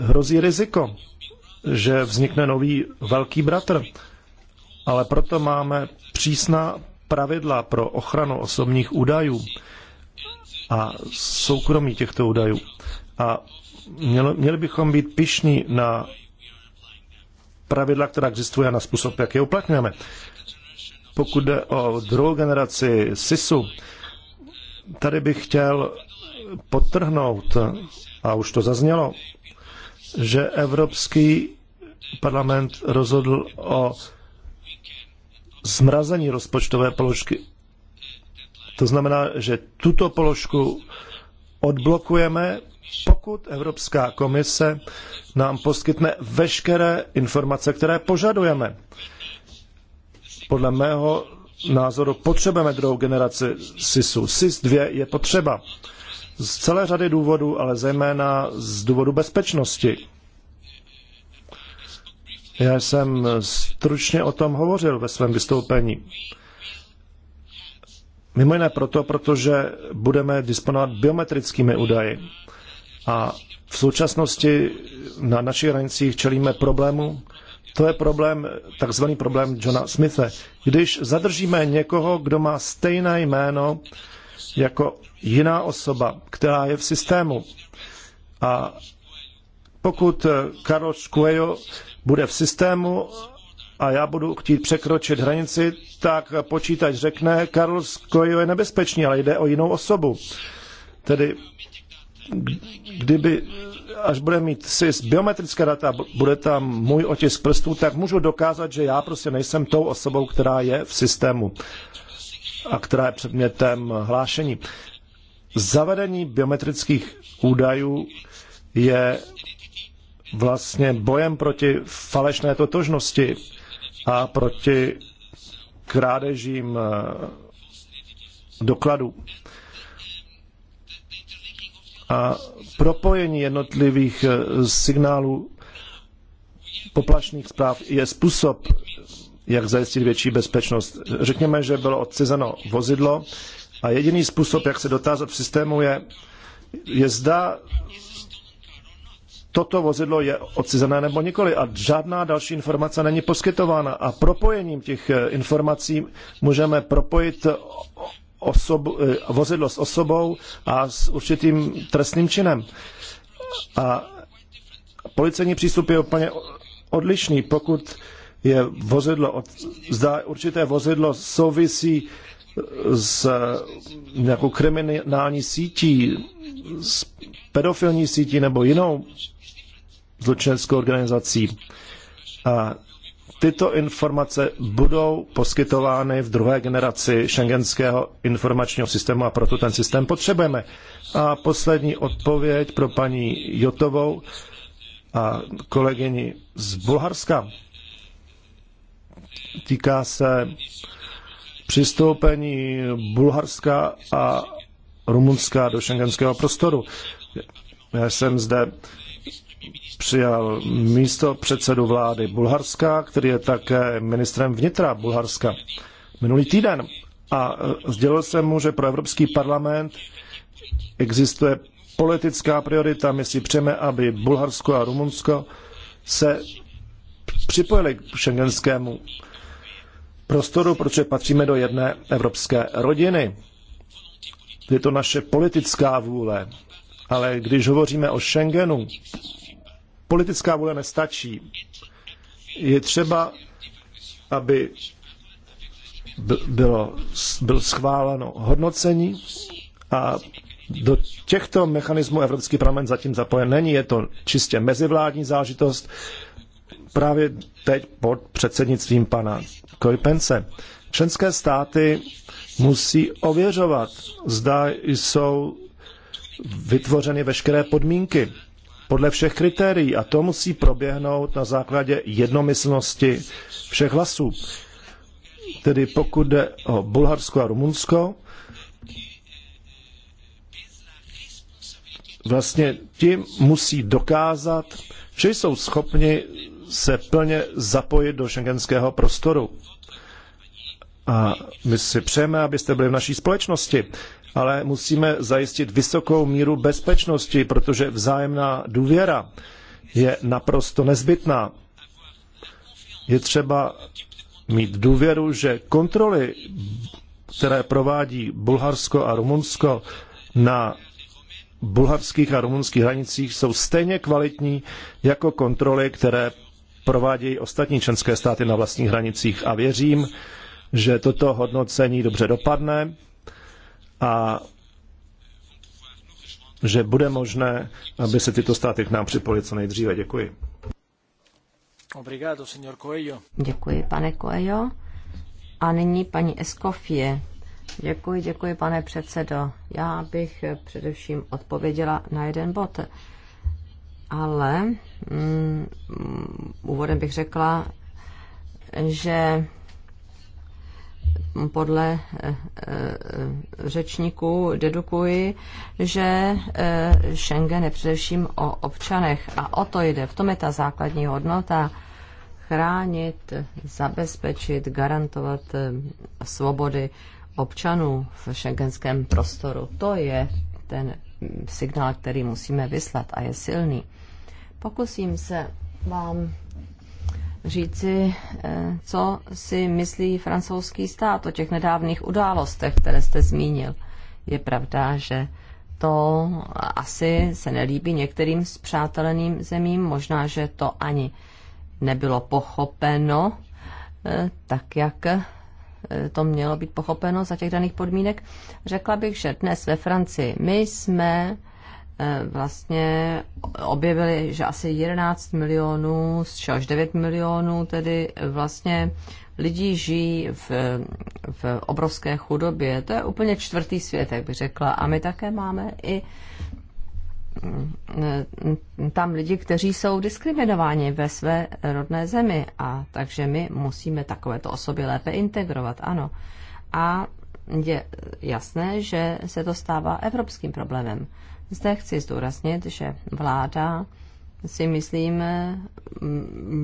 hrozí riziko, že vznikne nový velký bratr. Ale proto máme přísná pravidla pro ochranu osobních údajů a soukromí těchto údajů. A mělo, měli bychom být pišní na pravidla, která existují a na způsob, jak je uplatňujeme. Pokud jde o druhou generaci SISu, tady bych chtěl podtrhnout, a už to zaznělo, že Evropský parlament rozhodl o zmrazení rozpočtové položky. To znamená, že tuto položku odblokujeme pokud Evropská komise nám poskytne veškeré informace, které požadujeme. Podle mého názoru potřebujeme druhou generaci SISu. SIS 2 je potřeba. Z celé řady důvodů, ale zejména z důvodu bezpečnosti. Já jsem stručně o tom hovořil ve svém vystoupení. Mimo jiné proto, protože budeme disponovat biometrickými údaji. A v současnosti na našich hranicích čelíme problému, to je problém, takzvaný problém Johna Smithe. Když zadržíme někoho, kdo má stejné jméno jako jiná osoba, která je v systému, a pokud Karlo Coelho bude v systému a já budu chtít překročit hranici, tak počítač řekne, Karlo Coelho je nebezpečný, ale jde o jinou osobu. Tedy kdyby, až bude mít SIS biometrické data, bude tam můj otisk prstů, tak můžu dokázat, že já prostě nejsem tou osobou, která je v systému a která je předmětem hlášení. Zavedení biometrických údajů je vlastně bojem proti falešné totožnosti a proti krádežím eh, dokladů a propojení jednotlivých eh, signálů poplašných zpráv je způsob, jak zajistit větší bezpečnost. Řekněme, že bylo odcizeno vozidlo a jediný způsob, jak se dotázat v systému, je, je zda toto vozidlo je odcizené nebo nikoli a žádná další informace není poskytována. A propojením těch eh, informací můžeme propojit Eh, vozidlo s osobou a s určitým trestným činem. A policejní přístup je úplně odlišný, pokud je vozidlo, zda určité vozidlo souvisí s nějakou eh, kriminální sítí, s pedofilní sítí nebo jinou zločineckou organizací. A Tyto informace budou poskytovány v druhé generaci šengenského informačního systému a proto ten systém potřebujeme. A poslední odpověď pro paní Jotovou a kolegyni z Bulharska. Týká se přistoupení Bulharska a Rumunska do šengenského prostoru. Já jsem zde přijal místo předsedu vlády Bulharska, který je také ministrem vnitra Bulharska minulý týden. A e, sdělil jsem mu, že pro Evropský parlament existuje politická priorita. My si přejeme, aby Bulharsko a Rumunsko se připojili k šengenskému prostoru, protože patříme do jedné evropské rodiny. Je to naše politická vůle. Ale když hovoříme o Schengenu, politická vůle nestačí. Je třeba, aby bylo, bylo schváleno hodnocení a do těchto mechanismů Evropský parlament zatím zapojen není. Je to čistě mezivládní zážitost. Právě teď pod předsednictvím pana Kojpence. Členské státy musí ověřovat, zda jsou vytvořeny veškeré podmínky podle všech kritérií a to musí proběhnout na základě jednomyslnosti všech hlasů. Tedy pokud jde o Bulharsko a Rumunsko, vlastně ti musí dokázat, že jsou schopni se plně zapojit do šengenského prostoru. A my si přejeme, abyste byli v naší společnosti ale musíme zajistit vysokou míru bezpečnosti, protože vzájemná důvěra je naprosto nezbytná. Je třeba mít důvěru, že kontroly, které provádí Bulharsko a Rumunsko na bulharských a rumunských hranicích, jsou stejně kvalitní jako kontroly, které provádějí ostatní členské státy na vlastních hranicích. A věřím, že toto hodnocení dobře dopadne a že bude možné, aby se tyto státy k nám připojily co nejdříve. Děkuji. Děkuji, pane Coelho. A nyní paní Escofie. Děkuji, děkuji, pane předsedo. Já bych především odpověděla na jeden bod. Ale mm, úvodem bych řekla, že podle eh, eh, řečníků dedukuji, že eh, Schengen je především o občanech a o to jde. V tom je ta základní hodnota chránit, zabezpečit, garantovat svobody občanů v šengenském prostoru. To je ten signál, který musíme vyslat a je silný. Pokusím se vám říci, eh, co si myslí francouzský stát o těch nedávných událostech, které jste zmínil. Je pravda, že to asi se nelíbí některým zpřáteleným zemím, možná, že to ani nebylo pochopeno eh, tak, jak eh, to mělo být pochopeno za těch daných podmínek. Řekla bych, že dnes ve Francii my jsme Eh, vlastně objevili, že asi 11 milionů, z čehož 9 milionů tedy vlastně lidí žijí v, v obrovské chudobě. To je úplně čtvrtý svět, jak bych řekla. A my také máme i mm, eh, tam lidi, kteří jsou diskriminováni ve své rodné zemi. A takže my musíme takovéto osoby lépe integrovat, ano. A je jasné, že se to stává evropským problémem. Zde chci zdůraznit, že vláda si myslím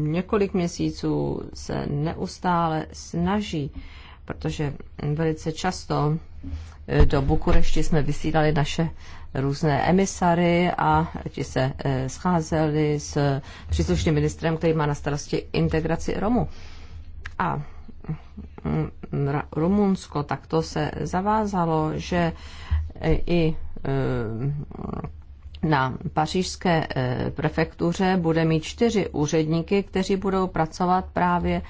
několik měsíců se neustále snaží, protože velice často eh, do Bukurešti jsme vysílali naše různé emisary a ti se eh, scházeli s příslušným ministrem, který má na starosti integraci Romů. A mm, Rumunsko takto se zavázalo, že eh, i Eh, na pařížské eh, prefektuře bude mít čtyři úředníky, kteří budou pracovat právě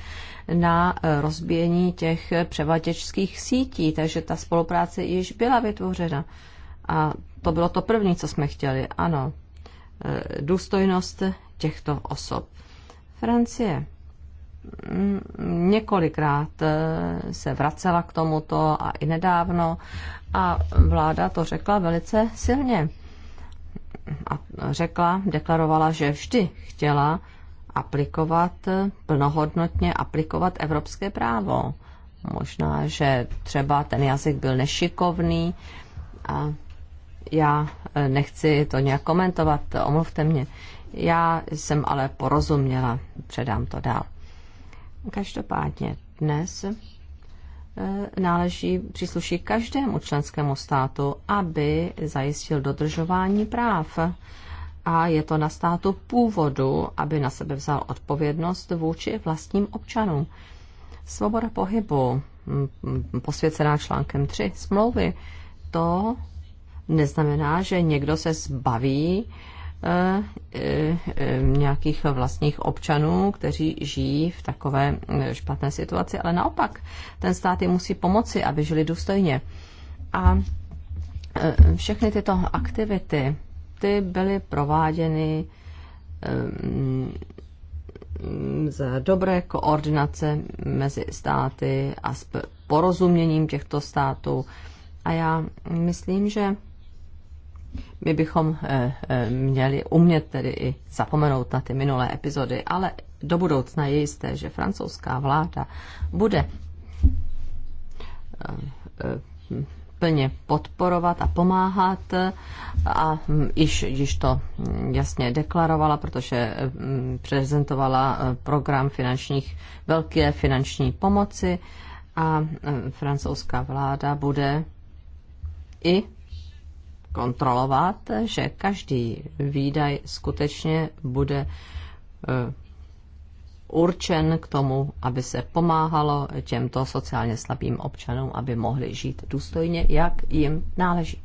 na eh, rozbíjení těch převaděčských sítí, takže ta spolupráce již byla vytvořena. A to bylo to první, co jsme chtěli. Ano, důstojnost těchto osob. Francie mm, několikrát se vracela k tomuto a i nedávno a vláda to řekla velice silně. A řekla, deklarovala, že vždy chtěla aplikovat, plnohodnotně aplikovat evropské právo. Možná, že třeba ten jazyk byl nešikovný a já e, nechci to nějak komentovat, omluvte mě. Já jsem ale porozuměla, předám to dál. Každopádně dnes Eh, náleží, přísluší každému členskému státu, aby zajistil dodržování práv. A je to na státu původu, aby na sebe vzal odpovědnost vůči vlastním občanům. Svoboda pohybu, mm, posvěcená článkem 3 smlouvy, to neznamená, že někdo se zbaví E, e, nějakých vlastních občanů, kteří žijí v takové e, špatné situaci, ale naopak ten stát jim musí pomoci, aby žili důstojně. A všechny tyto aktivity, ty byly prováděny za dobré koordinace mezi státy a s porozuměním těchto států. A já myslím, že my bychom eh, eh, měli umět tedy i zapomenout na ty minulé epizody, ale do budoucna je jisté, že francouzská vláda bude eh, plně podporovat a pomáhat a hm, již, již to hm, jasně deklarovala, protože hm, prezentovala program finančních, velké finanční pomoci a francouzská vláda bude i kontrolovat, že každý výdaj skutečně bude eh, určen k tomu, aby se pomáhalo těmto sociálně slabým občanům, aby mohli žít důstojně, jak jim náleží.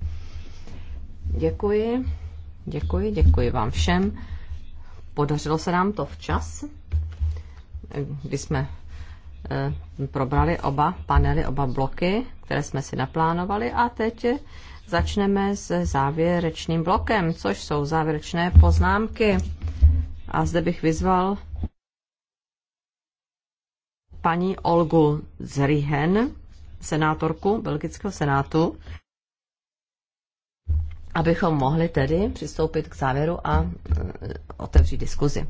Děkuji, děkuji, děkuji vám všem. Podařilo se nám to včas, kdy jsme eh, probrali oba panely, oba bloky, které jsme si naplánovali a teď eh, Začneme s závěrečným blokem, což jsou závěrečné poznámky. A zde bych vyzval paní Olgu Zrihen, senátorku Belgického senátu, abychom mohli tedy přistoupit k závěru a e, otevřít diskuzi.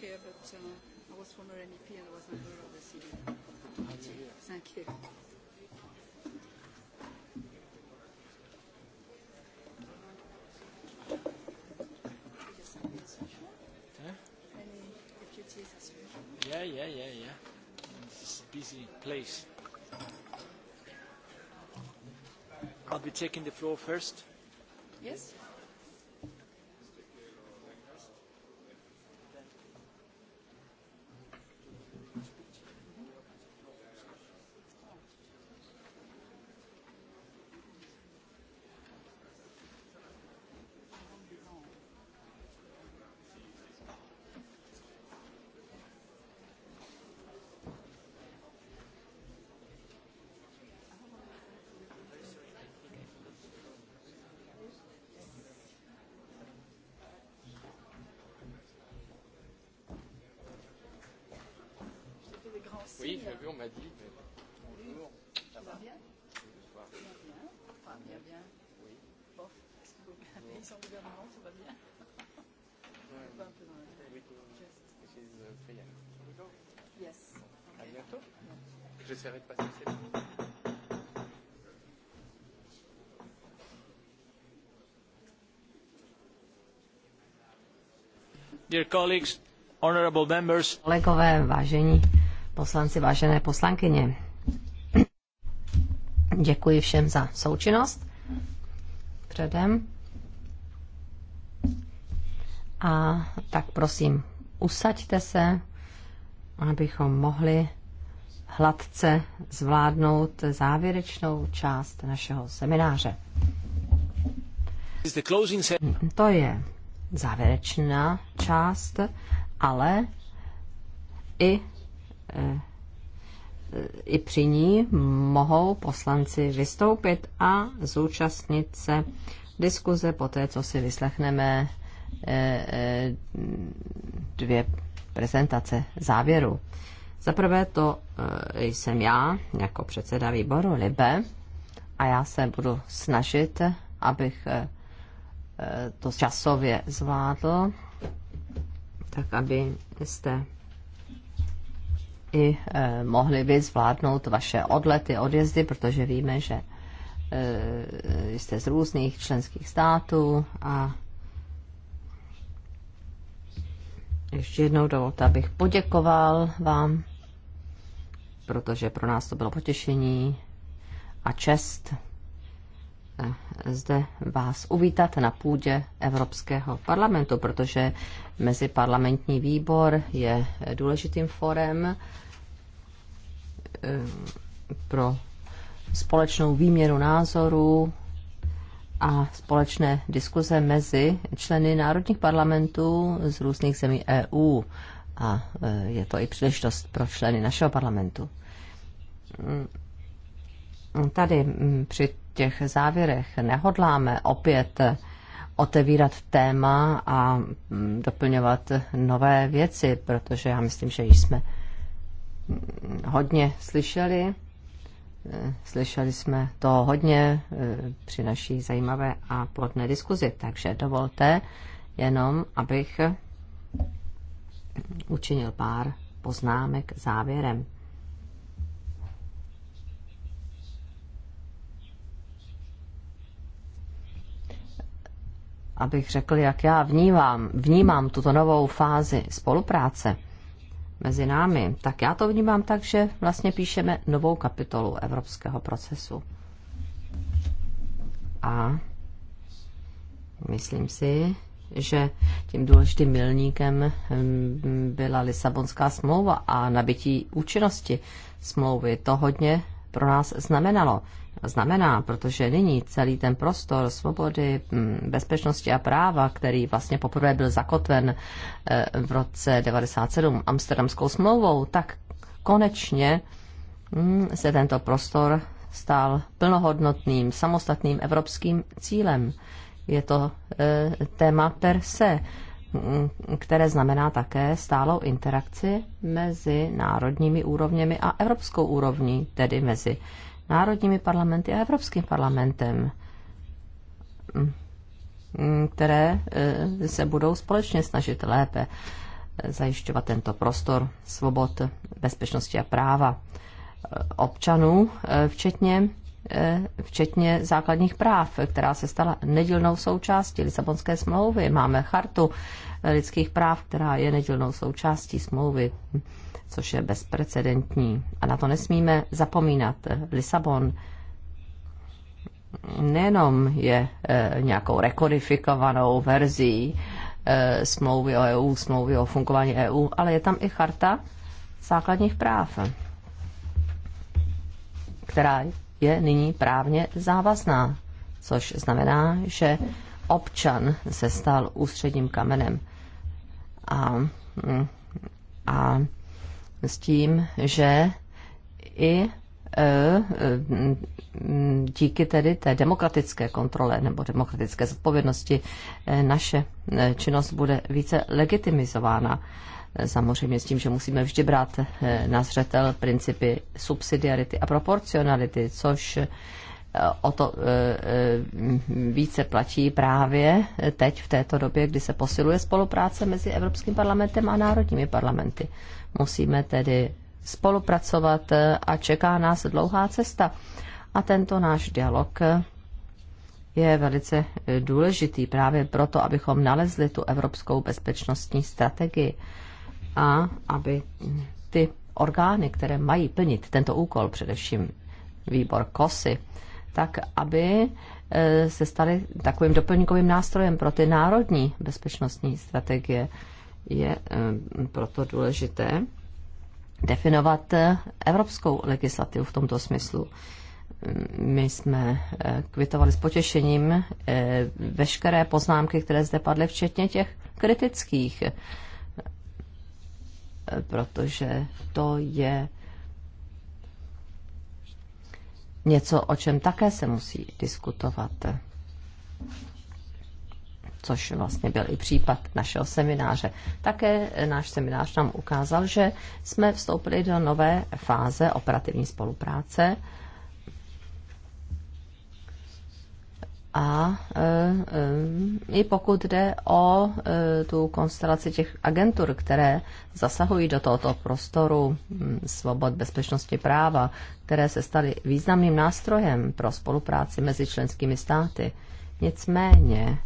chair, but uh, I was former MEP and I was member of the CDU. Thank you. Yeah, yeah, yeah, yeah. It's a busy place. I'll be taking the floor first. Yes. Mrs. Uh, Feyen. Yes. À bientôt. J'essaierai de passer cette. Dear colleagues, honorable members. Kolegové, vážení poslanci, vážené poslankyně, děkuji všem za součinnost předem. A tak prosím, usaďte se, abychom mohli hladce zvládnout závěrečnou část našeho semináře. To je závěrečná část, ale i, eh, i při ní mohou poslanci vystoupit a zúčastnit se diskuze po té, co si vyslechneme Eh, eh, dvě prezentace závěru. Za prvé to eh, jsem já, jako předseda výboru Libe, a já se budu snažit, abych to časově zvládl, tak aby jste i mohli by zvládnout vaše odlety, odjezdy, protože víme, že jste z různých členských států a Ještě jednou dovolte, abych poděkoval vám, protože pro nás to bylo potěšení a čest eh, zde vás uvítat na půdě Evropského parlamentu, protože meziparlamentní výbor je důležitým forem eh, pro společnou výměnu názorů a společné diskuze mezi členy národních parlamentů z různých zemí EU. A e, je to i příležitost pro členy našeho parlamentu. Mm, tady mm, při těch závěrech nehodláme opět e, otevírat téma a mm, doplňovat nové věci, protože já myslím, že již jsme hodně slyšeli Eh, slyšeli jsme to hodně eh, při naší zajímavé a plodné diskuzi, takže dovolte jenom, abych učinil pár poznámek závěrem. Abych řekl, jak já vnímám, vnímám tuto novou fázi spolupráce mezi námi, tak já to vnímám tak, že vlastně píšeme novou kapitolu evropského procesu. A myslím si, že tím důležitým milníkem hm, byla Lisabonská smlouva a nabití účinnosti smlouvy. To hodně pro nás znamenalo znamená, protože nyní celý ten prostor svobody, mm, bezpečnosti a práva, který vlastně poprvé byl zakotven eh, v roce 97 Amsterdamskou smlouvou, tak konečně mm, se tento prostor stal plnohodnotným, samostatným evropským cílem. Je to eh, téma per se, mm, které znamená také stálou interakci mezi národními úrovněmi a evropskou úrovní, tedy mezi národními parlamenty a Evropským parlamentem, mm, které eh, se budou společně snažit lépe eh, zajišťovat tento prostor svobod, bezpečnosti a práva eh, občanů, včetně včetně základních práv, která se stala nedílnou součástí Lisabonské smlouvy. Máme chartu lidských práv, která je nedílnou součástí smlouvy což je bezprecedentní. A na to nesmíme zapomínat. Lisabon nejenom je eh, nějakou rekodifikovanou verzí eh, smlouvy o EU, smlouvy o fungování EU, ale je tam i charta základních práv, která je nyní právně závazná, což znamená, že občan se stal ústředním kamenem. A, a s tím, že i e, e, díky tedy té demokratické kontrole nebo demokratické zodpovědnosti e, naše činnost bude více legitimizována. Samozřejmě s tím, že musíme vždy brát na zřetel principy subsidiarity a proporcionality, což o to e, e, více platí právě teď v této době, kdy se posiluje spolupráce mezi Evropským parlamentem a národními parlamenty. Musíme tedy spolupracovat e, a čeká nás dlouhá cesta. A tento náš dialog je velice důležitý právě proto, abychom nalezli tu evropskou bezpečnostní strategii a aby ty orgány, které mají plnit tento úkol, především výbor KOSY, tak aby e, se staly takovým doplňkovým nástrojem pro ty národní bezpečnostní strategie. Je e, proto důležité definovat e, evropskou legislativu v tomto smyslu. My jsme kvitovali s potěšením veškeré poznámky, které zde padly, včetně těch kritických, protože to je něco, o čem také se musí diskutovat. Což vlastně byl i případ našeho semináře. Také náš seminář nám ukázal, že jsme vstoupili do nové fáze operativní spolupráce A e, e, i pokud jde o e, tu konstelaci těch agentur, které zasahují do tohoto prostoru svobod, bezpečnosti práva, které se staly významným nástrojem pro spolupráci mezi členskými státy, nicméně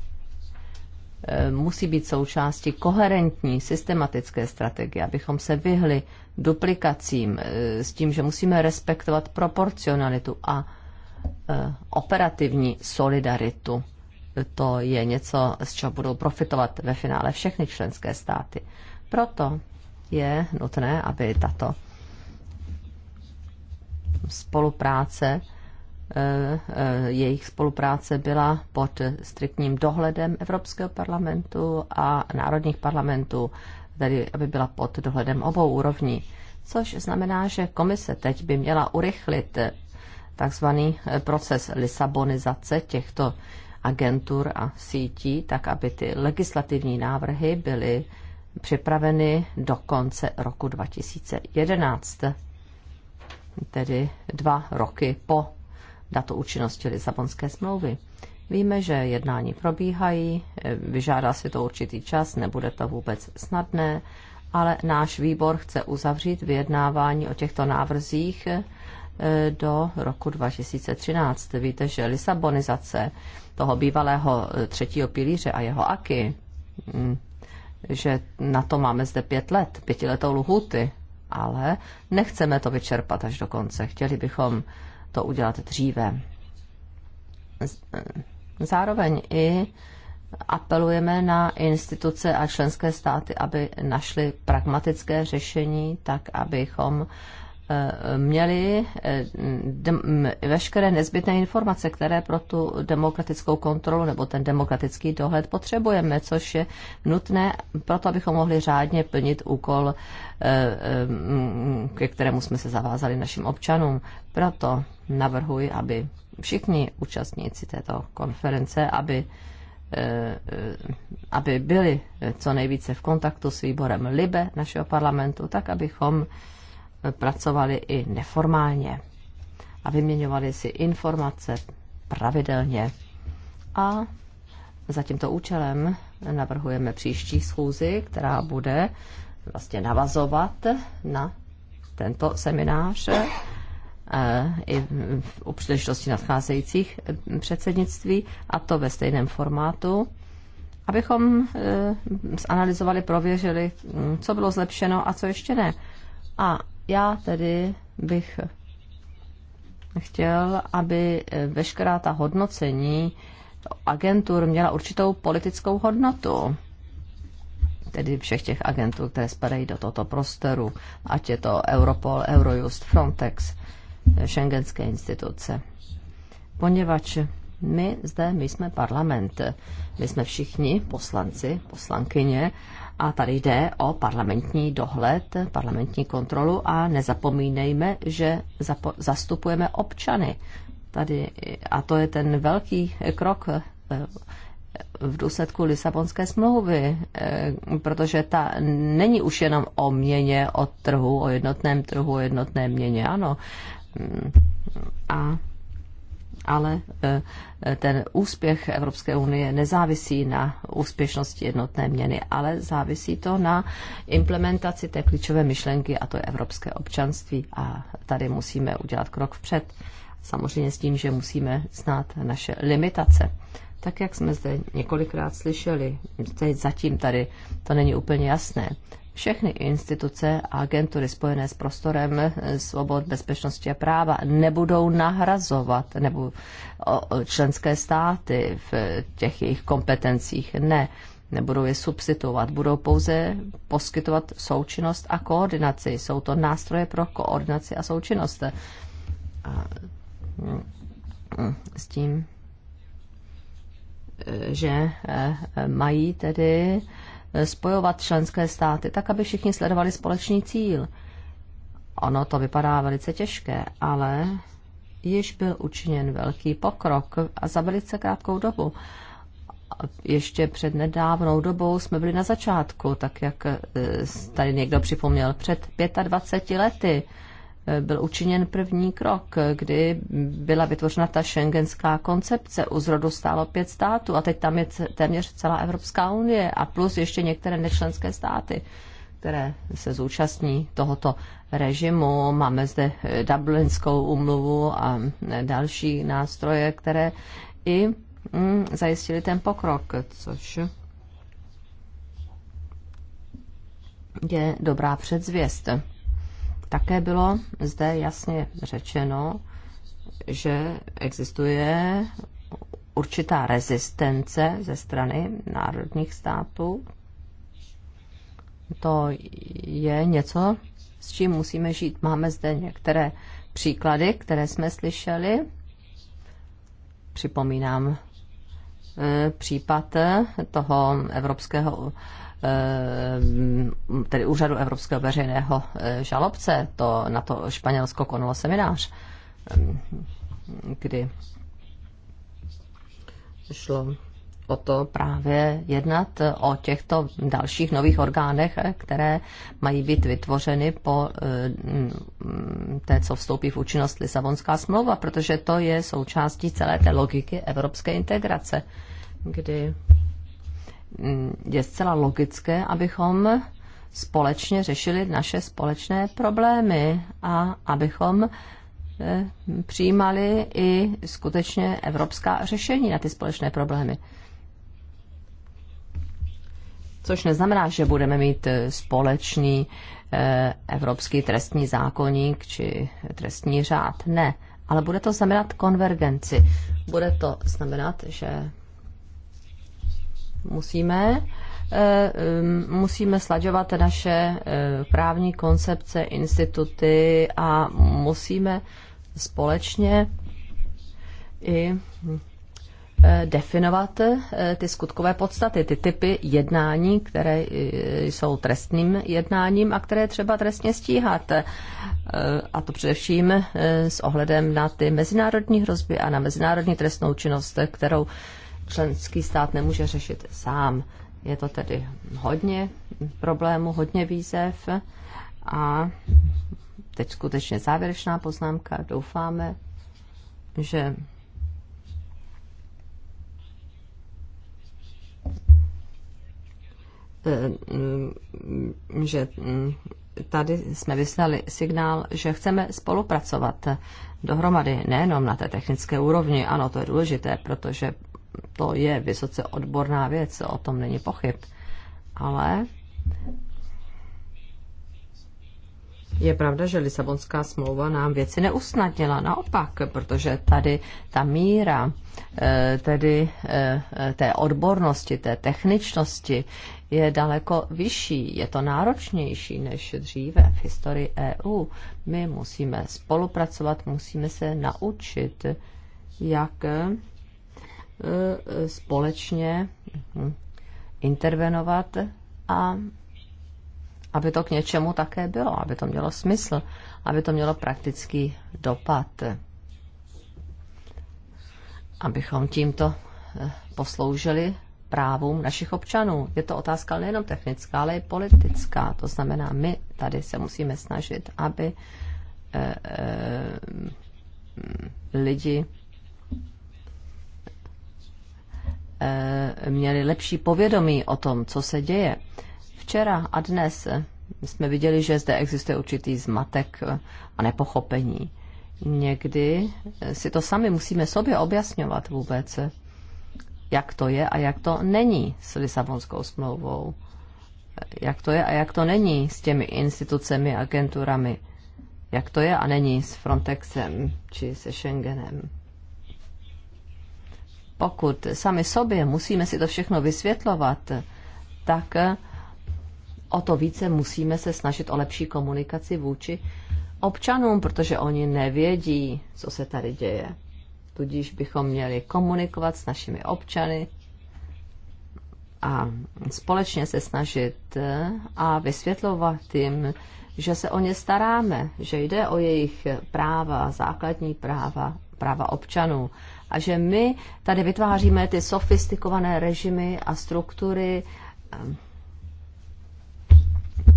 musí být součástí koherentní, systematické strategie, abychom se vyhli duplikacím s tím, že musíme respektovat proporcionalitu a Eh, operativní solidaritu. To je něco, z čeho budou profitovat ve finále všechny členské státy. Proto je nutné, aby tato spolupráce, eh, eh, jejich spolupráce byla pod striktním dohledem Evropského parlamentu a národních parlamentů, tedy aby byla pod dohledem obou úrovní. Což znamená, že komise teď by měla urychlit takzvaný eh, proces lisabonizace těchto agentur a sítí, tak aby ty legislativní návrhy byly připraveny do konce roku 2011, tedy dva roky po datu účinnosti Lisabonské smlouvy. Víme, že jednání probíhají, eh, vyžádá si to určitý čas, nebude to vůbec snadné, ale náš výbor chce uzavřít vyjednávání o těchto návrzích eh, do roku 2013. Víte, že Lisabonizace toho bývalého eh, třetího pilíře a jeho aky, mm, že na to máme zde pět let, pětiletou luhuty, ale nechceme to vyčerpat až do konce. Chtěli bychom to udělat dříve. Eh, zároveň i apelujeme na instituce a členské státy, aby našly pragmatické řešení, tak abychom měli eh, veškeré nezbytné informace, které pro tu demokratickou kontrolu nebo ten demokratický dohled potřebujeme, což je nutné proto, abychom mohli řádně plnit úkol, eh, eh, ke kterému jsme se zavázali našim občanům. Proto navrhuji, aby všichni účastníci této konference, aby aby byli co nejvíce v kontaktu s výborem LIBE našeho parlamentu, tak abychom pracovali i neformálně a vyměňovali si informace pravidelně. A za tímto účelem navrhujeme příští schůzi, která bude vlastně navazovat na tento seminář eh, i u příležitosti nadcházejících eh, předsednictví, a to ve stejném formátu, abychom zanalizovali, eh, prověřili, hm, co bylo zlepšeno a co ještě ne. A já tedy bych chtěl, aby eh, veškerá ta hodnocení agentur měla určitou politickou hodnotu. Tedy všech těch agentů, které spadají do tohoto prostoru, ať je to Europol, Eurojust, Frontex, eh, Schengenské instituce. Poněvadž my zde, my jsme parlament, eh, my jsme všichni poslanci, poslankyně a tady jde o parlamentní dohled, parlamentní kontrolu a nezapomínejme, že zapo- zastupujeme občany. Tady, a to je ten velký krok eh, v důsledku Lisabonské smlouvy, eh, protože ta není už jenom o měně, o trhu, o jednotném trhu, o jednotné měně, ano. Mm, a ale eh, ten úspěch Evropské unie nezávisí na úspěšnosti jednotné měny, ale závisí to na implementaci té klíčové myšlenky a to je evropské občanství a tady musíme udělat krok vpřed. Samozřejmě s tím, že musíme znát naše limitace. Tak, jak jsme zde několikrát slyšeli, teď zatím tady to není úplně jasné všechny instituce a agentury spojené s prostorem eh, svobod, bezpečnosti a práva nebudou nahrazovat nebo členské státy v těch jejich kompetencích. Ne, nebudou je substituovat, budou pouze poskytovat součinnost a koordinaci. Jsou to nástroje pro koordinaci a součinnost. A mm, mm, s tím, eh, že eh, mají tedy Eh, spojovat členské státy, tak aby všichni sledovali společný cíl. Ono to vypadá velice těžké, ale již byl učiněn velký pokrok a za velice krátkou dobu. Ještě před nedávnou dobou jsme byli na začátku, tak jak eh, tady někdo připomněl, před 25 lety byl učiněn první krok, kdy byla vytvořena ta šengenská koncepce. U zrodu stálo pět států a teď tam je téměř celá Evropská unie a plus ještě některé nečlenské státy které se zúčastní tohoto režimu. Máme zde eh, Dublinskou umluvu a eh, další nástroje, které i hm, zajistili ten pokrok, což je dobrá předzvěst také bylo zde jasně řečeno, že existuje určitá rezistence ze strany národních států. To je něco, s čím musíme žít. Máme zde některé příklady, které jsme slyšeli. Připomínám e, případ toho evropského Eh, tedy úřadu Evropského veřejného eh, žalobce, to na to Španělsko konalo seminář, eh, kdy šlo o to právě jednat o těchto dalších nových orgánech, které mají být vytvořeny po té, co vstoupí v účinnost Lisabonská smlouva, protože to je součástí celé té logiky evropské integrace, kdy Mm, je zcela logické, abychom společně řešili naše společné problémy a abychom eh, přijímali i skutečně evropská řešení na ty společné problémy. Což neznamená, že budeme mít eh, společný eh, evropský trestní zákonník či trestní řád. Ne, ale bude to znamenat konvergenci. Bude to znamenat, že musíme eh, eh, musíme slaďovat naše eh, právní koncepce, instituty a musíme společně i definovat ty skutkové podstaty, ty typy jednání, které jsou trestným jednáním a které třeba trestně stíhat. A to především s ohledem na ty mezinárodní hrozby a na mezinárodní trestnou činnost, kterou členský stát nemůže řešit sám. Je to tedy hodně problémů, hodně výzev a teď skutečně závěrečná poznámka. Doufáme, že eh, že tady jsme vyslali signál, že chceme spolupracovat dohromady, nejenom na té technické úrovni. Ano, to je důležité, protože to je vysoce odborná věc, o tom není pochyb. Ale je pravda, že Lisabonská smlouva nám věci neusnadnila, naopak, protože tady ta míra eh, tedy eh, té odbornosti, té techničnosti je daleko vyšší, je to náročnější než dříve v historii EU. My musíme spolupracovat, musíme se naučit, jak Eh, společně hm, intervenovat a aby to k něčemu také bylo, aby to mělo smysl, aby to mělo praktický dopad. Abychom tímto eh, posloužili právům našich občanů. Je to otázka nejenom technická, ale i politická. To znamená, my tady se musíme snažit, aby eh, hm, lidi Eh, měli lepší povědomí o tom, co se děje. Včera a dnes eh, jsme viděli, že zde existuje určitý zmatek eh, a nepochopení. Někdy si to sami musíme sobě objasňovat vůbec, jak to je a jak to není s Lisabonskou smlouvou. Jak to je a jak to není s těmi institucemi, agenturami. Jak to je a není s Frontexem či se Schengenem pokud sami sobě musíme si to všechno vysvětlovat, tak o to více musíme se snažit o lepší komunikaci vůči občanům, protože oni nevědí, co se tady děje. Tudíž bychom měli komunikovat s našimi občany a společně se snažit a vysvětlovat jim, že se o ně staráme, že jde o jejich práva, základní práva, práva občanů a že my tady vytváříme ty sofistikované režimy a struktury eh,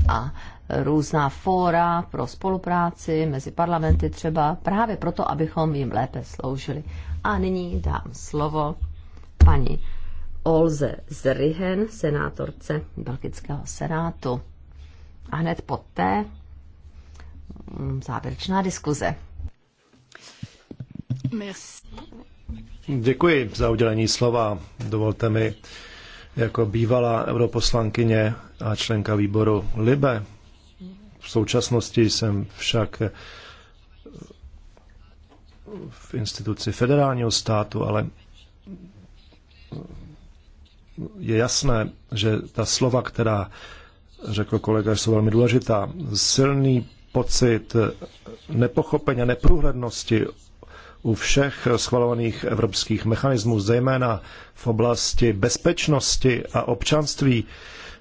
a různá fóra pro spolupráci mezi parlamenty třeba, právě proto, abychom jim lépe sloužili. A nyní dám slovo paní Olze Zrihen, senátorce Belgického senátu. A hned poté mm, závěrečná diskuze. Merci. Děkuji za udělení slova. Dovolte mi jako bývalá europoslankyně a členka výboru LIBE. V současnosti jsem však v instituci federálního státu, ale je jasné, že ta slova, která řekl kolega, jsou velmi důležitá. Silný pocit nepochopení a neprůhlednosti u všech schvalovaných evropských mechanismů, zejména v oblasti bezpečnosti a občanství.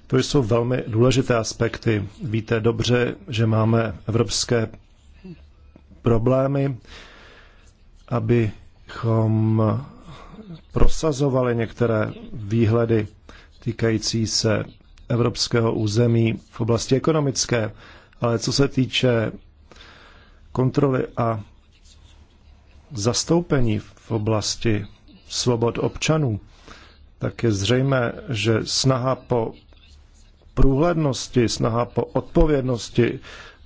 To jsou velmi důležité aspekty. Víte dobře, že máme evropské problémy, abychom prosazovali některé výhledy týkající se evropského území v oblasti ekonomické, ale co se týče kontroly a Zastoupení v oblasti svobod občanů, tak je zřejmé, že snaha po průhlednosti, snaha po odpovědnosti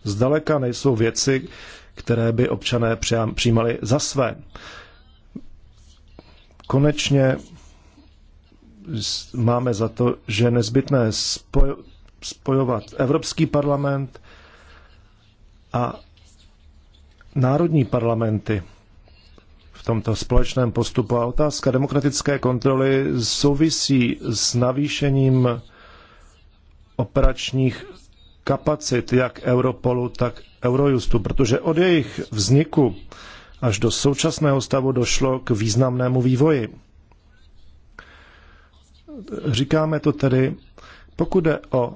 zdaleka nejsou věci, které by občané přijímali za své. Konečně máme za to, že je nezbytné spojovat Evropský parlament a národní parlamenty tomto společném postupu. A otázka demokratické kontroly souvisí s navýšením operačních kapacit jak Europolu, tak Eurojustu, protože od jejich vzniku až do současného stavu došlo k významnému vývoji. Říkáme to tedy, pokud jde o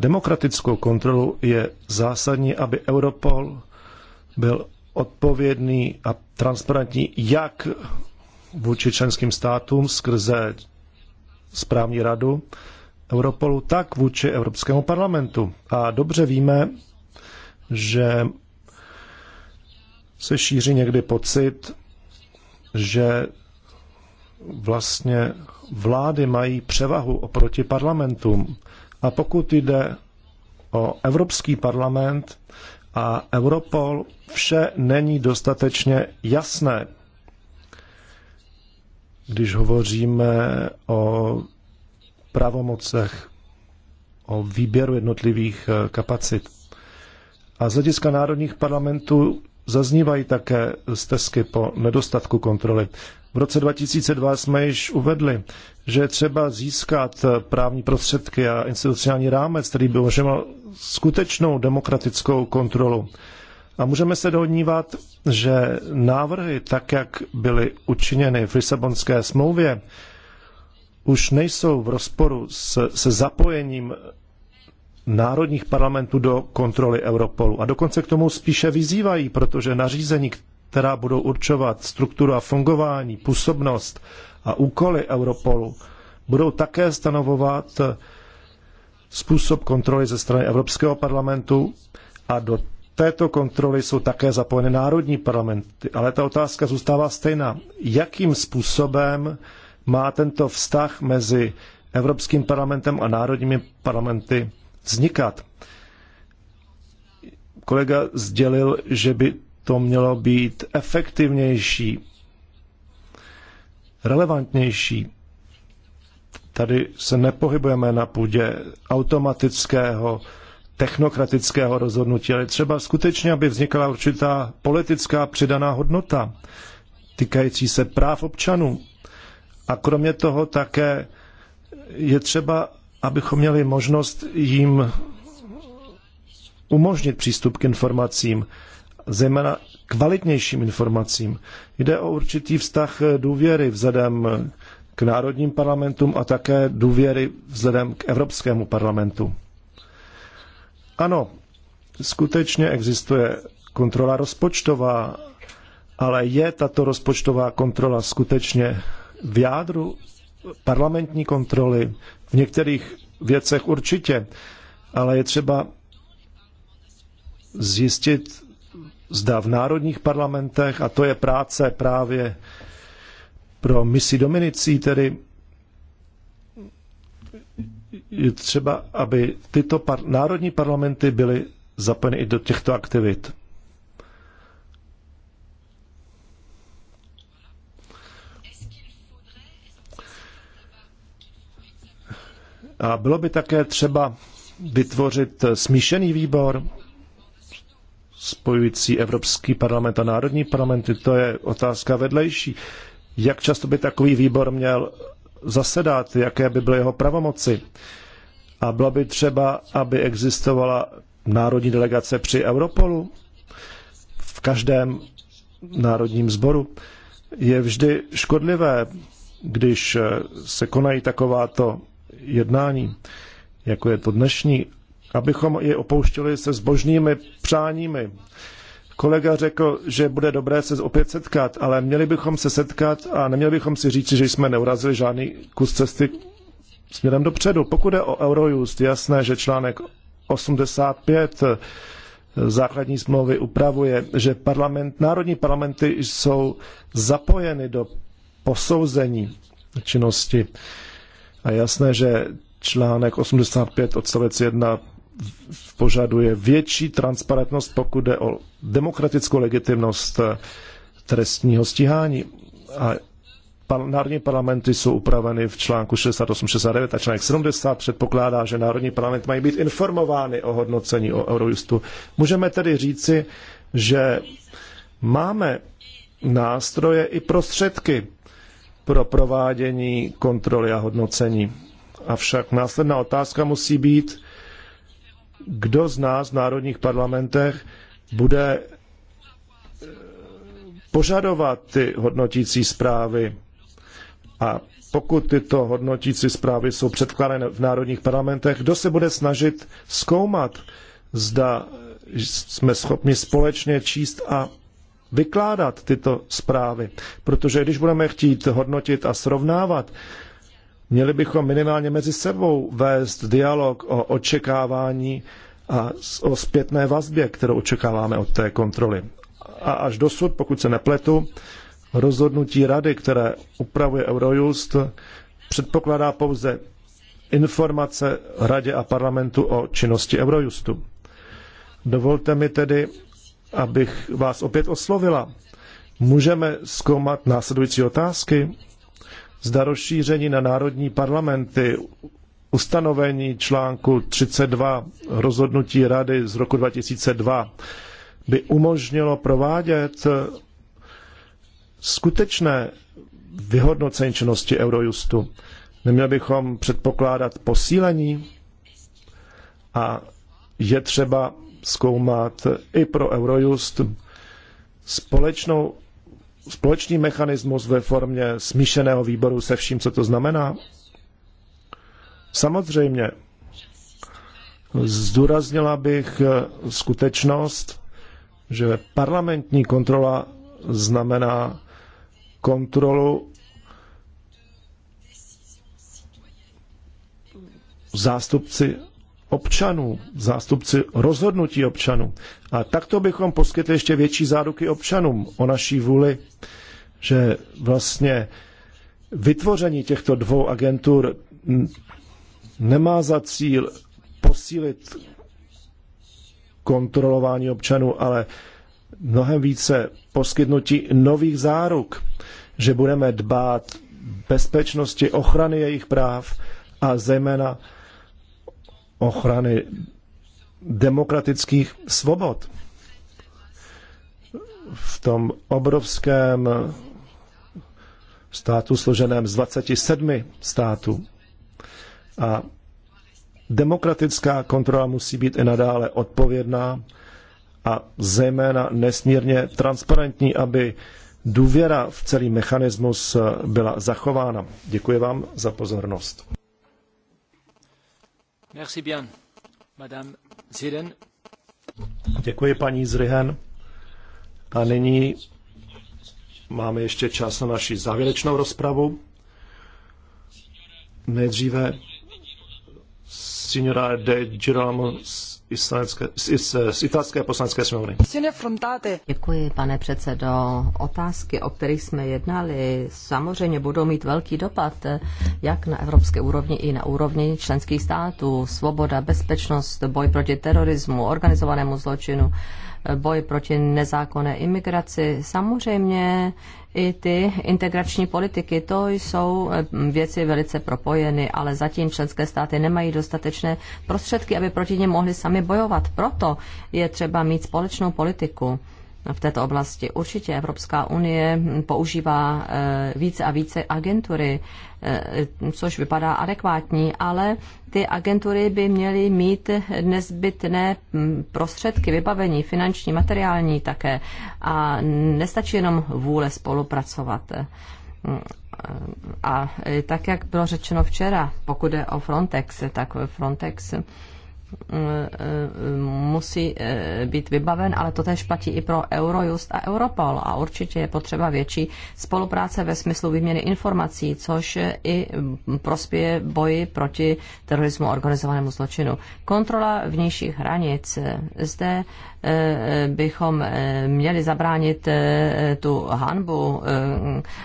demokratickou kontrolu, je zásadní, aby Europol byl odpovědný a transparentní jak vůči členským státům skrze správní radu Europolu, tak vůči Evropskému parlamentu. A dobře víme, že se šíří někdy pocit, že vlastně vlády mají převahu oproti parlamentům. A pokud jde o Evropský parlament, a Europol vše není dostatečně jasné. Když hovoříme o pravomocech, o výběru jednotlivých eh, kapacit. A z hlediska národních parlamentů zaznívají také stezky po nedostatku kontroly. V roce 2002 jsme již uvedli, že je třeba získat eh, právní prostředky a institucionální rámec, který by skutečnou demokratickou kontrolu. A můžeme se dohodnívat, že návrhy, tak jak byly učiněny v Lisabonské smlouvě, už nejsou v rozporu s, se zapojením národních parlamentů do kontroly Europolu. A dokonce k tomu spíše vyzývají, protože nařízení, která budou určovat strukturu a fungování, působnost a úkoly Europolu, budou také stanovovat způsob kontroly ze strany Evropského parlamentu a do této kontroly jsou také zapojeny národní parlamenty. Ale ta otázka zůstává stejná. Jakým způsobem má tento vztah mezi Evropským parlamentem a národními parlamenty vznikat? Kolega sdělil, že by to mělo být efektivnější, relevantnější. Tady se nepohybujeme na půdě automatického technokratického rozhodnutí, ale třeba skutečně, aby vznikala určitá politická přidaná hodnota týkající se práv občanů. A kromě toho také je třeba, abychom měli možnost jim umožnit přístup k informacím, zejména kvalitnějším informacím. Jde o určitý vztah důvěry vzhledem k národním parlamentům a také důvěry vzhledem k Evropskému parlamentu. Ano, skutečně existuje kontrola rozpočtová, ale je tato rozpočtová kontrola skutečně v jádru parlamentní kontroly? V některých věcech určitě, ale je třeba zjistit, zda v národních parlamentech, a to je práce právě pro misi Dominicí, tedy je třeba, aby tyto par- národní parlamenty byly zapojeny i do těchto aktivit. A bylo by také třeba vytvořit smíšený výbor spojující Evropský parlament a národní parlamenty. To je otázka vedlejší jak často by takový výbor měl zasedat, jaké by byly jeho pravomoci. A bylo by třeba, aby existovala národní delegace při Europolu v každém národním sboru. Je vždy škodlivé, když se konají takováto jednání, jako je to dnešní, abychom je opouštěli se zbožnými přáními. Kolega řekl, že bude dobré se opět setkat, ale měli bychom se setkat a neměli bychom si říct, že jsme neurazili žádný kus cesty směrem dopředu. Pokud je o Eurojust, jasné, že článek 85 eh, základní smlouvy upravuje, že parlament, národní parlamenty jsou zapojeny do posouzení činnosti. A jasné, že článek 85 odstavec 1 požaduje větší transparentnost, pokud jde o demokratickou legitimnost eh, trestního stíhání. A národní parlamenty jsou upraveny v článku 68, 69 a článek 70 předpokládá, že národní parlament mají být informovány o hodnocení o Eurojustu. Můžeme tedy říci, že máme nástroje i prostředky pro provádění kontroly a hodnocení. Avšak následná otázka musí být, kdo z nás v národních parlamentech bude eh, požadovat ty hodnotící zprávy. A pokud tyto hodnotící zprávy jsou předkládány v národních parlamentech, kdo se bude snažit zkoumat, zda jsme schopni společně číst a vykládat tyto zprávy. Protože když budeme chtít hodnotit a srovnávat, Měli bychom minimálně mezi sebou vést dialog o očekávání a o zpětné vazbě, kterou očekáváme od té kontroly. A až dosud, pokud se nepletu, rozhodnutí rady, které upravuje Eurojust, předpokládá pouze informace radě a parlamentu o činnosti Eurojustu. Dovolte mi tedy, abych vás opět oslovila. Můžeme zkoumat následující otázky zda rozšíření na národní parlamenty ustanovení článku 32 rozhodnutí Rady z roku 2002 by umožnilo provádět skutečné vyhodnocení činnosti Eurojustu. Neměli bychom předpokládat posílení a je třeba zkoumat i pro Eurojust společnou společný mechanismus ve formě smíšeného výboru se vším, co to znamená? Samozřejmě. Zdůraznila bych skutečnost, že parlamentní kontrola znamená kontrolu zástupci občanů, zástupci rozhodnutí občanů. A takto bychom poskytli ještě větší záruky občanům o naší vůli, že vlastně vytvoření těchto dvou agentur nemá za cíl posílit kontrolování občanů, ale mnohem více poskytnutí nových záruk, že budeme dbát bezpečnosti, ochrany jejich práv a zejména ochrany demokratických svobod v tom obrovském státu složeném z 27 států. A demokratická kontrola musí být i nadále odpovědná a zejména nesmírně transparentní, aby důvěra v celý mechanismus byla zachována. Děkuji vám za pozornost. Děkuji, paní Zrihen. A nyní máme ještě čas na naši závěrečnou rozpravu. Nejdříve signora de Girolamo z, z italské poslanecké sněmovny. Děkuji, pane předsedo. Otázky, o kterých jsme jednali, samozřejmě budou mít velký dopad, jak na evropské úrovni i na úrovni členských států. Svoboda, bezpečnost, boj proti terorismu, organizovanému zločinu boj proti nezákonné imigraci. Samozřejmě i ty integrační politiky, to jsou eh, věci velice propojeny, ale zatím členské státy nemají dostatečné prostředky, aby proti ně mohli sami bojovat. Proto je třeba mít společnou politiku v této oblasti. Určitě Evropská unie používá eh, více a více agentury, eh, což vypadá adekvátní, ale ty agentury by měly mít nezbytné mm, prostředky, vybavení, finanční, materiální také. A nestačí jenom vůle spolupracovat. Mm, a eh, tak, jak bylo řečeno včera, pokud je o Frontex, tak Frontex musí eh, být vybaven, ale to tež platí i pro Eurojust a Europol a určitě je potřeba větší spolupráce ve smyslu výměny informací, což i prospěje boji proti terorismu a organizovanému zločinu. Kontrola vnějších hranic. Zde eh, bychom eh, měli zabránit tu hanbu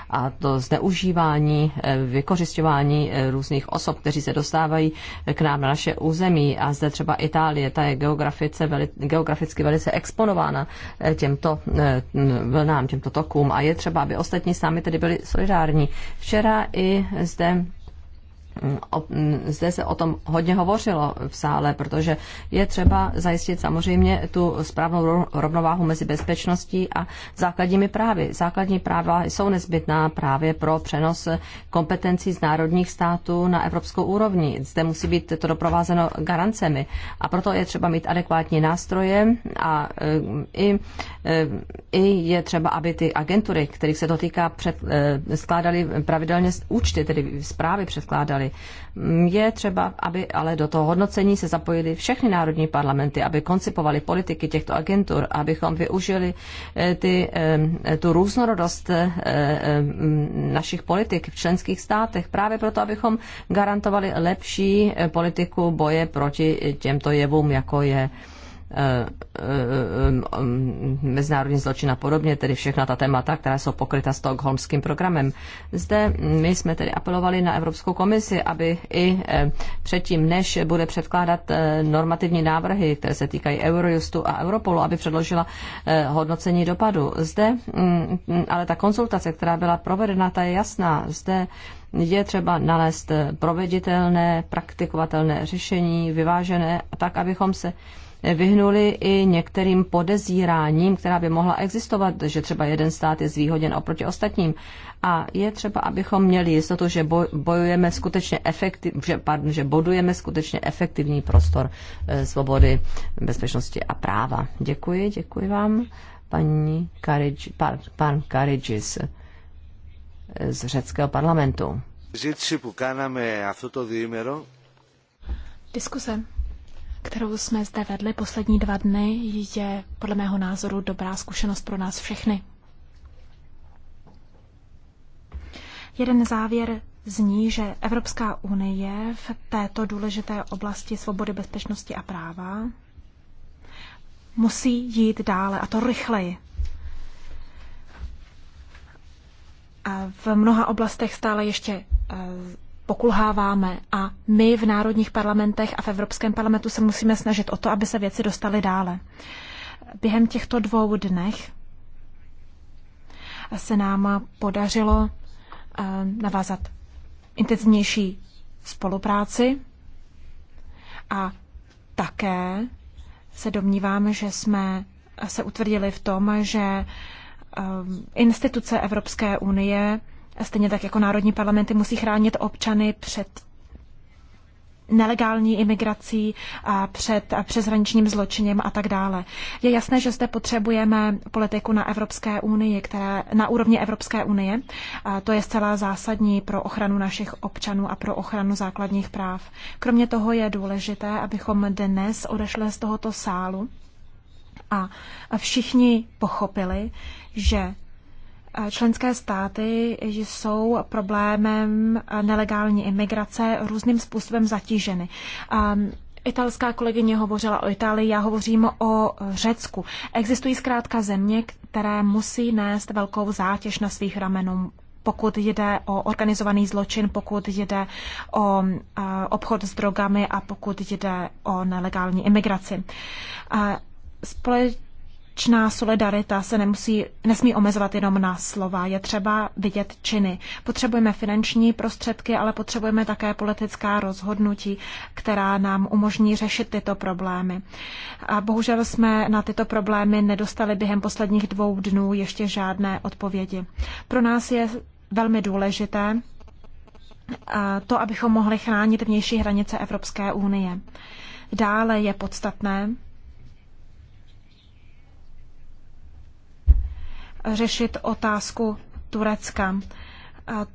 a to zneužívání, vykořišťování různých osob, kteří se dostávají k nám na naše území a zde třeba Itálie, ta je geografice, veli, geograficky velice exponována eh, těmto eh, vlnám, těmto tokům a je třeba, aby ostatní s námi tedy byli solidární. Včera i zde zde se o tom hodně hovořilo v sále, protože je třeba zajistit samozřejmě tu správnou rovnováhu mezi bezpečností a základními právy. Základní práva jsou nezbytná právě pro přenos kompetencí z národních států na evropskou úrovni. Zde musí být to doprovázeno garancemi a proto je třeba mít adekvátní nástroje a e, i, e, i je třeba, aby ty agentury, kterých se to týká, před, e, skládaly pravidelně účty, tedy zprávy předkládaly udělali. Je třeba, aby ale do toho hodnocení se zapojili všechny národní parlamenty, aby koncipovali politiky těchto agentur, abychom využili eh, ty, eh, tu různorodost eh, našich politik v členských státech, právě proto, abychom garantovali lepší politiku boje proti těmto jevům, jako je Eh, eh, eh, mezinárodní zločin a podobně, tedy všechna ta témata, která jsou pokryta stokholmským programem. Zde my jsme tedy apelovali na Evropskou komisi, aby i předtím, než bude předkládat normativní návrhy, které se týkají Eurojustu a Europolu, aby předložila hodnocení dopadu. Zde mm, ale ta konzultace, která byla provedena, ta je jasná. Zde je třeba nalézt proveditelné, praktikovatelné řešení, vyvážené, tak, abychom se vyhnuli i některým podezíráním, která by mohla existovat, že třeba jeden stát je zvýhoděn oproti ostatním. A je třeba, abychom měli jistotu, že bojujeme skutečně efektiv, že, pardon, že bodujeme skutečně efektivní prostor eh, svobody, bezpečnosti a práva. Děkuji, děkuji vám, paní Karidž, pan, pan Karidžis eh, z řeckého parlamentu. Diskuse, kterou jsme zde vedli poslední dva dny, je podle mého názoru dobrá zkušenost pro nás všechny. Jeden závěr zní, že Evropská unie v této důležité oblasti svobody, bezpečnosti a práva musí jít dále, a to rychleji. A v mnoha oblastech stále ještě eh, pokulháváme a my v národních parlamentech a v Evropském parlamentu se musíme snažit o to, aby se věci dostaly dále. Během těchto dvou dnech se nám podařilo eh, navázat intenzivnější spolupráci a také se domníváme, že jsme se utvrdili v tom, že eh, instituce Evropské unie stejně tak jako národní parlamenty musí chránit občany před nelegální imigrací, a před a přeshraničním zločinem a tak dále. Je jasné, že zde potřebujeme politiku na Evropské unii, které, na úrovni Evropské unie. A to je zcela zásadní pro ochranu našich občanů a pro ochranu základních práv. Kromě toho je důležité, abychom dnes odešli z tohoto sálu a všichni pochopili, že Členské státy jsou problémem nelegální imigrace různým způsobem zatíženy. Italská kolegyně hovořila o Itálii, já hovořím o Řecku. Existují zkrátka země, které musí nést velkou zátěž na svých ramenům, pokud jde o organizovaný zločin, pokud jde o obchod s drogami a pokud jde o nelegální imigraci. společ- skutečná solidarita se nemusí, nesmí omezovat jenom na slova. Je třeba vidět činy. Potřebujeme finanční prostředky, ale potřebujeme také politická rozhodnutí, která nám umožní řešit tyto problémy. A bohužel jsme na tyto problémy nedostali během posledních dvou dnů ještě žádné odpovědi. Pro nás je velmi důležité to, abychom mohli chránit vnější hranice Evropské unie. Dále je podstatné, řešit otázku Turecka.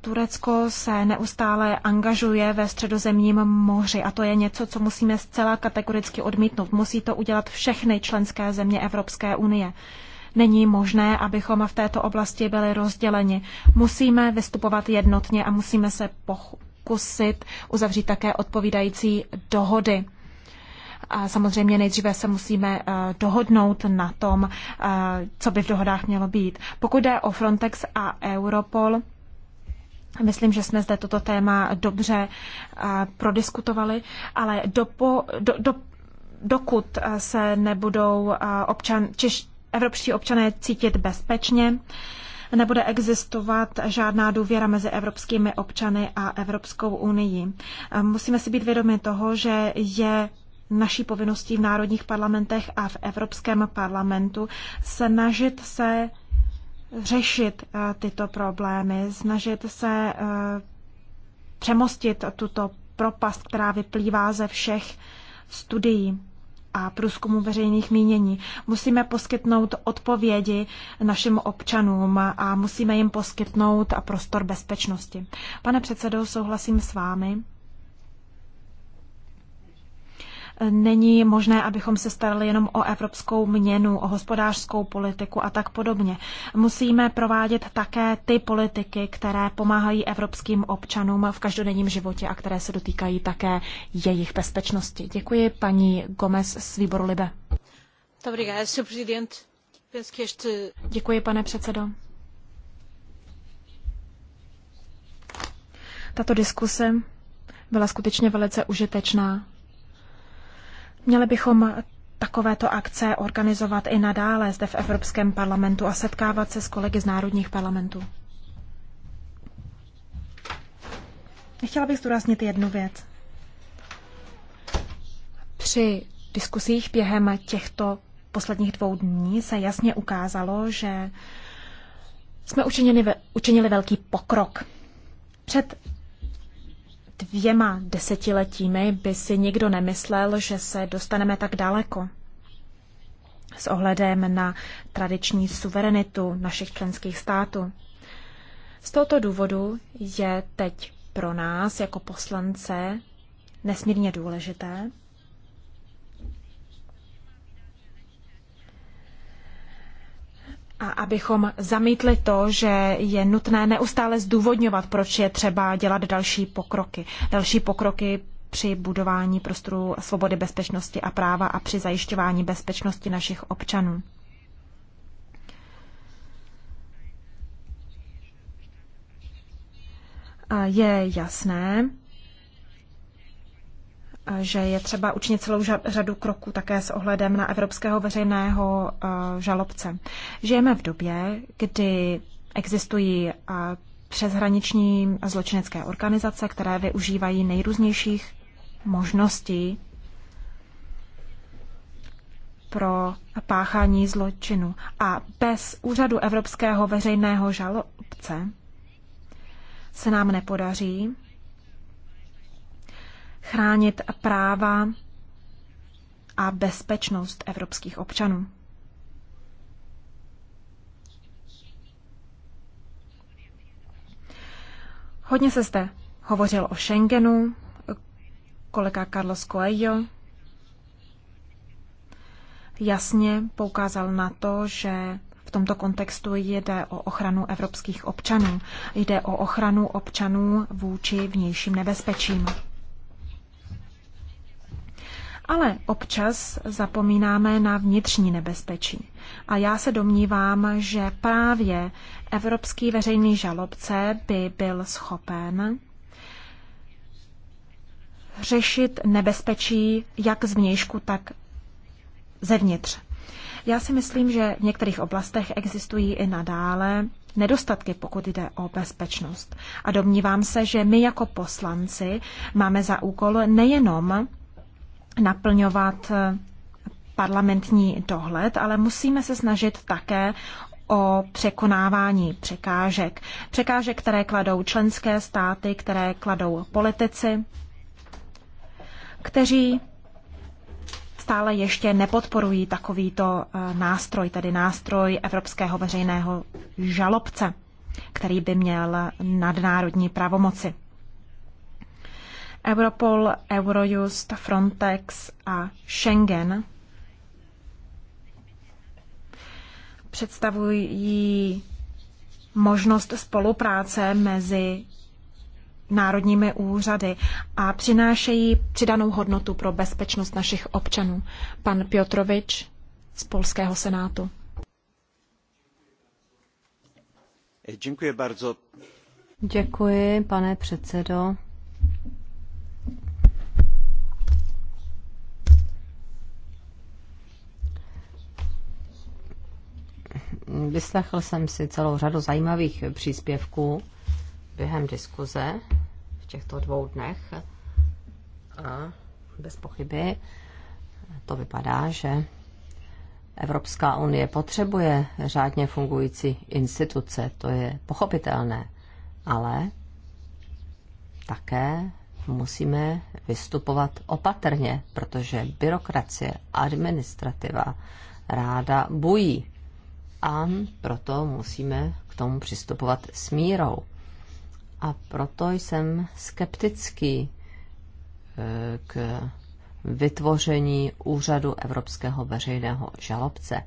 Turecko se neustále angažuje ve středozemním moři a to je něco, co musíme zcela kategoricky odmítnout. Musí to udělat všechny členské země Evropské unie. Není možné, abychom v této oblasti byli rozděleni. Musíme vystupovat jednotně a musíme se pokusit uzavřít také odpovídající dohody Samozřejmě nejdříve se musíme eh, dohodnout na tom, eh, co by v dohodách mělo být. Pokud jde o Frontex a Europol, Myslím, že jsme zde toto téma dobře eh, prodiskutovali, ale dopo, do, do, dokud se nebudou občan, češ, evropští občané cítit bezpečně, nebude existovat žádná důvěra mezi evropskými občany a Evropskou unii. Musíme si být vědomi toho, že je naší povinností v národních parlamentech a v Evropském parlamentu snažit se řešit eh, tyto problémy, snažit se eh, přemostit tuto propast, která vyplývá ze všech studií a průzkumu veřejných mínění. Musíme poskytnout odpovědi našim občanům a musíme jim poskytnout prostor bezpečnosti. Pane předsedo, souhlasím s vámi není možné, abychom se starali jenom o evropskou měnu, o hospodářskou politiku a tak podobně. Musíme provádět také ty politiky, které pomáhají evropským občanům v každodenním životě a které se dotýkají také jejich bezpečnosti. Děkuji paní Gomez z výboru Libe. Děkuji, pane předsedo. Tato diskuse byla skutečně velice užitečná. Měli bychom takovéto akce organizovat i nadále zde v Evropském parlamentu a setkávat se s kolegy z národních parlamentů. Chtěla bych zdůraznit jednu věc. Při diskusích během těchto posledních dvou dní se jasně ukázalo, že jsme učinili, učinili velký pokrok. Před dvěma desetiletími by si nikdo nemyslel, že se dostaneme tak daleko s ohledem na tradiční suverenitu našich členských států. Z tohoto důvodu je teď pro nás jako poslance nesmírně důležité, a abychom zamítli to, že je nutné neustále zdůvodňovat, proč je třeba dělat další pokroky. Další pokroky při budování prostoru svobody, bezpečnosti a práva a při zajišťování bezpečnosti našich občanů. Je jasné, že je třeba učinit celou řadu kroků také s ohledem na evropského veřejného eh, žalobce. Žijeme v době, kdy existují eh, přeshraniční zločinecké organizace, které využívají nejrůznějších možností pro páchání zločinu. A bez úřadu Evropského veřejného žalobce se nám nepodaří chránit práva a bezpečnost evropských občanů. Hodně se zde hovořil o Schengenu, kolega Carlos Coelho jasně poukázal na to, že v tomto kontextu jde o ochranu evropských občanů. Jde o ochranu občanů vůči vnějším nebezpečím. Ale občas zapomínáme na vnitřní nebezpečí. A já se domnívám, že právě evropský veřejný žalobce by byl schopen řešit nebezpečí jak zvnějšku, tak zevnitř. Já si myslím, že v některých oblastech existují i nadále nedostatky, pokud jde o bezpečnost. A domnívám se, že my jako poslanci máme za úkol nejenom naplňovat eh, parlamentní dohled, ale musíme se snažit také o překonávání překážek. Překážek, které kladou členské státy, které kladou politici, kteří stále ještě nepodporují takovýto eh, nástroj, tedy nástroj Evropského veřejného žalobce, který by měl nadnárodní pravomoci. Europol, Eurojust, Frontex a Schengen představují možnost spolupráce mezi národními úřady a přinášejí přidanou hodnotu pro bezpečnost našich občanů. Pan Piotrovič z Polského senátu. Děkuji bardzo. Děkuji, pane předsedo. Vyslechl jsem si celou řadu zajímavých příspěvků během diskuze v těchto dvou dnech a bez pochyby to vypadá, že Evropská unie potřebuje řádně fungující instituce, to je pochopitelné, ale také musíme vystupovat opatrně, protože byrokracie, administrativa ráda bují a proto musíme k tomu přistupovat s mírou. A proto jsem skeptický e, k vytvoření úřadu Evropského veřejného žalobce.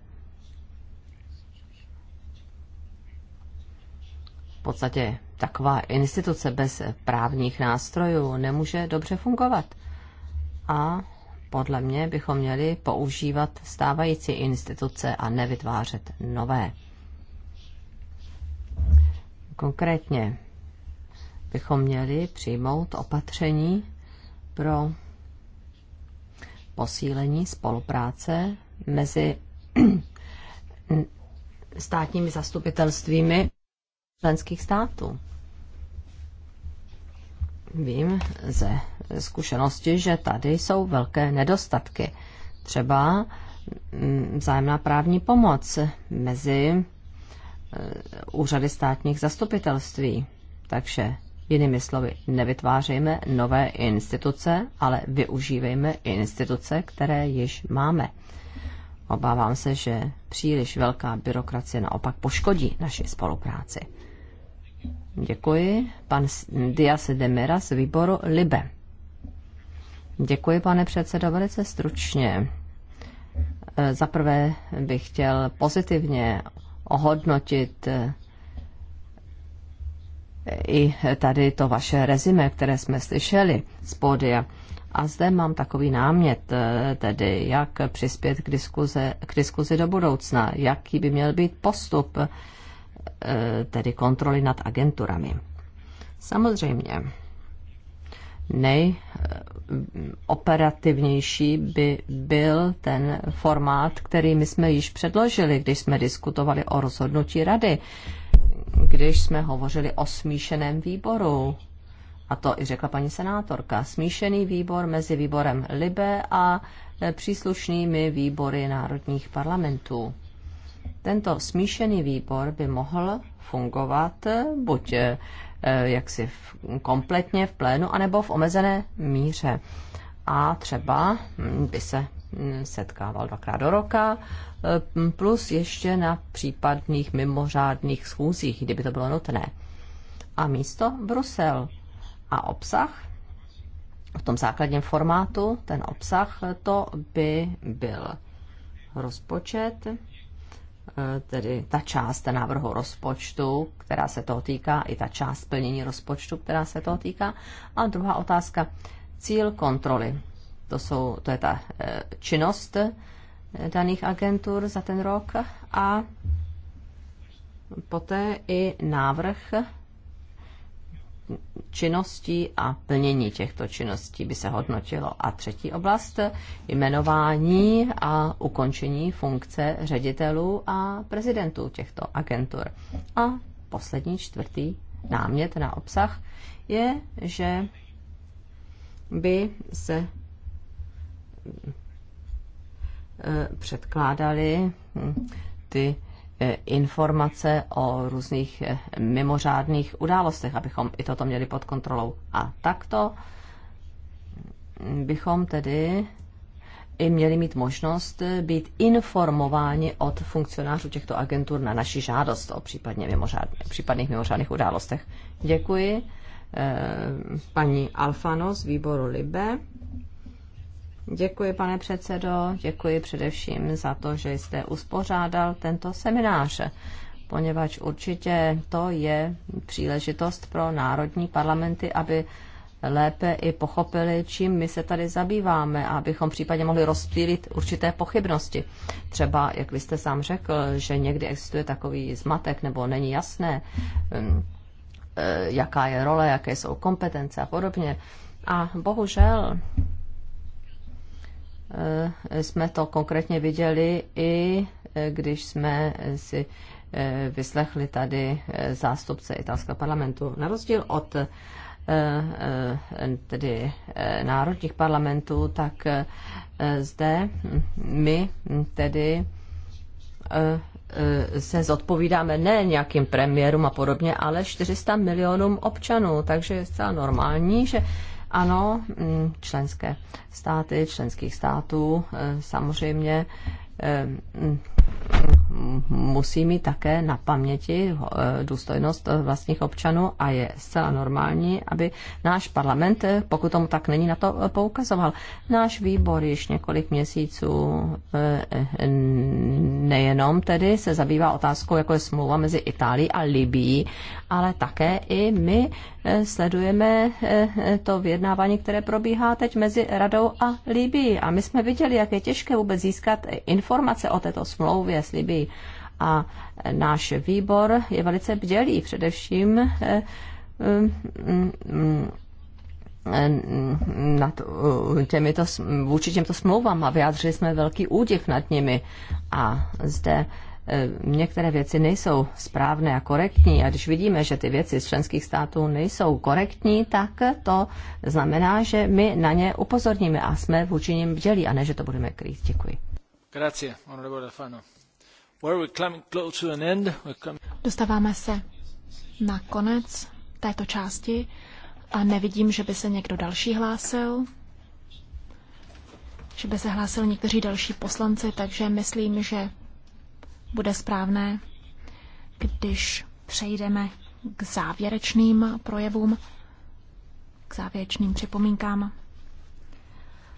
V podstatě taková instituce bez právních nástrojů nemůže dobře fungovat. A podle mě bychom měli používat stávající instituce a nevytvářet nové. Konkrétně bychom měli přijmout opatření pro posílení spolupráce mezi *clears throat* státními zastupitelstvími členských států. Vím ze zkušenosti, že tady jsou velké nedostatky. Třeba mm, vzájemná právní pomoc mezi eh, úřady státních zastupitelství. Takže jinými slovy, nevytvářejme nové instituce, ale využívejme instituce, které již máme. Obávám se, že příliš velká byrokracie naopak poškodí naši spolupráci. Děkuji. Pan Dias de Mera z výboru Libe. Děkuji, pane předsedo, velice stručně. E, za prvé bych chtěl pozitivně ohodnotit e, i tady to vaše rezime, které jsme slyšeli z pódia. A zde mám takový námět, e, tedy jak přispět k, diskuze, k diskuzi do budoucna, jaký by měl být postup, tedy kontroly nad agenturami. Samozřejmě, nejoperativnější by byl ten formát, který my jsme již předložili, když jsme diskutovali o rozhodnutí rady, když jsme hovořili o smíšeném výboru. A to i řekla paní senátorka. Smíšený výbor mezi výborem Libe a e, příslušnými výbory národních parlamentů. Tento smíšený výbor by mohl fungovat e, buď e, Eh, jaksi v, kompletně v plénu, anebo v omezené míře. A třeba hm, by se hm, setkával dvakrát do roka, eh, plus ještě na případných mimořádných schůzích, kdyby to bylo nutné. A místo Brusel. A obsah? V tom základním formátu ten obsah to by byl rozpočet Eh, tedy ta část návrhu rozpočtu, která se toho týká, i ta část plnění rozpočtu, která se toho týká. A druhá otázka, cíl kontroly. To, jsou, to je ta eh, činnost eh, daných agentur za ten rok a poté i návrh činností a plnění těchto činností by se hodnotilo. A třetí oblast jmenování a ukončení funkce ředitelů a prezidentů těchto agentur. A poslední čtvrtý námět na obsah je, že by se eh, předkládali hm, ty Eh, informace o různých eh, mimořádných událostech, abychom i toto měli pod kontrolou. A takto bychom tedy i měli mít možnost eh, být informováni od funkcionářů těchto agentur na naši žádost o případně mimořádných případných mimořádných událostech. Děkuji paní Alfano z výboru Libe. Děkuji, pane předsedo, děkuji především za to, že jste uspořádal tento seminář, poněvadž určitě to je příležitost pro národní parlamenty, aby lépe i pochopili, čím my se tady zabýváme, abychom případně mohli rozptýlit určité pochybnosti. Třeba, jak vy jste sám řekl, že někdy existuje takový zmatek nebo není jasné, hm, eh, jaká je role, jaké jsou kompetence a podobně. A bohužel Eh, jsme to konkrétně viděli i eh, když jsme si eh, vyslechli tady zástupce italského parlamentu. Na rozdíl od tedy národních parlamentů, tak zde my tedy se zodpovídáme ne nějakým premiérům a podobně, ale 400 milionům občanů. Takže je zcela normální, že ano, mm, členské státy, členských států eh, samozřejmě eh, mm, musí mít také na paměti eh, důstojnost eh, vlastních občanů a je zcela normální, aby náš parlament, eh, pokud tomu tak není, na to poukazoval. Náš výbor již několik měsíců nejenom tedy se zabývá otázkou, jako je smlouva mezi Itálií a Libií, ale také i my sledujeme to vyjednávání, které probíhá teď mezi Radou a Libií. A my jsme viděli, jak je těžké vůbec získat informace o této smlouvě s Libií a náš výbor je velice bdělý, především eh, mm, mm, nad eh, těmito, vůči těmto smlouvám a vyjádřili jsme velký údiv nad nimi. A zde eh, některé věci nejsou správné a korektní a když vidíme, že ty věci z členských států nejsou korektní, tak to znamená, že my na ně upozorníme a jsme vůči nim bdělí a ne, že to budeme krýt. Děkuji. Grazie, onorevole Alfano. Dostáváme se na konec této části a nevidím, že by se někdo další hlásil, že by se hlásil někteří další poslanci, takže myslím, že bude správné, když přejdeme k závěrečným projevům, k závěrečným připomínkám.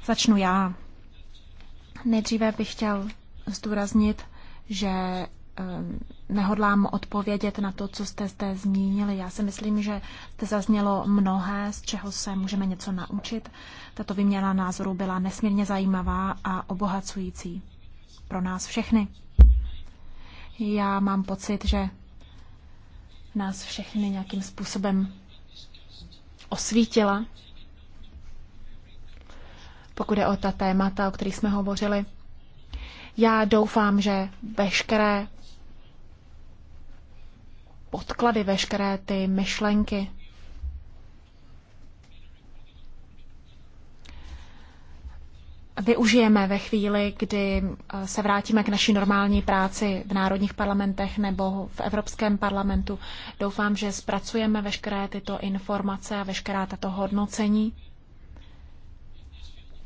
Začnu já. Nejdříve bych chtěl zdůraznit, že ehm, nehodlám odpovědět na to, co jste zde zmínili. Já si myslím, že zde zaznělo mnohé, z čeho se můžeme něco naučit. Tato výměna názoru byla nesmírně zajímavá a obohacující pro nás všechny. Já mám pocit, že nás všechny nějakým způsobem osvítila, pokud je o ta témata, o kterých jsme hovořili. Já doufám, že veškeré podklady, veškeré ty myšlenky využijeme ve chvíli, kdy eh, se vrátíme k naší normální práci v národních parlamentech nebo v Evropském parlamentu. Doufám, že zpracujeme veškeré tyto informace a veškerá tato hodnocení,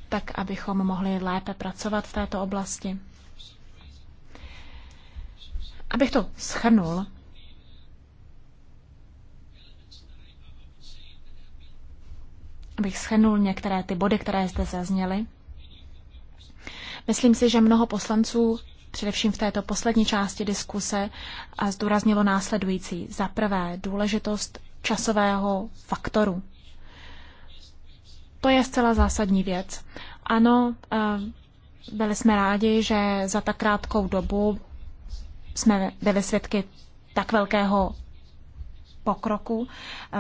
tak abychom mohli lépe pracovat v této oblasti. Abych to schrnul, abych schrnul některé ty body, které zde zazněly. Myslím si, že mnoho poslanců, především v této poslední části diskuse, a zdůraznilo následující. Za prvé, důležitost časového faktoru. To je zcela zásadní věc. Ano, eh, byli jsme rádi, že za tak krátkou dobu jsme byli svědky tak velkého pokroku.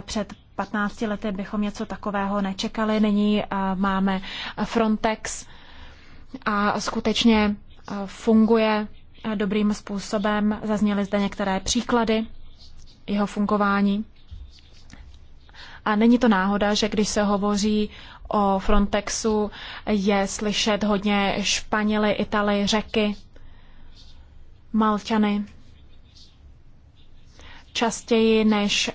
Před 15 lety bychom něco takového nečekali. Nyní eh, máme Frontex a skutečně eh, funguje eh, dobrým způsobem. Zazněly zde některé příklady jeho fungování. A není to náhoda, že když se hovoří o Frontexu, je slyšet hodně Španěly, Italy, Řeky, Malčany častěji než eh,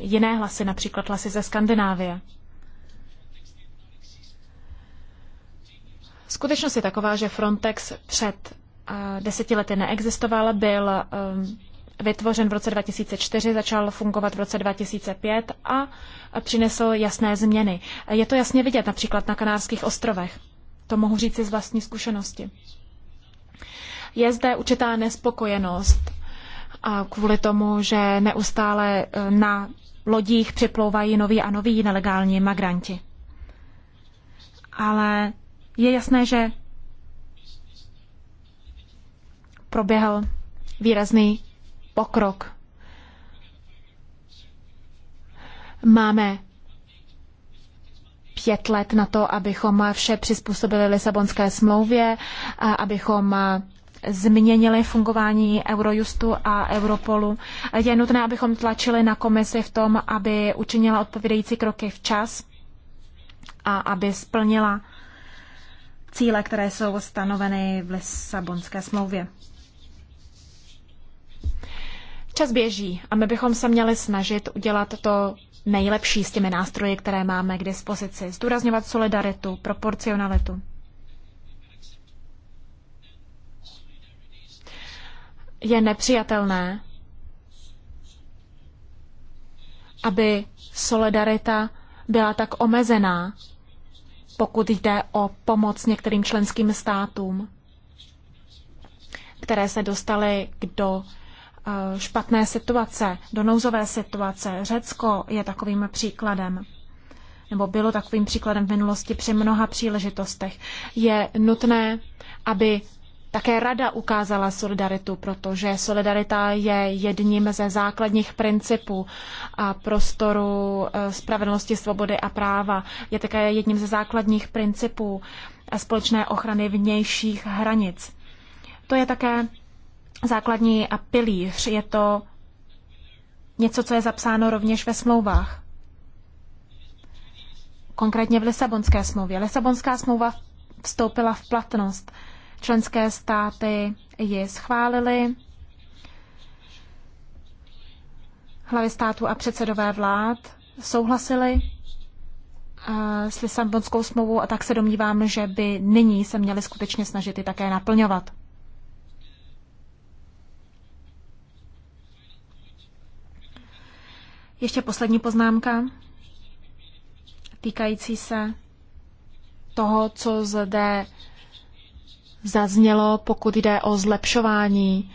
jiné hlasy, například hlasy ze Skandinávie. Skutečnost je taková, že Frontex před eh, deseti lety neexistoval, byl eh, vytvořen v roce 2004, začal fungovat v roce 2005 a přinesl jasné změny. Je to jasně vidět například na Kanárských ostrovech. To mohu říci z vlastní zkušenosti je zde určitá nespokojenost a kvůli tomu, že neustále e, na lodích připlouvají noví a noví nelegální migranti. Ale je jasné, že proběhl výrazný pokrok. Máme pět let na to, abychom vše přizpůsobili Lisabonské smlouvě, abychom změnili fungování Eurojustu a Europolu. Je nutné, abychom tlačili na komisi v tom, aby učinila odpovědející kroky včas a aby splnila cíle, které jsou stanoveny v Lisabonské smlouvě. Čas běží a my bychom se měli snažit udělat to nejlepší s těmi nástroji, které máme k dispozici. Zdůrazňovat solidaritu, proporcionalitu. je nepřijatelné, aby solidarita byla tak omezená, pokud jde o pomoc některým členským státům, které se dostaly do eh, špatné situace, do nouzové situace. Řecko je takovým příkladem, nebo bylo takovým příkladem v minulosti při mnoha příležitostech. Je nutné, aby také rada ukázala solidaritu, protože solidarita je jedním ze základních principů a prostoru e, spravedlnosti, svobody a práva. Je také jedním ze základních principů společné ochrany vnějších hranic. To je také základní pilíř. Je to něco, co je zapsáno rovněž ve smlouvách. Konkrétně v Lisabonské smlouvě. Lisabonská smlouva vstoupila v platnost Členské státy ji schválili, Hlavy států a předsedové vlád souhlasili eh, s Lisabonskou smlouvou a tak se domnívám, že by nyní se měli skutečně snažit i také naplňovat. Ještě poslední poznámka týkající se toho, co zde zaznělo, pokud jde o zlepšování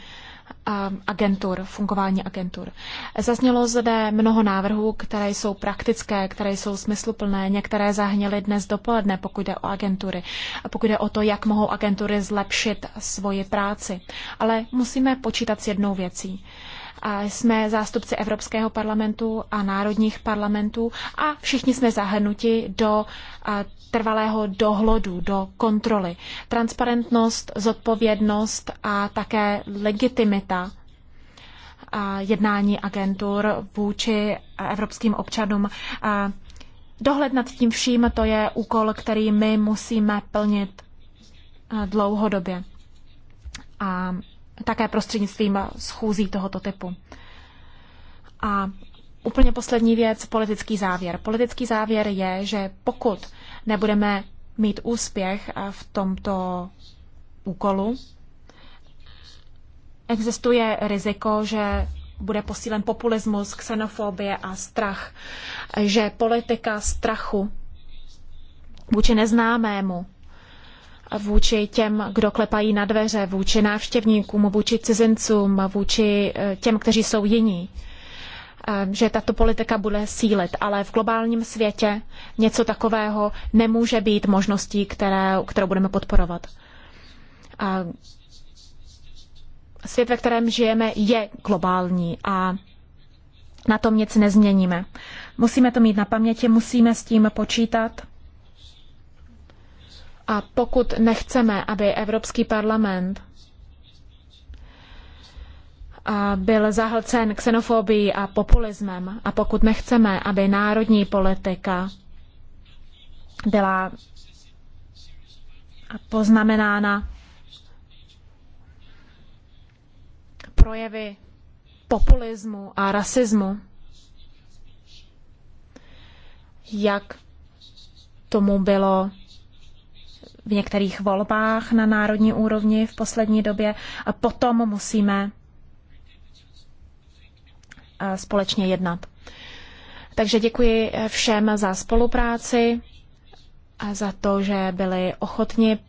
agentur, fungování agentur. Zaznělo zde mnoho návrhů, které jsou praktické, které jsou smysluplné, některé zahněly dnes dopoledne, pokud jde o agentury, a pokud jde o to, jak mohou agentury zlepšit svoji práci. Ale musíme počítat s jednou věcí jsme zástupci Evropského parlamentu a národních parlamentů a všichni jsme zahrnuti do trvalého dohledu, do kontroly. Transparentnost, zodpovědnost a také legitimita jednání agentur vůči evropským občanům. Dohled nad tím vším, to je úkol, který my musíme plnit dlouhodobě. A také prostřednictvím schůzí tohoto typu. A úplně poslední věc, politický závěr. Politický závěr je, že pokud nebudeme mít úspěch v tomto úkolu, existuje riziko, že bude posílen populismus, xenofobie a strach, že politika strachu vůči neznámému vůči těm, kdo klepají na dveře, vůči návštěvníkům, vůči cizincům, vůči eh, těm, kteří jsou jiní. Eh, že tato politika bude sílit, ale v globálním světě něco takového nemůže být možností, které, kterou budeme podporovat. A svět, ve kterém žijeme, je globální a na tom nic nezměníme. Musíme to mít na paměti, musíme s tím počítat a pokud nechceme, aby Evropský parlament byl zahlcen xenofobií a populismem a pokud nechceme, aby národní politika byla poznamenána projevy populismu a rasismu, jak tomu bylo v některých volbách na národní úrovni v poslední době a potom musíme eh, společně jednat. Takže děkuji všem za spolupráci a za to, že byli ochotni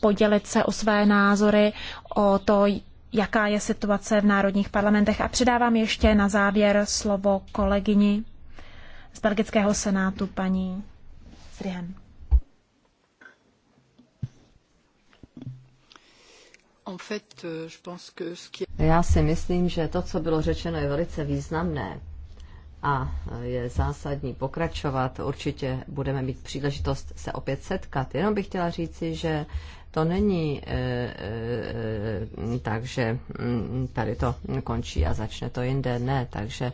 podělit se o své názory, o to, jaká je situace v národních parlamentech. A předávám ještě na závěr slovo kolegyni z Belgického senátu, paní Srihan. Euh, já si myslím, že to, co bylo řečeno, je velice významné a eh, je zásadní pokračovat. Určitě budeme mít příležitost se opět setkat. Jenom bych chtěla říci, že to není e, e, tak, že mm, tady to končí a začne to jinde. Ne, takže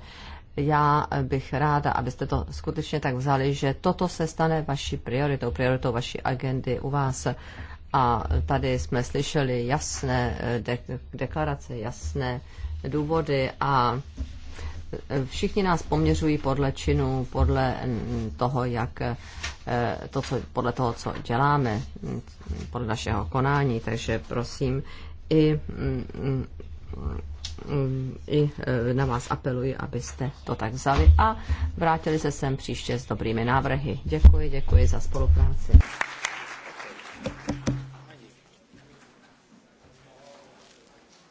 já bych ráda, abyste to skutečně tak vzali, že toto se stane vaší prioritou, prioritou vaší agendy u vás a tady jsme slyšeli jasné eh, deklarace, jasné důvody a eh, všichni nás poměřují podle činu, podle mm, toho, jak eh, to, co, podle toho, co děláme, mm, podle našeho konání, takže prosím i, mm, i na vás apeluji, abyste to tak vzali a vrátili se sem příště s dobrými návrhy. Děkuji, děkuji za spolupráci.